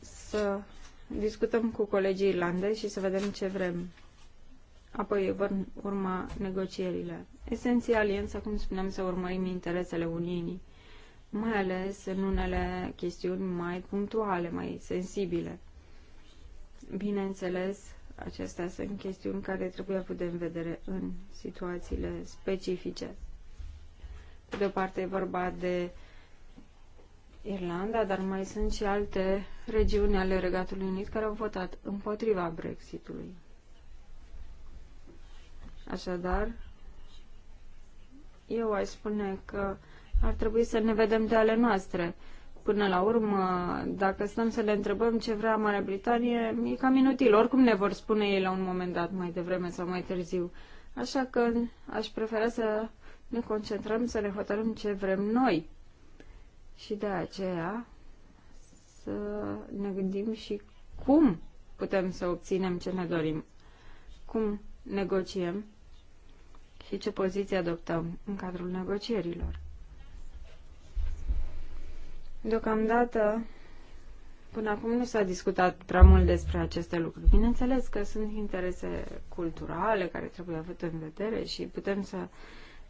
să discutăm cu colegii irlandezi și să vedem ce vrem. Apoi vor urma negocierile. Esențial e însă, cum spuneam, să urmărim interesele Uniunii, mai ales în unele chestiuni mai punctuale, mai sensibile. Bineînțeles, acestea sunt chestiuni care trebuie avute în vedere în situațiile specifice. Pe de o parte e vorba de Irlanda, dar mai sunt și alte regiuni ale Regatului Unit care au votat împotriva Brexitului. Așadar, eu aș spune că ar trebui să ne vedem de ale noastre. Până la urmă, dacă stăm să le întrebăm ce vrea Marea Britanie, e cam inutil. Oricum ne vor spune ei la un moment dat, mai devreme sau mai târziu. Așa că aș prefera să ne concentrăm, să ne hotărâm ce vrem noi. Și de aceea să ne gândim și cum putem să obținem ce ne dorim, cum negociem și ce poziție adoptăm în cadrul negocierilor. Deocamdată, până acum nu s-a discutat prea mult despre aceste lucruri. Bineînțeles că sunt interese culturale care trebuie avute în vedere și putem să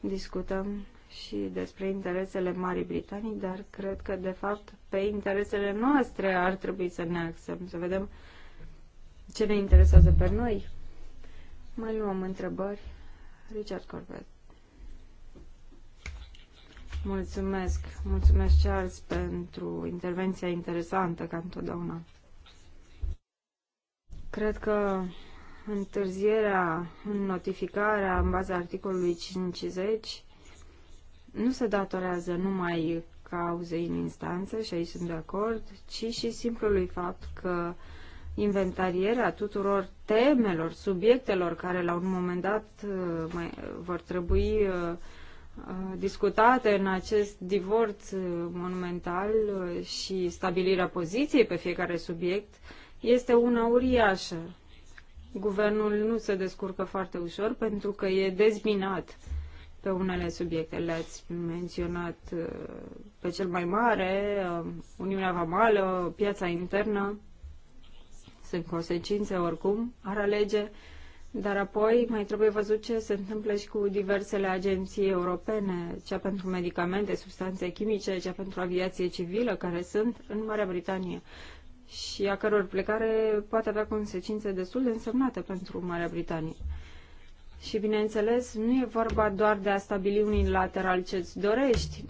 discutăm și despre interesele Marii Britanii, dar cred că, de fapt, pe interesele noastre ar trebui să ne axăm, să vedem ce ne interesează pe noi. Mai luăm întrebări. Richard Corbett. Mulțumesc, mulțumesc Charles pentru intervenția interesantă, ca întotdeauna. Cred că întârzierea în notificarea în baza articolului 50 nu se datorează numai cauzei în instanță, și aici sunt de acord, ci și simplului fapt că inventarierea tuturor temelor, subiectelor care la un moment dat mai, vor trebui uh, discutate în acest divorț uh, monumental uh, și stabilirea poziției pe fiecare subiect este una uriașă. Guvernul nu se descurcă foarte ușor pentru că e dezbinat pe unele subiecte. Le-ați menționat uh, pe cel mai mare, Uniunea Vamală, piața internă, sunt consecințe oricum, ar alege dar apoi mai trebuie văzut ce se întâmplă și cu diversele agenții europene, cea pentru medicamente, substanțe chimice, cea pentru aviație civilă, care sunt în Marea Britanie și a căror plecare poate avea consecințe destul de însemnate pentru Marea Britanie. Și, bineînțeles, nu e vorba doar de a stabili unilateral ce-ți dorești.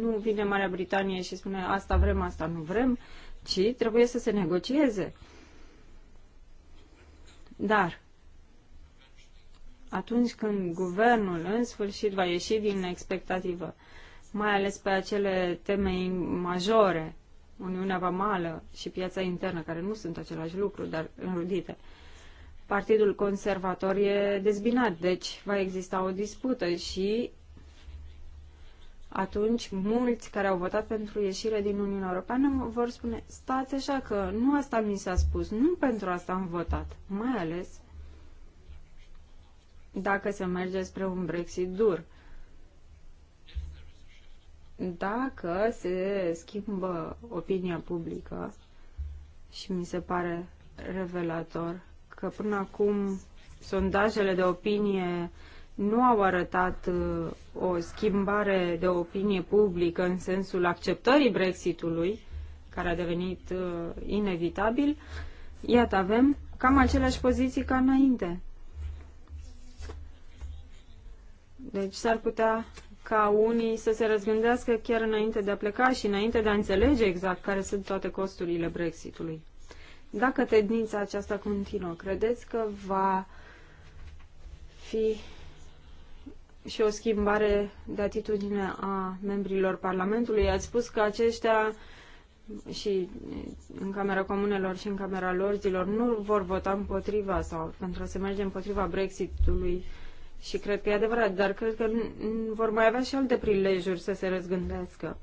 Nu vine Marea Britanie și spune asta vrem, asta nu vrem, ci trebuie să se negocieze. Dar atunci când guvernul în sfârșit va ieși din expectativă, mai ales pe acele teme majore, Uniunea Vamală și piața internă, care nu sunt același lucru, dar înrudite. Partidul conservator e dezbinat, deci va exista o dispută și atunci mulți care au votat pentru ieșire din Uniunea Europeană vor spune stați așa că nu asta mi s-a spus, nu pentru asta am votat, mai ales dacă se merge spre un Brexit dur. Dacă se schimbă opinia publică, și mi se pare revelator că până acum sondajele de opinie nu au arătat uh, o schimbare de opinie publică în sensul acceptării Brexitului, care a devenit uh, inevitabil, iată, avem cam aceleași poziții ca înainte. Deci s-ar putea ca unii să se răzgândească chiar înainte de a pleca și înainte de a înțelege exact care sunt toate costurile Brexitului. Dacă tendința aceasta continuă, credeți că va fi și o schimbare de atitudine a membrilor Parlamentului? Ați spus că aceștia și în Camera Comunelor și în Camera Lorzilor nu vor vota împotriva sau pentru a se merge împotriva Brexitului și cred că e adevărat, dar cred că vor mai avea și alte prilejuri să se răzgândească.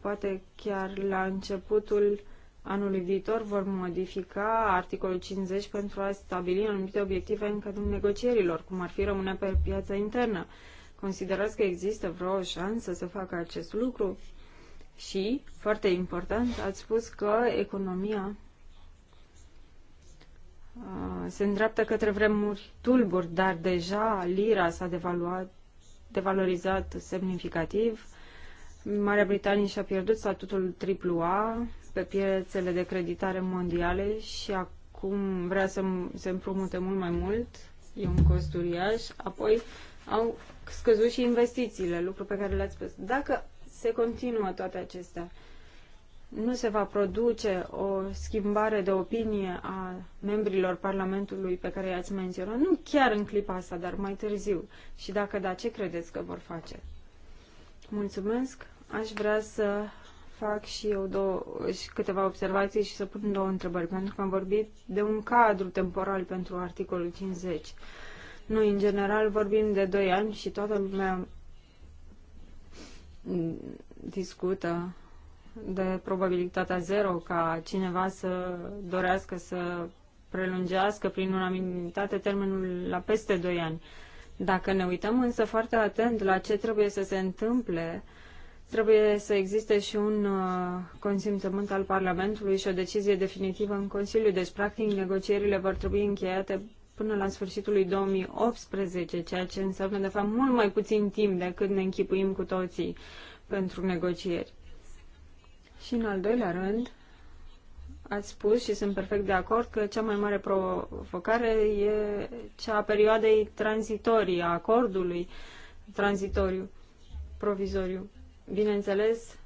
Poate chiar la începutul anului viitor vor modifica articolul 50 pentru a stabili anumite obiective în cadrul negocierilor, cum ar fi rămâne pe piața internă. Considerați că există vreo șansă să facă acest lucru? Și, foarte important, ați spus că economia Uh, se îndreaptă către vremuri tulburi, dar deja lira s-a devaluat, devalorizat semnificativ. Marea Britanie și-a pierdut statutul AAA pe piețele de creditare mondiale și acum vrea să se împrumute mult mai mult. E un cost uriaș. Apoi au scăzut și investițiile, lucru pe care le-ați spus. Dacă se continuă toate acestea, nu se va produce o schimbare de opinie a membrilor Parlamentului pe care i-ați menționat, nu chiar în clipa asta, dar mai târziu. Și dacă da, ce credeți că vor face? Mulțumesc. Aș vrea să fac și eu două, și câteva observații și să pun două întrebări, pentru că am vorbit de un cadru temporal pentru articolul 50. Noi, în general, vorbim de 2 ani și toată lumea discută de probabilitatea zero ca cineva să dorească să prelungească prin unanimitate termenul la peste 2 ani. Dacă ne uităm însă foarte atent la ce trebuie să se întâmple, trebuie să existe și un uh, consimțământ al Parlamentului și o decizie definitivă în Consiliu. Deci, practic, negocierile vor trebui încheiate până la sfârșitul lui 2018, ceea ce înseamnă, de fapt, mult mai puțin timp decât ne închipuim cu toții pentru negocieri. Și în al doilea rând, ați spus și sunt perfect de acord că cea mai mare provocare e cea a perioadei tranzitorii, a acordului tranzitoriu, provizoriu. Bineînțeles,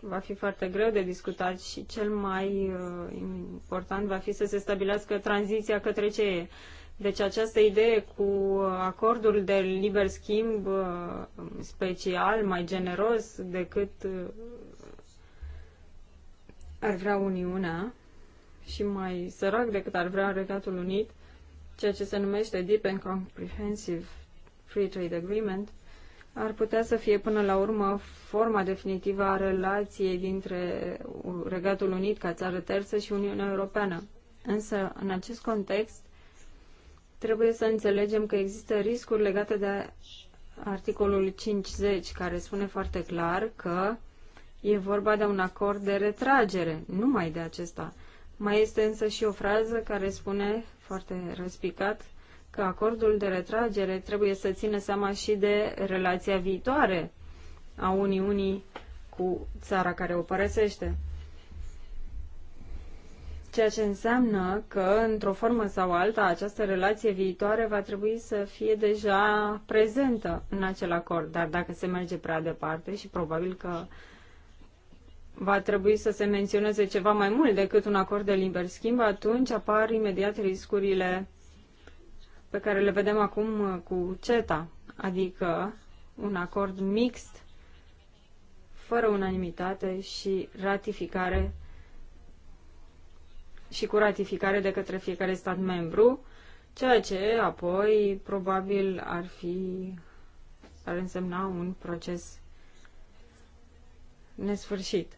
va fi foarte greu de discutat și cel mai uh, important va fi să se stabilească tranziția către ce e. Deci această idee cu acordul de liber schimb uh, special, mai generos decât uh, ar vrea Uniunea și mai sărac decât ar vrea Regatul Unit, ceea ce se numește Deep and Comprehensive Free Trade Agreement, ar putea să fie până la urmă forma definitivă a relației dintre Regatul Unit ca țară terță și Uniunea Europeană. Însă, în acest context, trebuie să înțelegem că există riscuri legate de articolul 50, care spune foarte clar că e vorba de un acord de retragere, numai de acesta. Mai este însă și o frază care spune foarte răspicat că acordul de retragere trebuie să țină seama și de relația viitoare a Uniunii cu țara care o părăsește ceea ce înseamnă că, într-o formă sau alta, această relație viitoare va trebui să fie deja prezentă în acel acord. Dar dacă se merge prea departe și probabil că va trebui să se menționeze ceva mai mult decât un acord de liber schimb, atunci apar imediat riscurile pe care le vedem acum cu CETA, adică un acord mixt, fără unanimitate și ratificare și cu ratificare de către fiecare stat membru, ceea ce apoi probabil ar fi ar însemna un proces nesfârșit.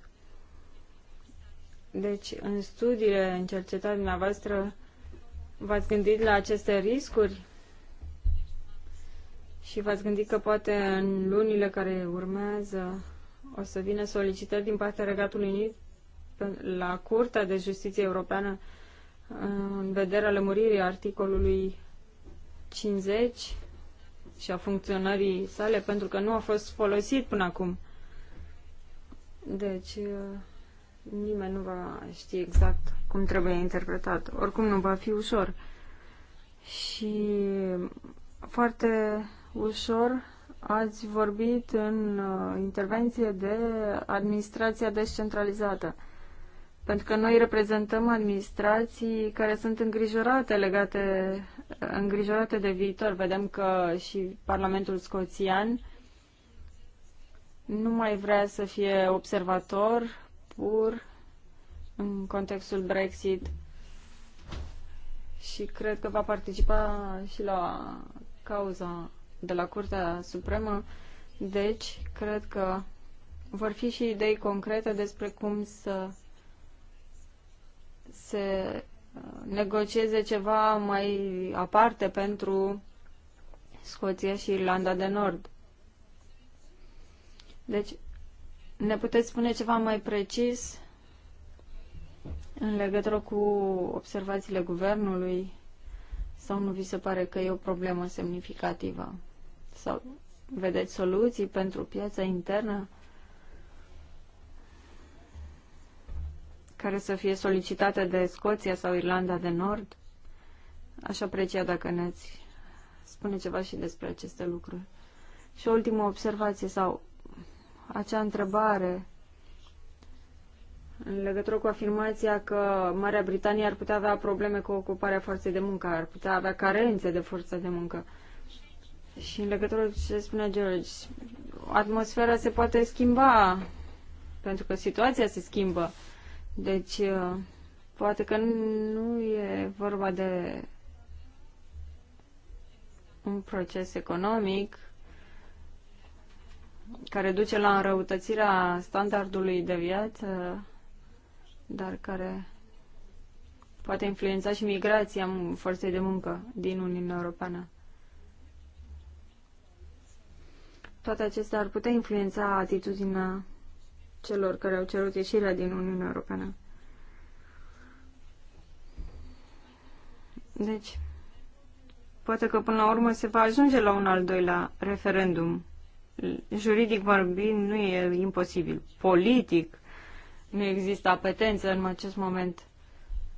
Deci, în studiile, în cercetarea dumneavoastră, v-ați gândit la aceste riscuri? Și v-ați gândit că poate în lunile care urmează o să vină solicitări din partea Regatului Unit la Curtea de Justiție Europeană în vederea lămuririi articolului 50 și a funcționării sale, pentru că nu a fost folosit până acum. Deci, uh, nimeni nu va ști exact cum trebuie interpretat. Oricum, nu va fi ușor. Și foarte ușor ați vorbit în uh, intervenție de administrația descentralizată. Pentru că noi reprezentăm administrații care sunt îngrijorate legate, îngrijorate de viitor. Vedem că și Parlamentul Scoțian nu mai vrea să fie observator pur în contextul Brexit și cred că va participa și la cauza de la Curtea Supremă. Deci, cred că vor fi și idei concrete despre cum să se uh, negocieze ceva mai aparte pentru Scoția și Irlanda de Nord. Deci, ne puteți spune ceva mai precis în legătură cu observațiile guvernului sau nu vi se pare că e o problemă semnificativă? Sau vedeți soluții pentru piața internă? care să fie solicitate de Scoția sau Irlanda de Nord? Aș aprecia dacă ne-ați spune ceva și despre aceste lucruri. Și o ultimă observație sau acea întrebare în legătură cu afirmația că Marea Britanie ar putea avea probleme cu ocuparea forței de muncă, ar putea avea carențe de forță de muncă. Și în legătură cu ce spunea George, atmosfera se poate schimba, pentru că situația se schimbă. Deci, uh, poate că nu e vorba de un proces economic care duce la înrăutățirea standardului de viață, dar care poate influența și migrația forței de muncă din Uniunea Europeană. Toate acestea ar putea influența atitudinea celor care au cerut ieșirea din Uniunea Europeană. Deci, poate că până la urmă se va ajunge la un al doilea referendum. Juridic vorbind, nu e imposibil. Politic, nu există apetență în acest moment.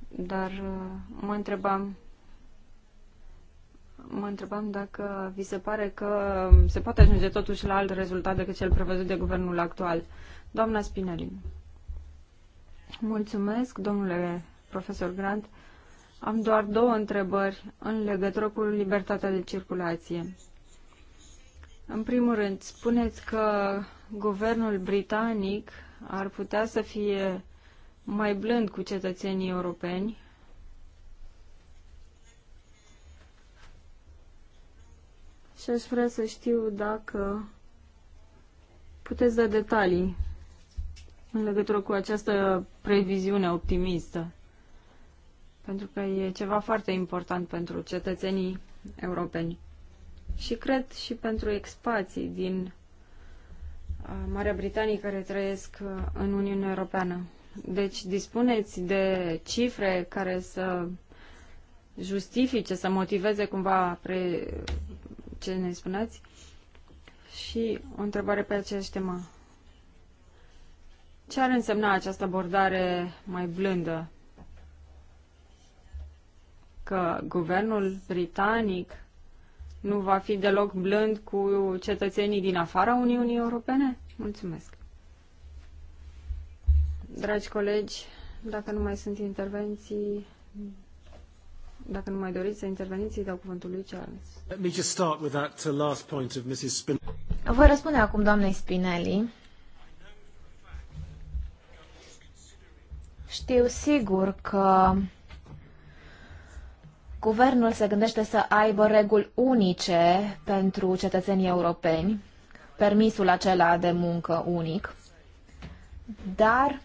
Dar uh, mă întrebam mă întrebam dacă vi se pare că se poate ajunge totuși la alt rezultat decât cel prevăzut de guvernul actual. Doamna Spinelin. Mulțumesc, domnule profesor Grant. Am doar două întrebări în legătură cu libertatea de circulație. În primul rând, spuneți că guvernul britanic ar putea să fie mai blând cu cetățenii europeni și aș vrea să știu dacă puteți da detalii în legătură cu această previziune optimistă. Pentru că e ceva foarte important pentru cetățenii europeni. Și cred și pentru expații din Marea Britanie care trăiesc în Uniunea Europeană. Deci dispuneți de cifre care să justifice, să motiveze cumva pre... ce ne spuneți? Și o întrebare pe aceeași temă. Ce ar însemna această abordare mai blândă? Că guvernul britanic nu va fi deloc blând cu cetățenii din afara Uniunii Europene? Mulțumesc. Dragi colegi, dacă nu mai sunt intervenții, dacă nu mai doriți să interveniți, dau cuvântul lui Charles. Voi răspunde acum doamnei Spinelli Știu sigur că guvernul se gândește să aibă reguli unice pentru cetățenii europeni, permisul acela de muncă unic, dar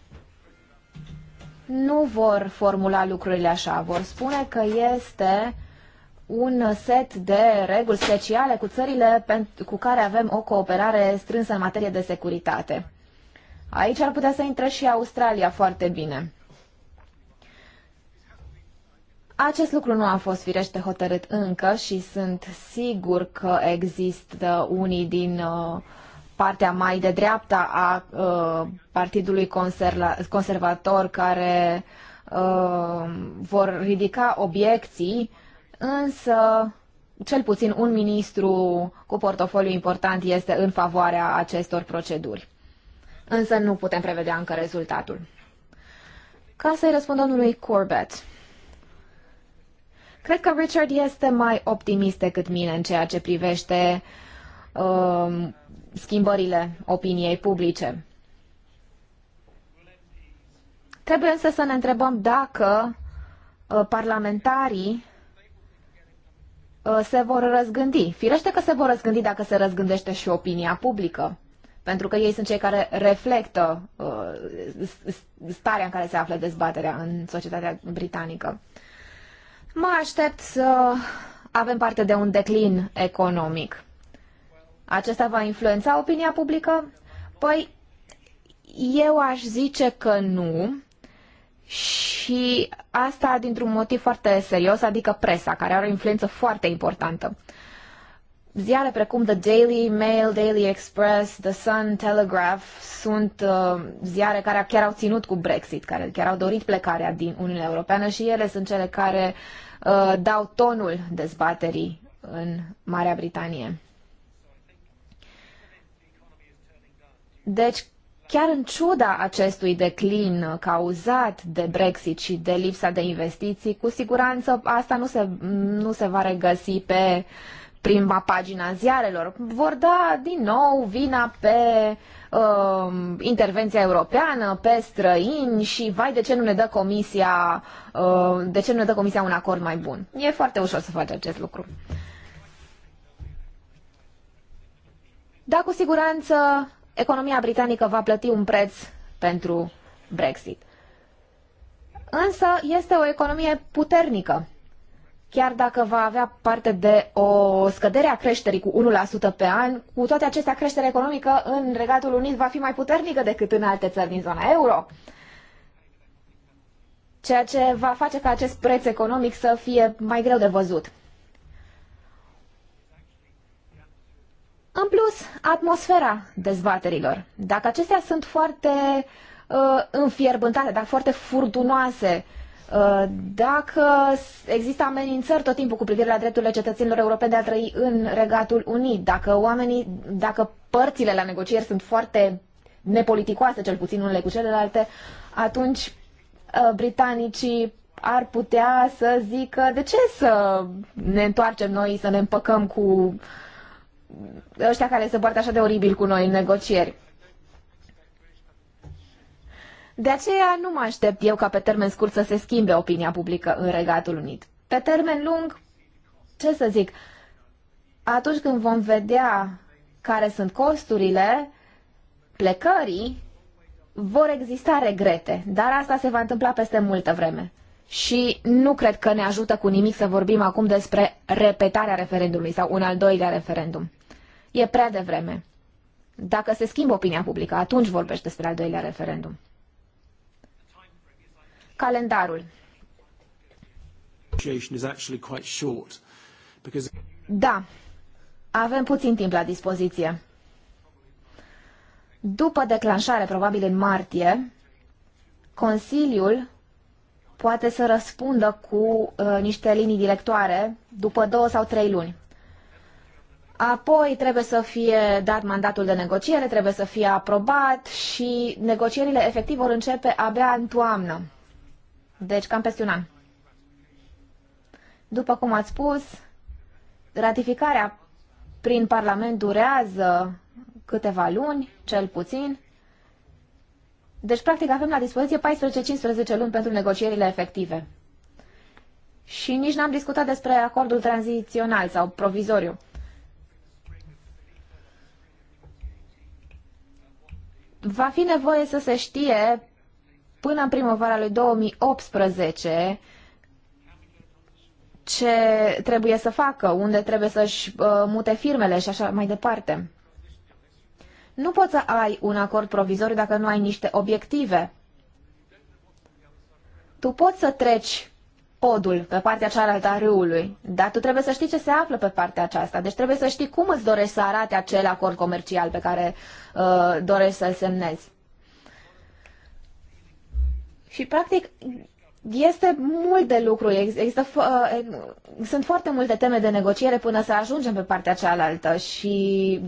nu vor formula lucrurile așa. Vor spune că este un set de reguli speciale cu țările cu care avem o cooperare strânsă în materie de securitate. Aici ar putea să intre și Australia foarte bine. Acest lucru nu a fost firește hotărât încă și sunt sigur că există unii din uh, partea mai de dreapta a uh, Partidului Conservator care uh, vor ridica obiecții, însă cel puțin un ministru cu portofoliu important este în favoarea acestor proceduri însă nu putem prevedea încă rezultatul. Ca să-i răspund domnului Corbett, cred că Richard este mai optimist decât mine în ceea ce privește uh, schimbările opiniei publice. Trebuie însă să ne întrebăm dacă uh, parlamentarii uh, se vor răzgândi. Firește că se vor răzgândi dacă se răzgândește și opinia publică pentru că ei sunt cei care reflectă uh, starea în care se află dezbaterea în societatea britanică. Mă aștept să avem parte de un declin economic. Acesta va influența opinia publică? Păi, eu aș zice că nu. Și asta dintr-un motiv foarte serios, adică presa, care are o influență foarte importantă. Uh, ziare precum The Daily Mail, Daily Express, The Sun, Telegraph sunt uh, ziare care chiar au ținut cu Brexit, care chiar au dorit plecarea din Uniunea Europeană și ele sunt cele care uh, dau tonul dezbaterii în Marea Britanie. Deci, chiar în ciuda acestui declin cauzat de Brexit și de lipsa de investiții, cu siguranță asta nu se, nu se va regăsi pe uh, prima pagina ziarelor. Vor da din nou vina pe uh, intervenția europeană, pe străini și vai de ce nu ne dă comisia, uh, de ce nu ne dă comisia un acord mai bun. E foarte ușor să faci acest lucru. Da, cu siguranță economia britanică va plăti un preț pentru Brexit. Însă este o economie puternică chiar dacă va avea parte de o scădere a creșterii cu 1% pe an, cu toate acestea creșterea economică în Regatul Unit va fi mai puternică decât în alte țări din zona euro. Ceea ce va face ca acest preț economic să fie mai greu de văzut. În plus, atmosfera dezbaterilor. Dacă acestea sunt foarte uh, înfierbântate, dar foarte furtunoase, uh, Uh, dacă există amenințări tot timpul cu privire la drepturile cetățenilor europeni de a trăi în Regatul Unit, dacă oamenii, dacă părțile la negocieri sunt foarte nepoliticoase, cel puțin unele cu celelalte, atunci uh, britanicii ar putea să zică de ce să ne întoarcem noi, să ne împăcăm cu ăștia care se poartă așa de oribil cu noi în negocieri. De aceea nu mă aștept eu ca pe termen scurt să se schimbe opinia publică în Regatul Unit. Pe termen lung, ce să zic, atunci când vom vedea care sunt costurile plecării, vor exista regrete, dar asta se va întâmpla peste multă vreme. Și nu cred că ne ajută cu nimic să vorbim acum despre repetarea referendumului sau un al doilea referendum. E prea devreme. Dacă se schimbă opinia publică, atunci vorbești despre al doilea referendum calendarul. Da, avem puțin timp la dispoziție. După declanșare, probabil în martie, Consiliul poate să răspundă cu uh, niște linii directoare după două sau trei luni. Apoi trebuie să fie dat mandatul de negociere, trebuie să fie aprobat și negocierile efectiv vor începe abia în toamnă. Deci cam peste un an. După cum ați spus, ratificarea prin Parlament durează câteva luni, cel puțin. Deci, practic, avem la dispoziție 14-15 luni pentru negocierile efective. Și nici n-am discutat despre acordul tranzițional sau provizoriu. Va fi nevoie să se știe până în primăvara lui 2018 ce trebuie să facă, unde trebuie să-și uh, mute firmele și așa mai departe. Nu poți să ai un acord provizoriu dacă nu ai niște obiective. Tu poți să treci podul pe partea cealaltă a râului, dar tu trebuie să știi ce se află pe partea aceasta. Deci trebuie să știi cum îți dorești să arate acel acord comercial pe care uh, dorești să-l semnezi. Și, practic, este mult de lucru. Există, uh, sunt foarte multe teme de negociere până să ajungem pe partea cealaltă și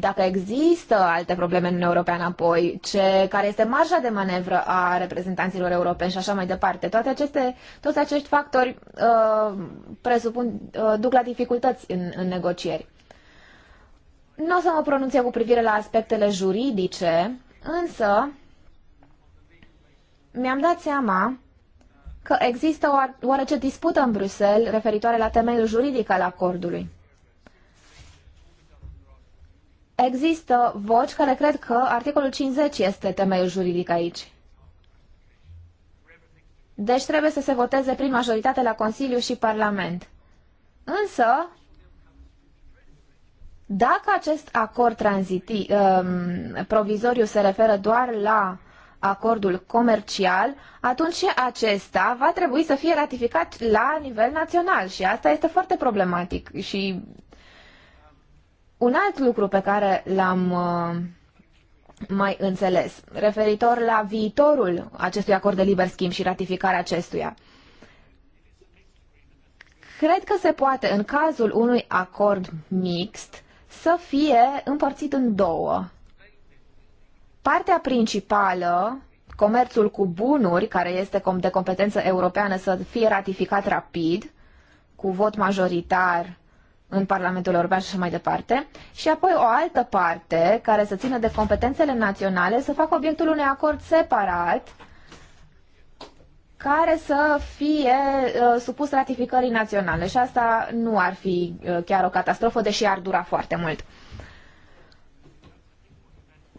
dacă există alte probleme în Europeană apoi, ce, care este marja de manevră a reprezentanților europeni și așa mai departe, toate aceste, toți acești factori uh, presupun, uh, duc la dificultăți în, în negocieri. Nu o să mă pronunț cu privire la aspectele juridice, însă mi-am dat seama că există o oarece dispută în Bruxelles referitoare la temeiul juridic al acordului. Există voci care cred că articolul 50 este temeiul juridic aici. Deci trebuie să se voteze prin majoritate la Consiliu și Parlament. Însă, dacă acest acord tranziti, um, provizoriu se referă doar la acordul comercial, atunci și acesta va trebui să fie ratificat la nivel național și asta este foarte problematic. Și un alt lucru pe care l-am uh, mai înțeles, referitor la viitorul acestui acord de liber schimb și ratificarea acestuia. Cred că se poate, în cazul unui acord mixt, să fie împărțit în două Partea principală, comerțul cu bunuri, care este de competență europeană, să fie ratificat rapid, cu vot majoritar în Parlamentul European și așa mai departe, și apoi o altă parte care să țină de competențele naționale să facă obiectul unui acord separat care să fie uh, supus ratificării naționale. Și asta nu ar fi uh, chiar o catastrofă, deși ar dura foarte mult.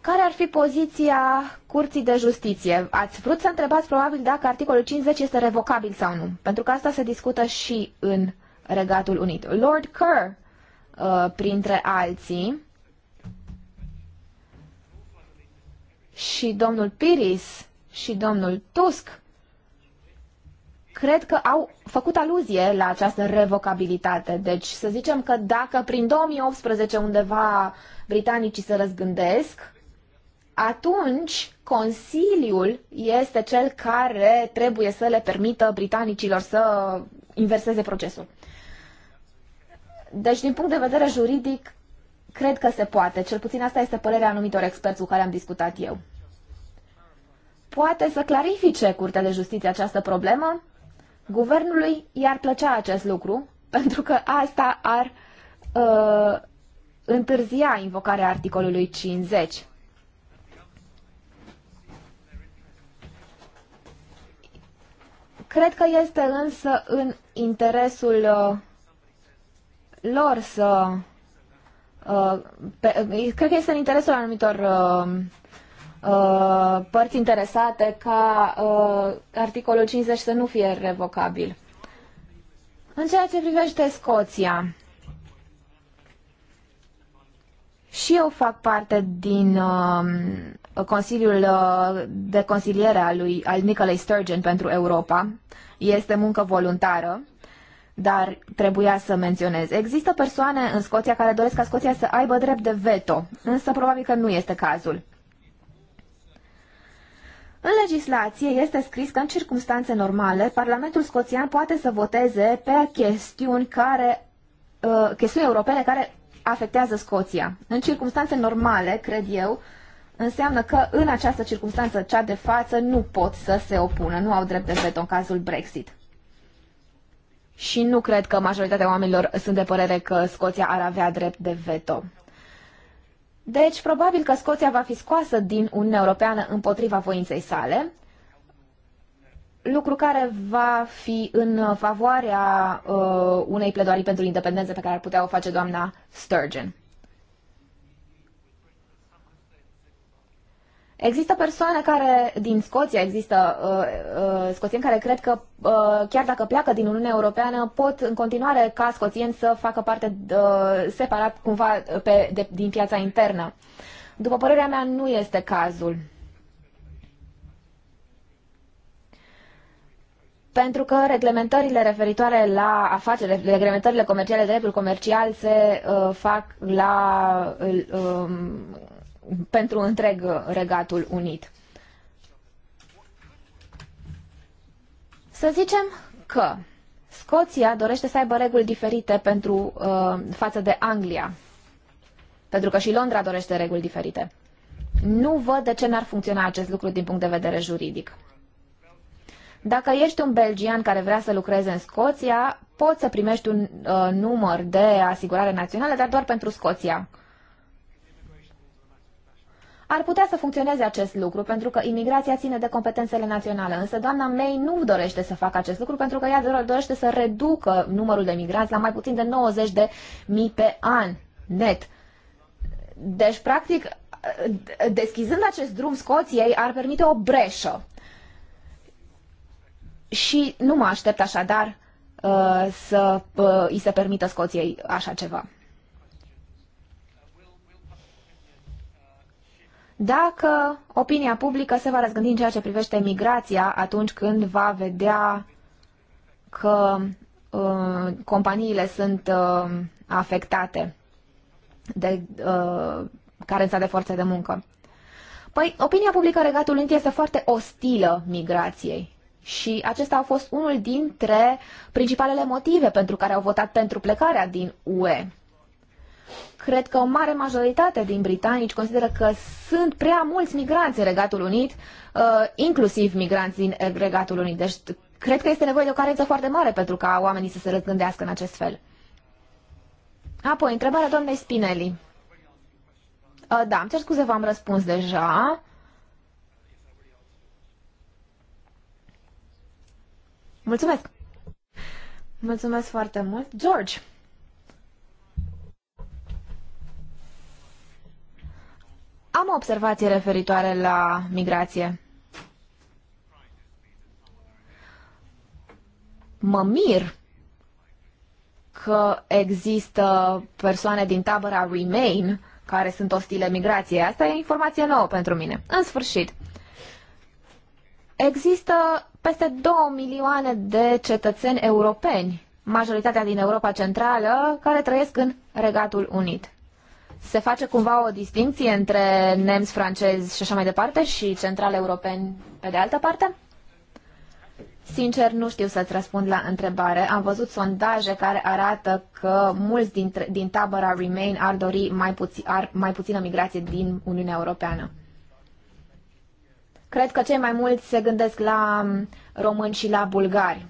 Care ar fi poziția Curții de Justiție? Ați vrut să întrebați probabil dacă articolul 50 este revocabil sau nu, pentru că asta se discută și în Regatul Unit. Lord Kerr, uh, printre alții, și domnul Piris și domnul Tusk, cred că au făcut aluzie la această revocabilitate. Deci să zicem că dacă prin 2018 undeva britanicii se răzgândesc, atunci Consiliul este cel care trebuie să le permită britanicilor să inverseze procesul. Deci, din punct de vedere juridic, cred că se poate. Cel puțin asta este părerea anumitor experți cu care am discutat eu. Poate să clarifice Curtea de Justiție această problemă? Guvernului i-ar plăcea acest lucru, pentru că asta ar uh, întârzia invocarea articolului 50. Cred că este însă în interesul uh, lor să... Uh, uh, cred că este în interesul anumitor părți interesate ca articolul 50 să nu fie revocabil. În ceea ce privește Scoția, și eu fac parte din Consiliul uh, de consiliere al, lui, al Nicolai Sturgeon pentru Europa. Este muncă voluntară, dar trebuia să menționez. Există persoane în Scoția care doresc ca Scoția să aibă drept de veto, însă probabil că nu este cazul. În legislație este scris că în circunstanțe normale, Parlamentul Scoțian poate să voteze pe chestiuni, care, uh, chestiuni europene care afectează Scoția. În circunstanțe normale, cred eu, înseamnă că în această circunstanță, cea de față, nu pot să se opună, nu au drept de veto în cazul Brexit. Și nu cred că majoritatea oamenilor sunt de părere că Scoția ar avea drept de veto. Deci, probabil că Scoția va fi scoasă din Uniunea Europeană împotriva voinței sale, lucru care va fi în favoarea uh, unei pledoarii pentru independență pe care ar putea o face doamna Sturgeon. Există persoane care din Scoția, există uh, uh, scoțieni care cred că uh, chiar dacă pleacă din Uniunea Europeană pot în continuare ca scoțieni să facă parte uh, separat cumva pe, de, din piața internă. După părerea mea, nu este cazul. Pentru că reglementările referitoare la afaceri, reglementările comerciale, dreptul comercial se uh, fac la uh, pentru întreg Regatul Unit. Să zicem că Scoția dorește să aibă reguli diferite pentru, uh, față de Anglia, pentru că și Londra dorește reguli diferite. Nu văd de ce n-ar funcționa acest lucru din punct de vedere juridic. Dacă ești un belgian care vrea să lucreze în Scoția, poți să primești un uh, număr de asigurare națională, dar doar pentru Scoția. Ar putea să funcționeze acest lucru, pentru că imigrația ține de competențele naționale, însă doamna May nu dorește să facă acest lucru, pentru că ea dorește să reducă numărul de migranți la mai puțin de 90 de mii pe an, net. Deci, practic, deschizând acest drum Scoției, ar permite o breșă. Și nu mă aștept așadar uh, să uh, îi se permită Scoției așa ceva. dacă opinia publică se va răzgândi în ceea ce privește migrația atunci când va vedea că uh, companiile sunt uh, afectate de uh, carența de forțe de muncă. Păi, opinia publică Regatul Unit este foarte ostilă migrației. Și acesta a fost unul dintre principalele motive pentru care au votat pentru plecarea din UE. Cred că o mare majoritate din britanici consideră că sunt prea mulți migranți în Regatul Unit, uh, inclusiv migranți din Regatul Unit. Deci cred că este nevoie de o carență foarte mare pentru ca oamenii să se răzgândească în acest fel. Apoi, întrebarea doamnei Spinelli. Uh, da, îmi cer scuze, v-am răspuns deja. Mulțumesc! Mulțumesc foarte mult. George! Am o observație referitoare la migrație. Mă mir că există persoane din tabăra Remain care sunt ostile migrației. Asta e informație nouă pentru mine. În sfârșit, există peste 2 milioane de cetățeni europeni, majoritatea din Europa Centrală, care trăiesc în Regatul Unit. Se face cumva o distinție între nemți, francezi și așa mai departe și central europeni pe de altă parte? Sincer, nu știu să-ți răspund la întrebare. Am văzut sondaje care arată că mulți dintre, din tabăra Remain ar dori mai, puțin, ar, mai puțină migrație din Uniunea Europeană. Cred că cei mai mulți se gândesc la mm, români și la bulgari.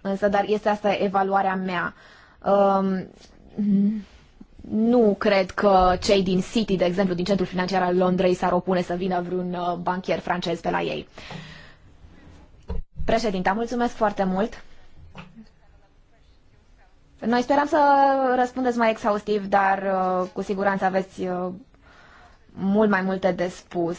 Însă, dar este asta evaluarea mea. Um, nu cred că cei din City, de exemplu, din centrul financiar al Londrei, s-ar opune să vină vreun uh, banchier francez pe la ei. Președinta, mulțumesc foarte mult. Noi speram să răspundeți mai exhaustiv, dar uh, cu siguranță aveți uh, mult mai multe de spus.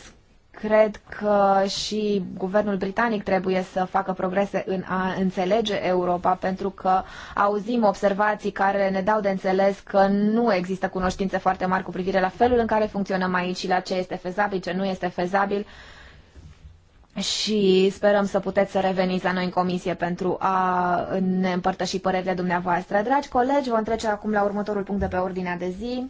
Cred că și guvernul britanic trebuie să facă progrese în a înțelege Europa, pentru că auzim observații care ne dau de înțeles că nu există cunoștințe foarte mari cu privire la felul în care funcționăm aici și la ce este fezabil, ce nu este fezabil. Și sperăm să puteți să reveniți la noi în comisie pentru a ne împărtăși părerile dumneavoastră. Dragi colegi, vom trece acum la următorul punct de pe ordinea de zi.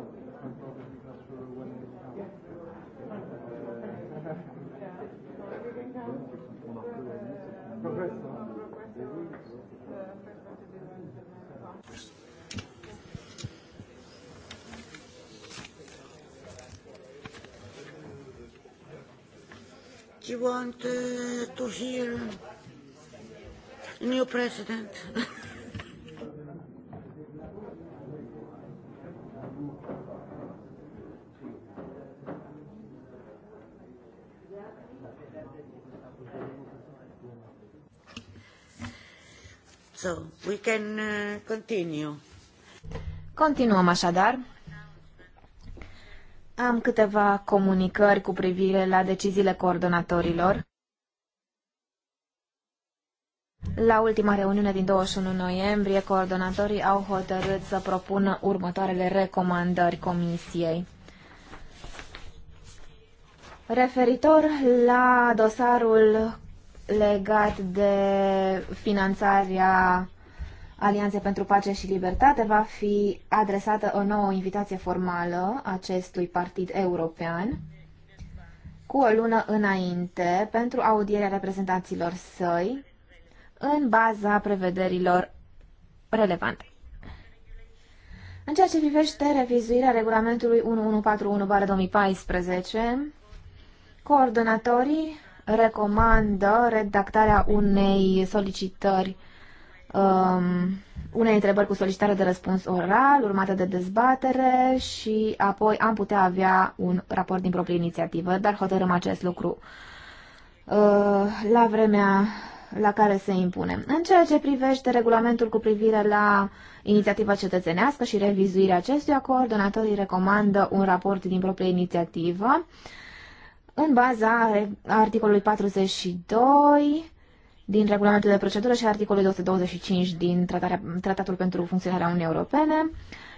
you want uh, to hear new president. so, we can uh, continue. Continuăm așadar. Am câteva comunicări cu privire la deciziile coordonatorilor. La ultima reuniune din 21 noiembrie, coordonatorii au hotărât să propună următoarele recomandări comisiei. Referitor la dosarul legat de finanțarea Alianțe pentru Pace și Libertate va fi adresată o nouă invitație formală acestui partid european cu o lună înainte pentru audierea reprezentanților săi în baza prevederilor relevante. În ceea ce privește revizuirea regulamentului 1141-2014, coordonatorii recomandă redactarea unei solicitări um, unei întrebări cu solicitare de răspuns oral, urmată de dezbatere și apoi am putea avea un raport din proprie inițiativă, dar hotărâm acest lucru uh, la vremea la care se impune. În ceea ce privește regulamentul cu privire la inițiativa cetățenească și revizuirea acord, donatorii recomandă un raport din proprie inițiativă în baza articolului 42 din regulamentul de procedură și articolul 225 din Tratatul pentru funcționarea Uniunii Europene.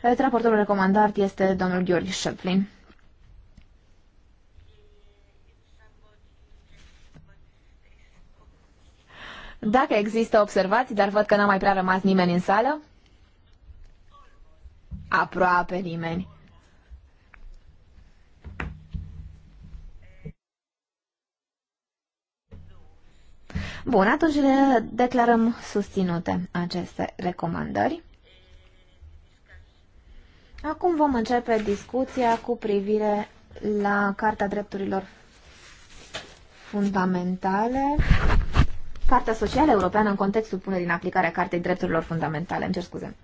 Eh, raportorul recomandat este domnul Gheorghe Șeplin. Dacă există observații, dar văd că n-a mai prea rămas nimeni în sală. Aproape nimeni. Bun, atunci le declarăm susținute aceste recomandări. Acum vom începe discuția cu privire la Carta Drepturilor Fundamentale, Carta Socială Europeană în contextul punerii în aplicare a Cartei Drepturilor Fundamentale. Îmi cer scuze.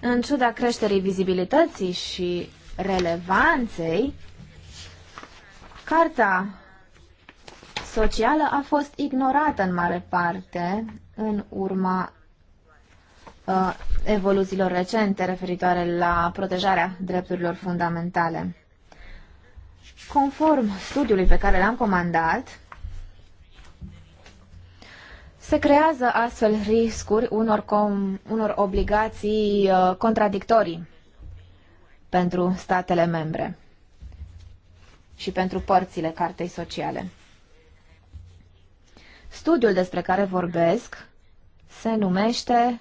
În ciuda creșterii vizibilității și relevanței Carta socială a fost ignorată în mare parte în urma uh, evoluțiilor recente referitoare la protejarea drepturilor fundamentale. Conform studiului pe care l-am comandat, se creează astfel riscuri unor, com, unor obligații uh, contradictorii pentru statele membre și pentru părțile cartei sociale. Studiul despre care vorbesc se numește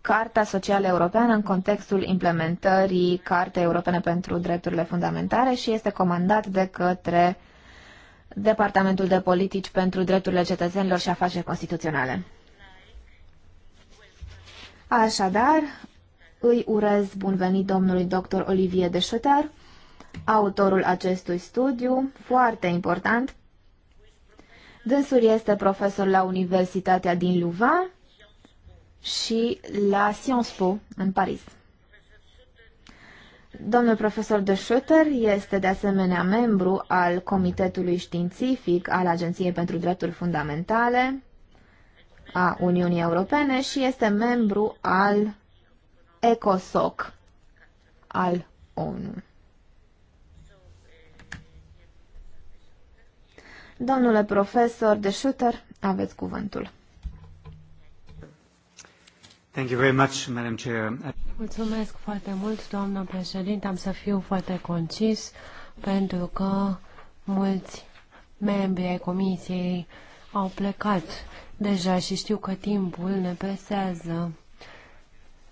Carta Socială Europeană în contextul implementării Cartei Europene pentru Drepturile Fundamentale și este comandat de către Departamentul de Politici pentru Drepturile Cetățenilor și Afaceri Constituționale. Așadar, îi urez bun venit domnului dr. Olivier Deșutar, autorul acestui studiu, foarte important. Dânsul este profesor la Universitatea din Louvain și la Sciences Po în Paris. Domnul profesor de Schutter este de asemenea membru al Comitetului Științific al Agenției pentru Drepturi Fundamentale a Uniunii Europene și este membru al ECOSOC al ONU. Domnule profesor de Schutter, aveți cuvântul. Thank you very much, Madam Chair. Mulțumesc foarte mult, doamnă președinte. Am să fiu foarte concis pentru că mulți membri ai comisiei au plecat deja și știu că timpul ne presează.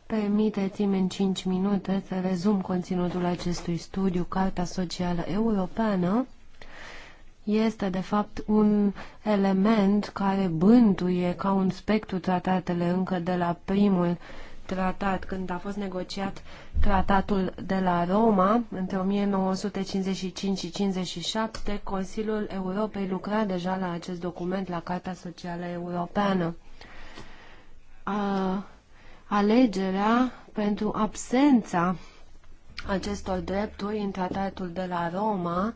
Permiteți-mi în 5 minute să rezum conținutul acestui studiu, Carta Socială Europeană, este de fapt un element care bântuie ca un spectru tratatele încă de la primul tratat, când a fost negociat tratatul de la Roma între 1955 și 57, Consiliul Europei lucra deja la acest document, la Carta Socială Europeană. A, alegerea pentru absența acestor drepturi în tratatul de la Roma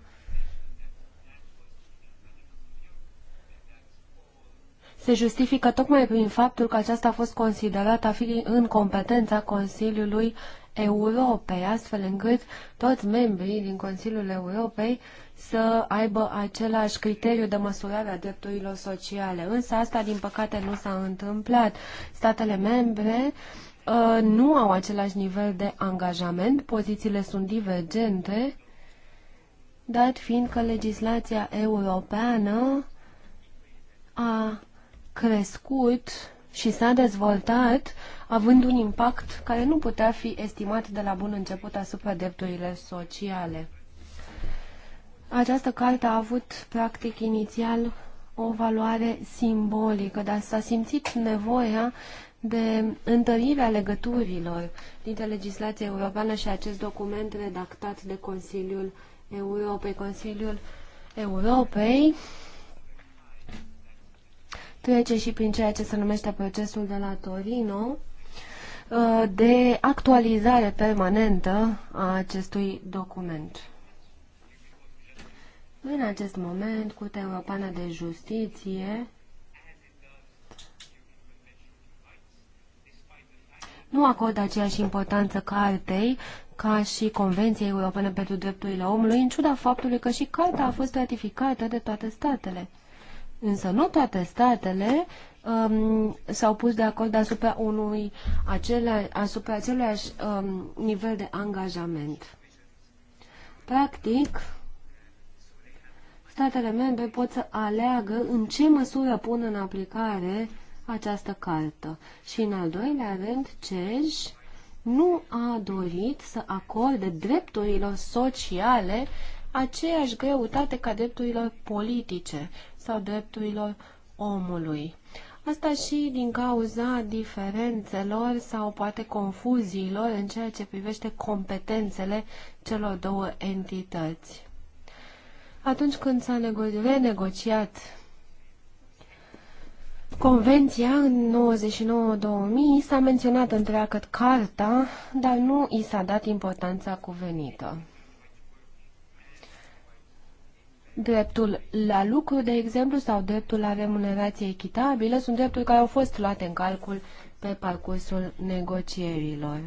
se justifică tocmai prin faptul că aceasta a fost considerată a fi în competența Consiliului Europei, astfel încât toți membrii din Consiliul Europei să aibă același criteriu de măsurare a drepturilor sociale. Însă asta, din păcate, nu s-a întâmplat. Statele membre uh, nu au același nivel de angajament, pozițiile sunt divergente, dat fiindcă legislația europeană a crescut și s-a dezvoltat, având un impact care nu putea fi estimat de la bun început asupra drepturile sociale. Această carte a avut, practic, inițial o valoare simbolică, dar s-a simțit nevoia de întărirea legăturilor dintre legislația europeană și acest document redactat de Consiliul Europei. Consiliul Europei trece și prin ceea ce se numește procesul de la Torino uh, de actualizare permanentă a acestui document. În acest moment, Curtea Europeană de Justiție nu acordă aceeași importanță cartei ca și Convenției Europene pentru Drepturile Omului, în ciuda faptului că și carta a fost ratificată de toate statele. Însă nu toate statele um, s-au pus de acord asupra unui acela, asupra aceluiași um, nivel de angajament. Practic, statele membre pot să aleagă în ce măsură pun în aplicare această cartă. Și în al doilea rând, CEJ nu a dorit să acorde drepturilor sociale aceeași greutate ca drepturilor politice sau drepturilor omului. Asta și din cauza diferențelor sau poate confuziilor în ceea ce privește competențele celor două entități. Atunci când s-a renegociat Convenția în 99-2000 s-a menționat întreagăt carta, dar nu i s-a dat importanța cuvenită. Dreptul la lucru, de exemplu, sau dreptul la remunerație echitabilă sunt drepturi care au fost luate în calcul pe parcursul negocierilor.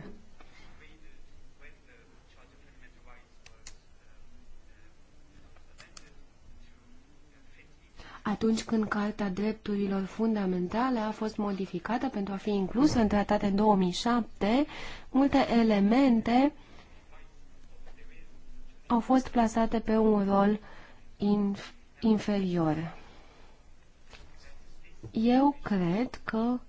Atunci când Carta Drepturilor Fundamentale a fost modificată pentru a fi inclusă în tratate în 2007, multe elemente au fost plasate pe un rol uh, inf inferioare. Eu cred că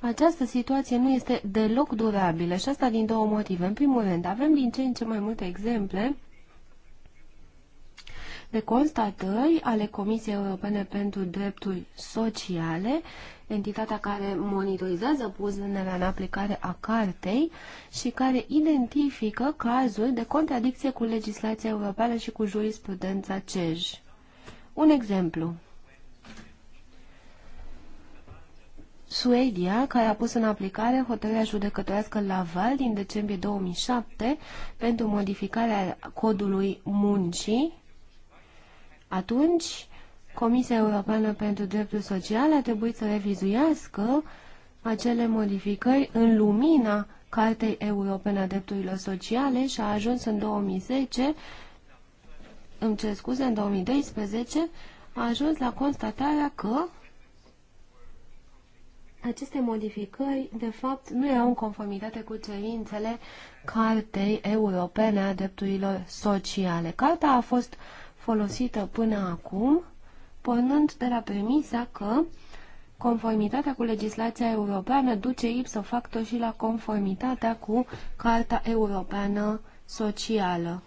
această situație nu este deloc durabilă și asta din două motive. În primul rând, avem din ce în ce mai multe exemple de constatări ale Comisiei Europene pentru Drepturi Sociale entitatea care monitorizează punerea în aplicare a cartei și care identifică cazuri de contradicție cu legislația europeană și cu jurisprudența CEJ. Un exemplu. Suedia, care a pus în aplicare hotărârea judecătorească Laval din decembrie 2007 pentru modificarea codului muncii, atunci Comisia Europeană pentru Drepturi Sociale a trebuit să revizuiască acele modificări în lumina Cartei Europene a Drepturilor Sociale și a ajuns în 2010, îmi cer scuze, în 2012, a ajuns la constatarea că aceste modificări, de fapt, nu erau în conformitate cu cerințele Cartei Europene a Drepturilor Sociale. Carta a fost folosită până acum pornând de la premisa că conformitatea cu legislația europeană duce ipso facto și la conformitatea cu Carta Europeană Socială.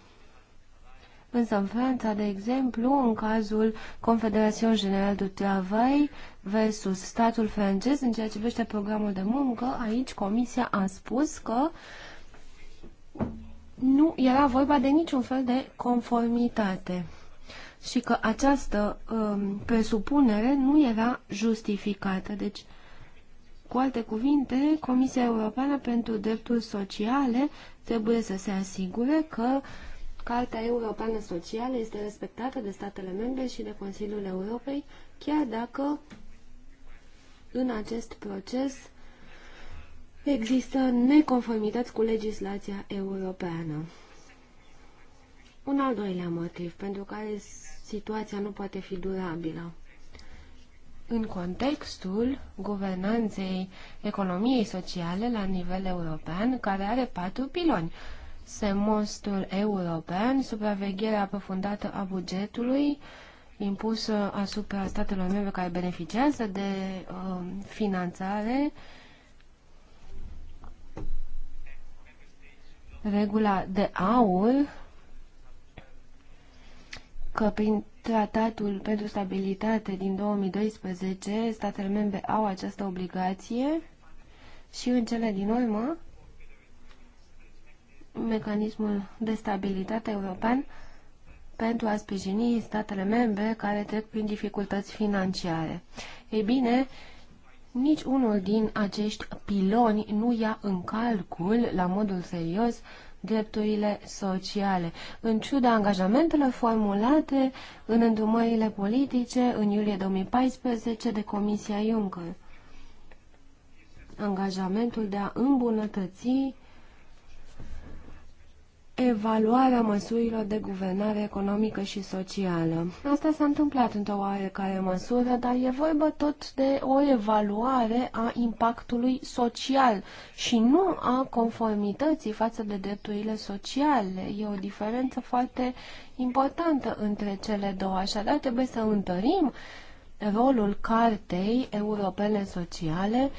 Însă în Franța, de exemplu, în cazul Confederation General du Travail versus statul francez, în ceea ce privește programul de muncă, aici Comisia a spus că nu era vorba de niciun fel de conformitate și că această um, presupunere nu era justificată. Deci, cu alte cuvinte, Comisia Europeană pentru Drepturi Sociale trebuie să se asigure că Carta Europeană Socială este respectată de statele membre și de Consiliul Europei, chiar dacă în acest proces există neconformități cu legislația europeană. Un al doilea motiv pentru care situația nu poate fi durabilă. În contextul guvernanței economiei sociale la nivel european, care are patru piloni, semostul european, supravegherea aprofundată a bugetului, impusă asupra statelor membre care beneficiază de uh, finanțare, regula de aur că prin tratatul pentru stabilitate din 2012 statele membre au această obligație și în cele din urmă mecanismul de stabilitate european pentru a sprijini statele membre care trec prin dificultăți financiare. Ei bine, nici unul din acești piloni nu ia în calcul, la modul serios, drepturile sociale. În ciuda angajamentelor formulate în îndumările politice în iulie 2014 de Comisia Juncker, angajamentul de a îmbunătăți evaluarea măsurilor de guvernare economică și socială. Asta s-a întâmplat într-o oarecare măsură, dar e vorba tot de o evaluare a impactului social și nu a conformității față de drepturile sociale. E o diferență foarte importantă între cele două, așadar trebuie să întărim rolul Cartei Europene Sociale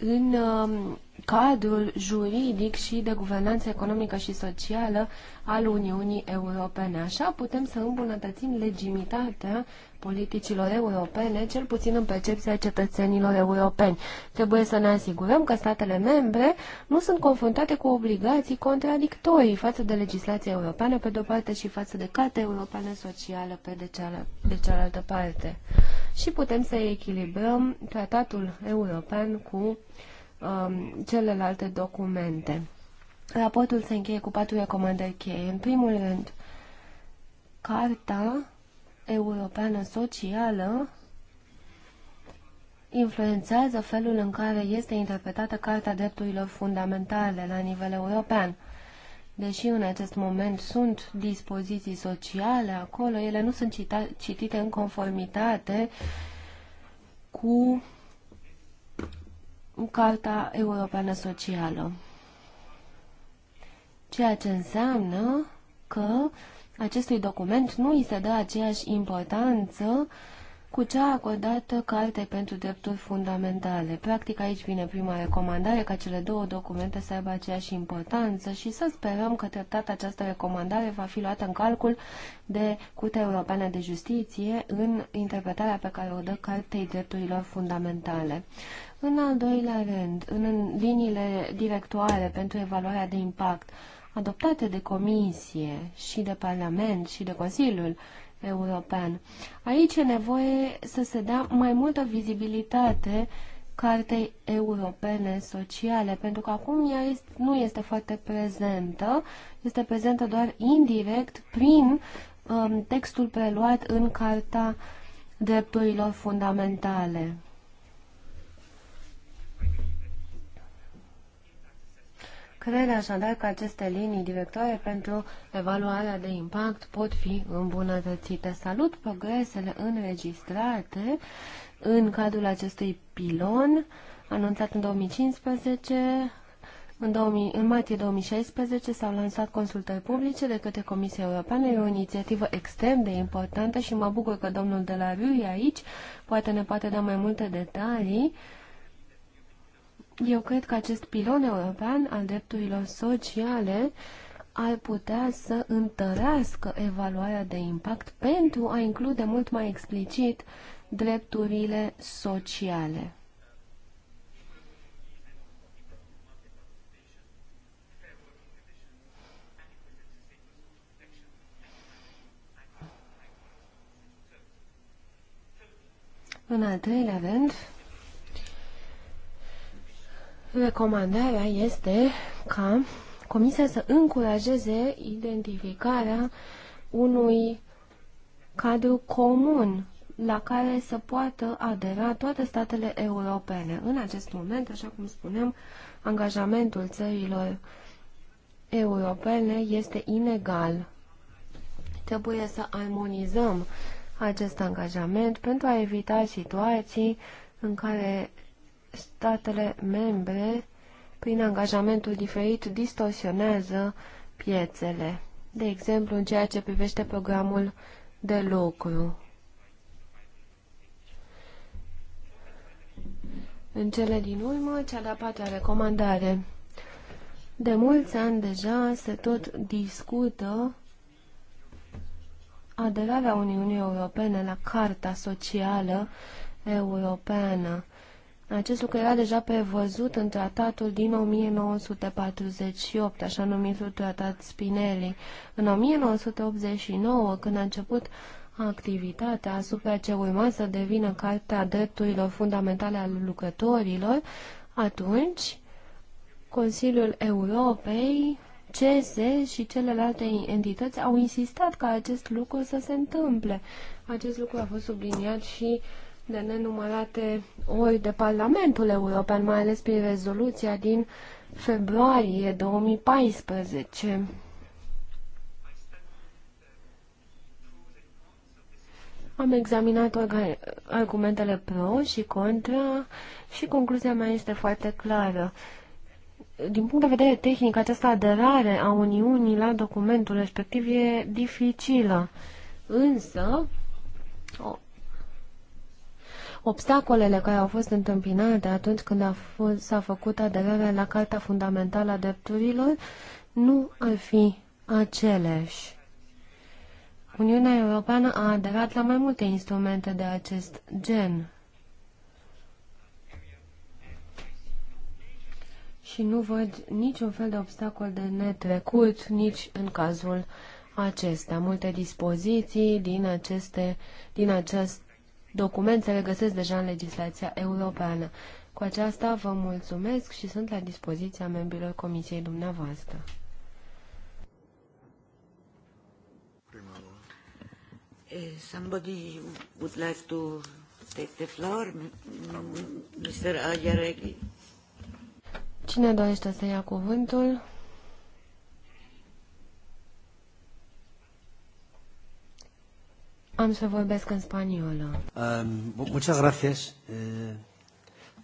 în um, cadrul juridic și de guvernanță economică și socială al Uniunii Europene. Așa putem să îmbunătățim legitimitatea politicilor europene, cel puțin în percepția cetățenilor europeni. Trebuie să ne asigurăm că statele membre nu sunt confruntate cu obligații contradictorii față de legislația europeană pe de-o parte și față de Cartea Europeană Socială pe de, cealaltă, de cealaltă parte. Și putem să echilibrăm tratatul european cu uh, um, celelalte documente. Raportul se încheie cu patru recomandări cheie. În primul rând, Carta Europeană Socială influențează felul în care este interpretată Carta Drepturilor Fundamentale la nivel european. Deși în acest moment sunt dispoziții sociale acolo, ele nu sunt citite în conformitate cu Carta Europeană Socială. Ceea ce înseamnă că acestui document nu îi se dă aceeași importanță uh, cu cea acordată Cartei pentru Drepturi Fundamentale. Practic aici vine prima recomandare ca cele două documente să aibă aceeași importanță și să sperăm că treptat această recomandare va fi luată în calcul de Curtea Europeană de Justiție în interpretarea pe care o dă Cartei Drepturilor Fundamentale. În al doilea rând, în liniile directoare pentru evaluarea de impact adoptate de Comisie și de Parlament și de Consiliul european. Aici e nevoie să se dea mai multă vizibilitate cartei europene sociale, pentru că acum ea este, nu este foarte prezentă, este prezentă doar indirect prin um, textul preluat în Carta Drepturilor Fundamentale. crede așadar că aceste linii directoare pentru evaluarea de impact pot fi îmbunătățite. Salut progresele înregistrate în cadrul acestui pilon anunțat în 2015. În, 2000, în martie 2016 s-au lansat consultări publice de către Comisia Europeană. E o inițiativă extrem de importantă și mă bucur că domnul de la Rui aici poate ne poate da mai multe detalii uh, eu cred că acest pilon european al drepturilor sociale ar putea să întărească evaluarea de impact pentru a include mult mai explicit drepturile sociale. În al treilea rând, Recomandarea este ca Comisia să încurajeze identificarea unui cadru comun la care să poată adera toate statele europene. În acest moment, așa cum spuneam, angajamentul țărilor europene este inegal. Trebuie să armonizăm acest angajament pentru a evita situații în care statele membre, prin angajamentul diferit, distorsionează piețele. De exemplu, în ceea ce privește programul de lucru. În cele din urmă, cea de-a patra recomandare. De mulți ani deja se tot discută aderarea Uniunii Europene la Carta Socială Europeană. Acest lucru era deja prevăzut în tratatul din 1948, așa numitul tratat Spinelli. În 1989, când a început activitatea asupra ce urma să devină Cartea Drepturilor Fundamentale al Lucrătorilor, atunci Consiliul Europei, CESE și celelalte entități au insistat ca acest lucru să se întâmple. Acest lucru a fost subliniat și uh, de nenumărate ori de Parlamentul European, mai ales prin rezoluția din februarie 2014. Am examinat argumentele pro și contra și concluzia mea este foarte clară. Din punct de vedere tehnic, această aderare a Uniunii la documentul respectiv e dificilă, însă obstacolele care au fost întâmpinate atunci când a fost, s-a făcut aderarea la Carta Fundamentală a Drepturilor nu ar fi aceleași. Uniunea Europeană a aderat la mai multe instrumente de acest gen. Și nu văd niciun fel de obstacol de netrecut, nici în cazul acesta. Multe dispoziții din, aceste, din acest Documentele găsesc deja în legislația europeană. Cu aceasta vă mulțumesc și sunt la dispoziția membrilor comisiei dumneavoastră. Eh, somebody would like to take the floor, Mr. Ayaregi. Cine dorește să ia cuvântul? Am să vorbesc în spaniolă. Um, muchas gracias eh,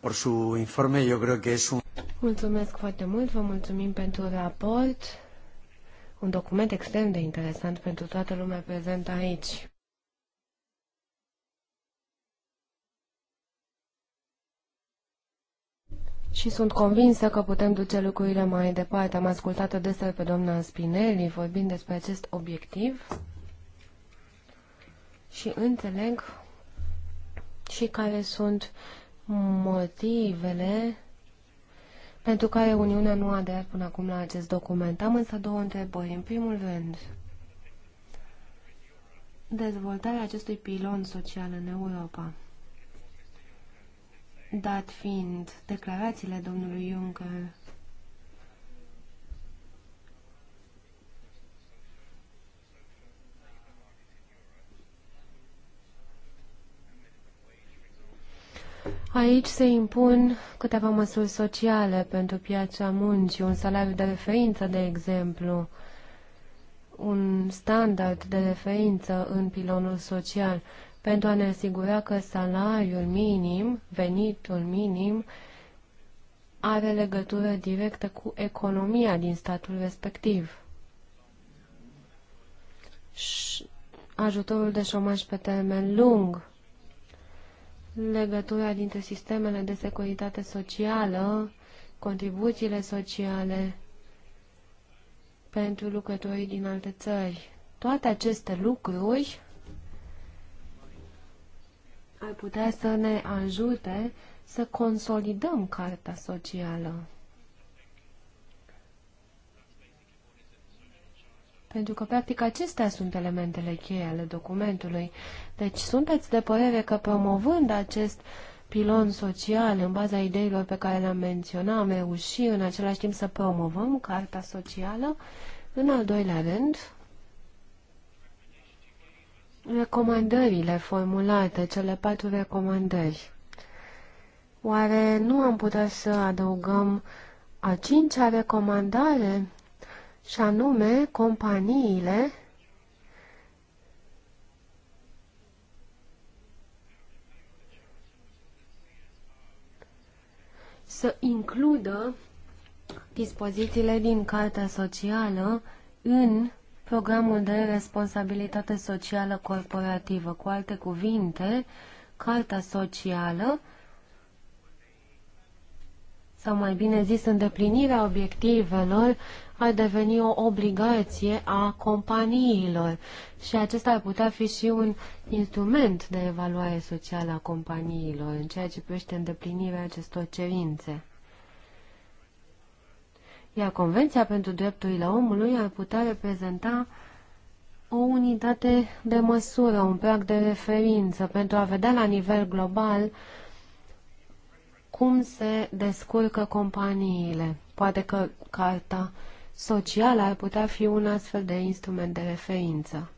por su informe. Yo creo que es un... Mulțumesc foarte mult, vă mulțumim pentru raport. Un document extrem de interesant pentru toată lumea prezentă aici. Și sunt convinsă că putem duce lucrurile mai departe. Am ascultat-o pe doamna Spinelli vorbind despre acest obiectiv și înțeleg și care sunt motivele pentru care Uniunea nu a dat până acum la acest document. Am însă două întrebări. În primul rând, dezvoltarea acestui pilon social în Europa. Dat fiind declarațiile domnului Juncker Aici se impun câteva măsuri sociale pentru piața muncii, un salariu de referință, de exemplu, un standard de referință în pilonul social, pentru a ne asigura că salariul minim, venitul minim, are legătură directă cu economia din statul respectiv. ajutorul de șomaj pe termen lung legătura dintre sistemele de securitate socială, contribuțiile sociale pentru lucrătorii din alte țări. Toate aceste lucruri ar putea să ne ajute să consolidăm Carta Socială. Pentru că, practic, acestea sunt elementele cheie ale documentului. Deci, sunteți de părere că promovând acest pilon social în baza ideilor pe care le-am menționat, am reușit în același timp să promovăm Carta Socială? În al doilea rând, recomandările formulate, cele patru recomandări. Oare nu am putea să adăugăm a cincea recomandare și anume companiile să includă dispozițiile din cartea Socială în programul de responsabilitate socială corporativă. Cu alte cuvinte, Carta Socială, sau mai bine zis, îndeplinirea obiectivelor ar deveni o obligație a companiilor și acesta ar putea fi și un instrument de evaluare socială a companiilor în ceea ce privește îndeplinirea acestor cerințe. Iar Convenția pentru Drepturile Omului ar putea reprezenta o unitate de măsură, un prag de referință pentru a vedea la nivel global cum se descurcă companiile. Poate că Carta socială ar putea fi un astfel de instrument de referință.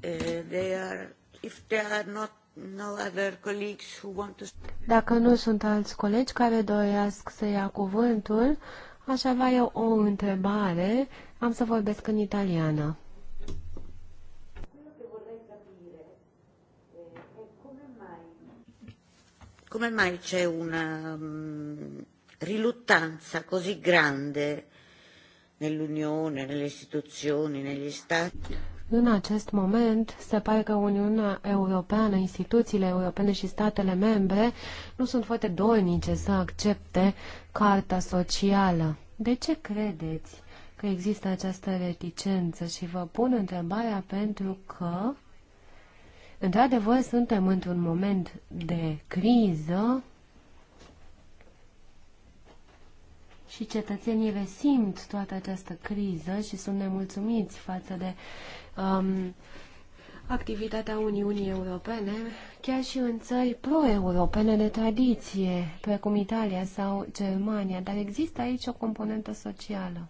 Eh, Dacă nu sunt alți colegi care doresc să ia cuvântul, aș avea eu o întrebare. Am să vorbesc în italiană. Come mai eh, c'è una mm, riluttanza così grande nell'Unione, nelle istituzioni, negli Stati? În acest moment, se pare că Uniunea Europeană, instituțiile europene și statele membre nu sunt foarte dornice să accepte Carta Socială. De ce credeți că există această reticență? Și vă pun întrebarea pentru că, într-adevăr, suntem într-un moment de criză și cetățenii resimt toată această criză și sunt nemulțumiți față de um, activitatea Uniunii Europene, chiar și în țări pro-europene de tradiție, precum Italia sau Germania, dar există aici o componentă socială.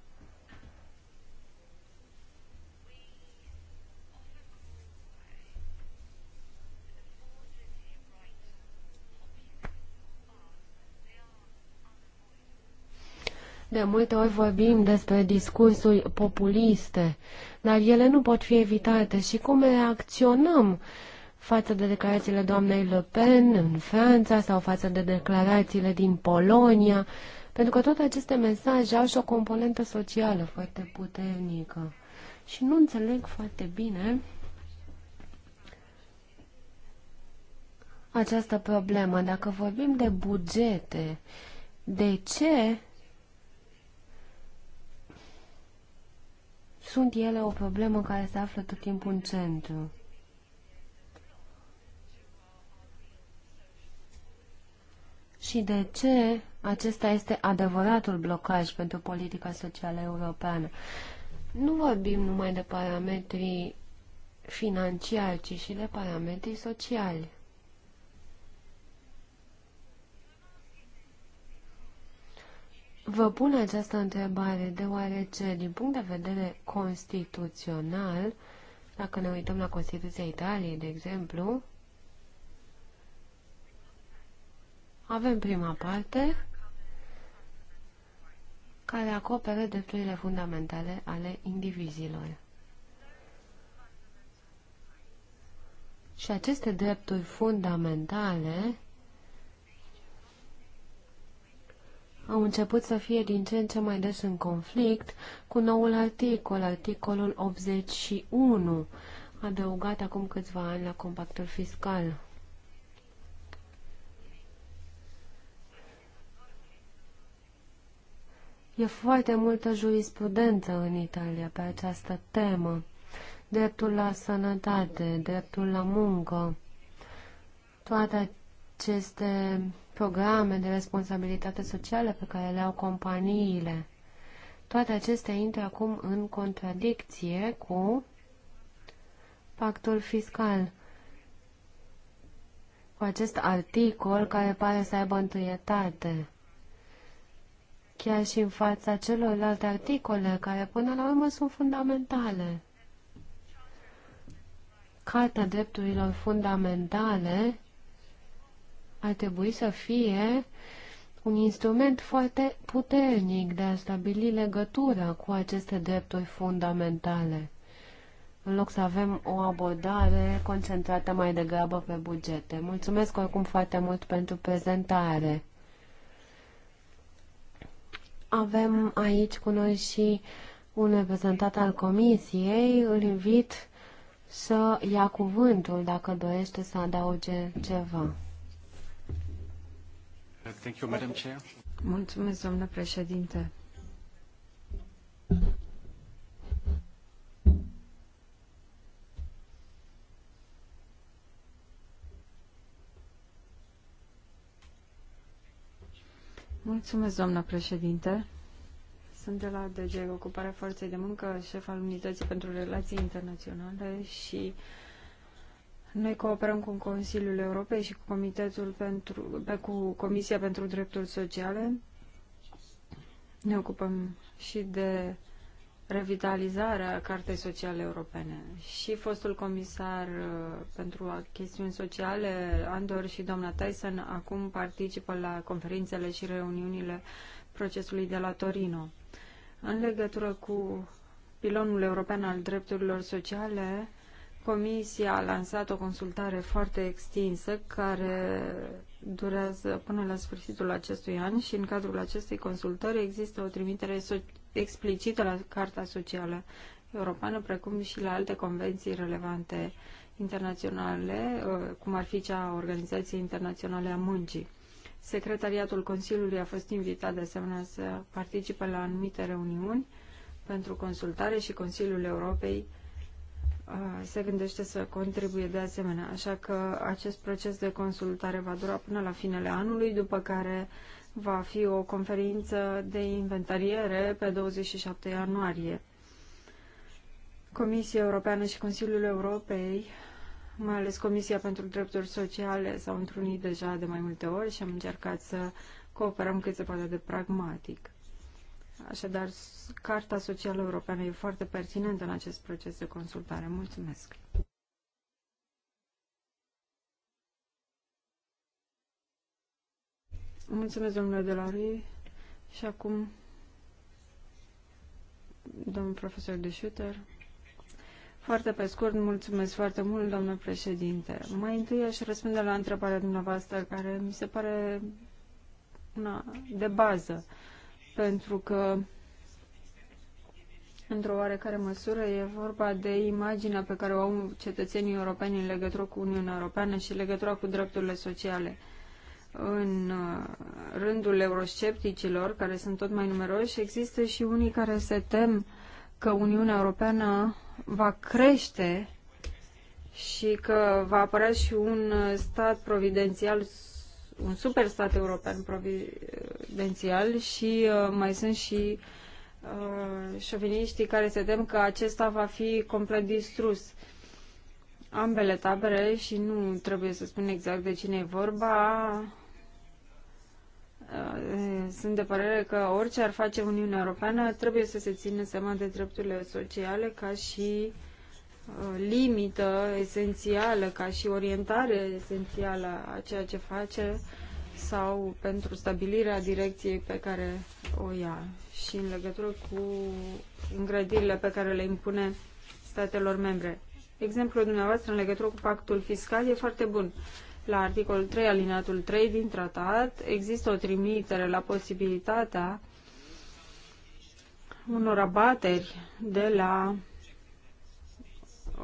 De multe ori vorbim despre discursuri populiste, dar ele nu pot fi evitate și cum reacționăm față de declarațiile doamnei Le Pen în Franța sau față de declarațiile din Polonia, pentru că toate aceste mesaje au și o componentă socială foarte puternică. Și nu înțeleg foarte bine această problemă. Dacă vorbim de bugete, de ce sunt ele o problemă care se află tot timpul în centru. Și de ce acesta este adevăratul blocaj pentru politica socială europeană? Nu vorbim numai de parametrii financiari, ci și de parametrii sociali. Vă pun această întrebare deoarece, din punct de vedere constituțional, dacă ne uităm la Constituția Italiei, de exemplu, avem prima parte care acoperă drepturile fundamentale ale indivizilor. Și aceste drepturi fundamentale au început să fie din ce în ce mai des în conflict cu noul articol, articolul 81, adăugat acum câțiva ani la compactul fiscal. E foarte multă jurisprudență în Italia pe această temă. Dreptul la sănătate, dreptul la muncă, toate aceste programe de responsabilitate socială pe care le au companiile. Toate acestea intră acum în contradicție cu pactul fiscal, cu acest articol care pare să aibă întâietate, chiar și în fața celorlalte articole care până la urmă sunt fundamentale. Carta drepturilor fundamentale ar trebui să fie un instrument foarte puternic de a stabili legătura cu aceste drepturi fundamentale, în loc să avem o abordare concentrată mai degrabă pe bugete. Mulțumesc oricum foarte mult pentru prezentare. Avem aici cu noi și un reprezentant al comisiei. Îl invit să ia cuvântul dacă dorește să adauge ceva. Thank you, Madam Chair. Mulțumesc, doamnă președinte. Mulțumesc, doamna președinte. Sunt de la DG Ocuparea Forței de Muncă, șef al Unității pentru Relații Internaționale și uh, noi cooperăm cu Consiliul Europei și cu, Comitetul pentru, pe, cu Comisia pentru Drepturi Sociale. Ne ocupăm și de revitalizarea Cartei Sociale Europene. Și fostul comisar uh, pentru chestiuni sociale, Andor și doamna Tyson, acum participă la conferințele și reuniunile procesului de la Torino. În legătură cu pilonul european al drepturilor sociale, Comisia a lansat o consultare foarte extinsă care durează până la sfârșitul acestui an și în cadrul acestei consultări există o trimitere so explicită la Carta Socială Europeană, precum și la alte convenții relevante internaționale, uh, cum ar fi cea a Organizației Internaționale a Muncii. Secretariatul Consiliului a fost invitat de asemenea să participe la anumite reuniuni pentru consultare și Consiliul Europei se gândește să contribuie de asemenea. Așa că acest proces de consultare va dura până la finele anului, după care va fi o conferință de inventariere pe 27 ianuarie. Comisia Europeană și Consiliul Europei, mai ales Comisia pentru Drepturi Sociale, s-au întrunit deja de mai multe ori și am încercat să cooperăm cât se poate de pragmatic. Așadar, Carta Socială Europeană e foarte pertinentă în acest proces de consultare. Mulțumesc! Mulțumesc, domnule Rui. Și acum, domnul profesor de Schutter. Foarte pe scurt, mulțumesc foarte mult, domnule președinte. Mai întâi aș răspunde la întrebarea dumneavoastră, care mi se pare una de bază. Uh, pentru că într-o oarecare măsură e vorba de imaginea pe care o au cetățenii europeni în legătură cu Uniunea Europeană și legătura cu drepturile sociale. În uh, rândul euroscepticiilor, care sunt tot mai numeroși, există și unii care se tem că Uniunea Europeană va crește și că va apărea și un stat providențial, un superstat european provi- prezidențial și uh, mai sunt și uh, șoviniștii care se tem că acesta va fi complet distrus. Ambele tabere, și nu trebuie să spun exact de cine e vorba, uh, sunt de părere că orice ar face Uniunea Europeană trebuie să se țină seama de drepturile sociale ca și limită esențială, ca și orientare esențială a ceea ce face sau pentru stabilirea direcției pe care o ia și în legătură cu îngrădirile pe care le impune statelor membre. Exemplul dumneavoastră în legătură cu pactul fiscal e foarte bun. La articolul 3, alineatul 3 din tratat, există o trimitere la posibilitatea unor abateri de la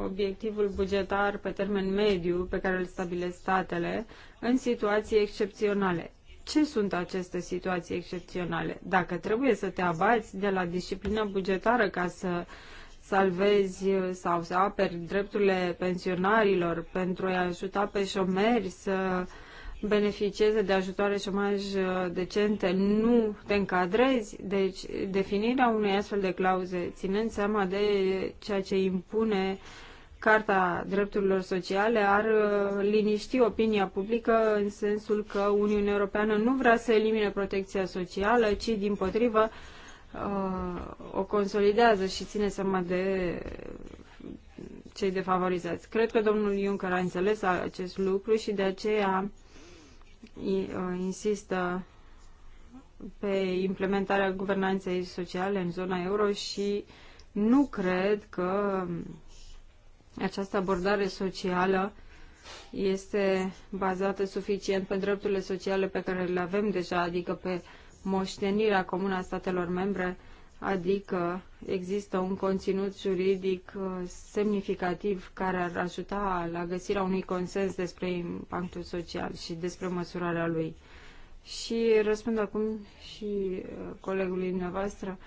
obiectivul bugetar pe termen mediu pe care îl stabilesc statele în situații excepționale. Ce sunt aceste situații excepționale? Dacă trebuie să te abați de la disciplina bugetară ca să salvezi sau să aperi drepturile pensionarilor pentru a ajuta pe șomeri să beneficieze de ajutoare șomaj decente, nu te încadrezi. Deci, definirea unei astfel de clauze, ținând seama de ceea ce impune uh, Carta Drepturilor Sociale ar uh, liniști opinia publică în sensul că Uniunea Europeană nu vrea să elimine protecția socială, ci din potrivă uh, o consolidează și ține seama de cei defavorizați. Cred că domnul Juncker a înțeles acest lucru și de aceea uh, insistă pe implementarea guvernanței sociale în zona euro și nu cred că această abordare socială este bazată suficient pe drepturile sociale pe care le avem deja, adică pe moștenirea comună a statelor membre, adică există un conținut juridic uh, semnificativ care ar ajuta la găsirea unui consens despre impactul social și despre măsurarea lui. Și răspund acum și uh, colegului dumneavoastră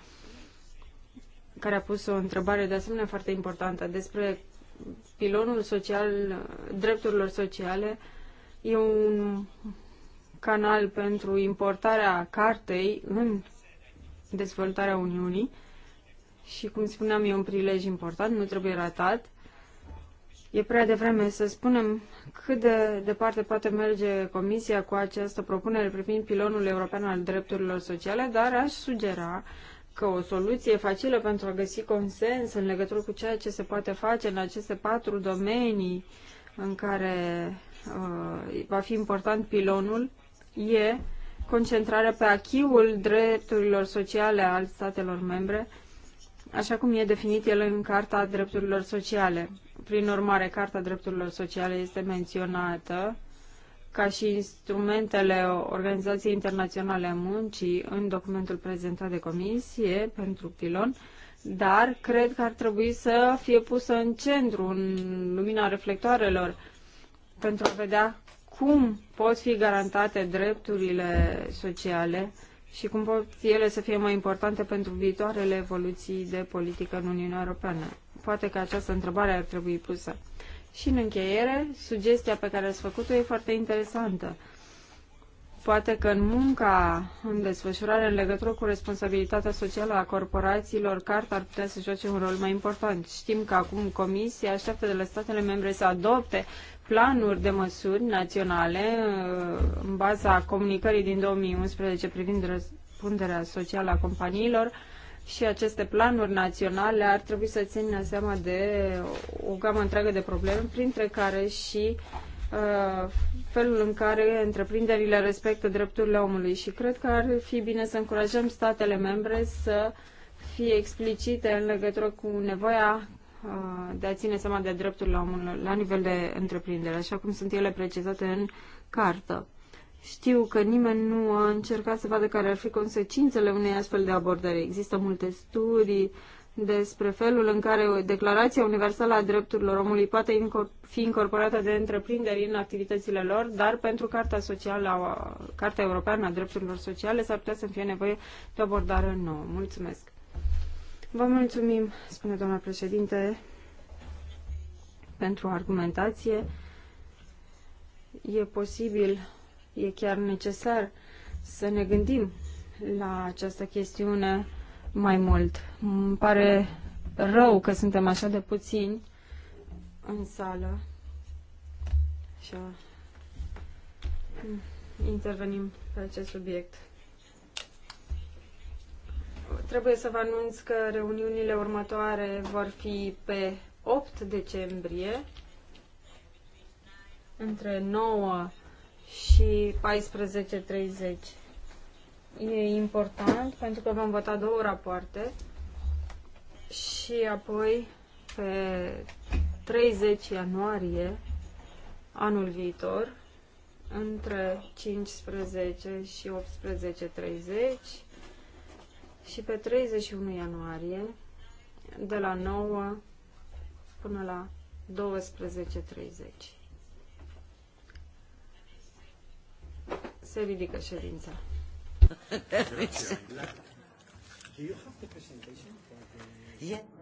care a pus o întrebare de asemenea foarte importantă despre pilonul social, drepturilor sociale, e un canal pentru importarea cartei în dezvoltarea Uniunii și, cum spuneam, e un prilej important, nu trebuie ratat. E prea devreme să spunem cât de departe poate merge Comisia cu această propunere privind pilonul european al drepturilor sociale, dar aș sugera că o soluție facilă pentru a găsi consens în legătură cu ceea ce se poate face în aceste patru domenii în care uh, va fi important pilonul e concentrarea pe achiul drepturilor sociale al statelor membre, așa cum e definit el în Carta Drepturilor Sociale. Prin urmare, Carta Drepturilor Sociale este menționată ca și instrumentele Organizației Internaționale a Muncii în documentul prezentat de comisie pentru pilon, dar cred că ar trebui să fie pusă în centru, în lumina reflectoarelor, pentru a vedea cum pot fi garantate drepturile sociale și cum pot ele să fie mai importante pentru viitoarele evoluții de politică în Uniunea Europeană. Poate că această întrebare ar trebui pusă. Și în încheiere, sugestia pe care ați făcut-o e foarte interesantă. Poate că în munca în desfășurare în legătură cu responsabilitatea socială a corporațiilor, carta ar putea să joace un rol mai important. Știm că acum Comisia așteaptă de la statele membre să adopte planuri de măsuri naționale uh, în baza comunicării din 2011 privind răspunderea socială a companiilor și aceste planuri naționale ar trebui să țină seama de o gamă întreagă de probleme, printre care și uh, felul în care întreprinderile respectă drepturile omului și cred că ar fi bine să încurajăm statele membre să fie explicite în legătură cu nevoia uh, de a ține seama de drepturile omului la nivel de întreprindere, așa cum sunt ele precizate în cartă. Știu că nimeni nu a încercat să vadă care ar fi consecințele unei astfel de abordări. Există multe studii despre felul în care Declarația Universală a Drepturilor Omului poate fi incorporată de întreprinderi în activitățile lor, dar pentru Carta, Socială, Carta Europeană a Drepturilor Sociale s-ar putea să fie nevoie de o abordare nouă. Mulțumesc! Vă mulțumim, spune doamna președinte, pentru argumentație. E posibil E chiar necesar să ne gândim la această chestiune mai mult. Îmi pare rău că suntem așa de puțini în sală. Așa. Intervenim pe acest subiect. Trebuie să vă anunț că reuniunile următoare vor fi pe 8 decembrie între 9 și 14.30. E important pentru că vom vota două rapoarte și apoi pe 30 ianuarie anul viitor între 15 și 18.30 și pe 31 ianuarie de la 9 până la 12.30. Se ridică ședința. Deci, yeah.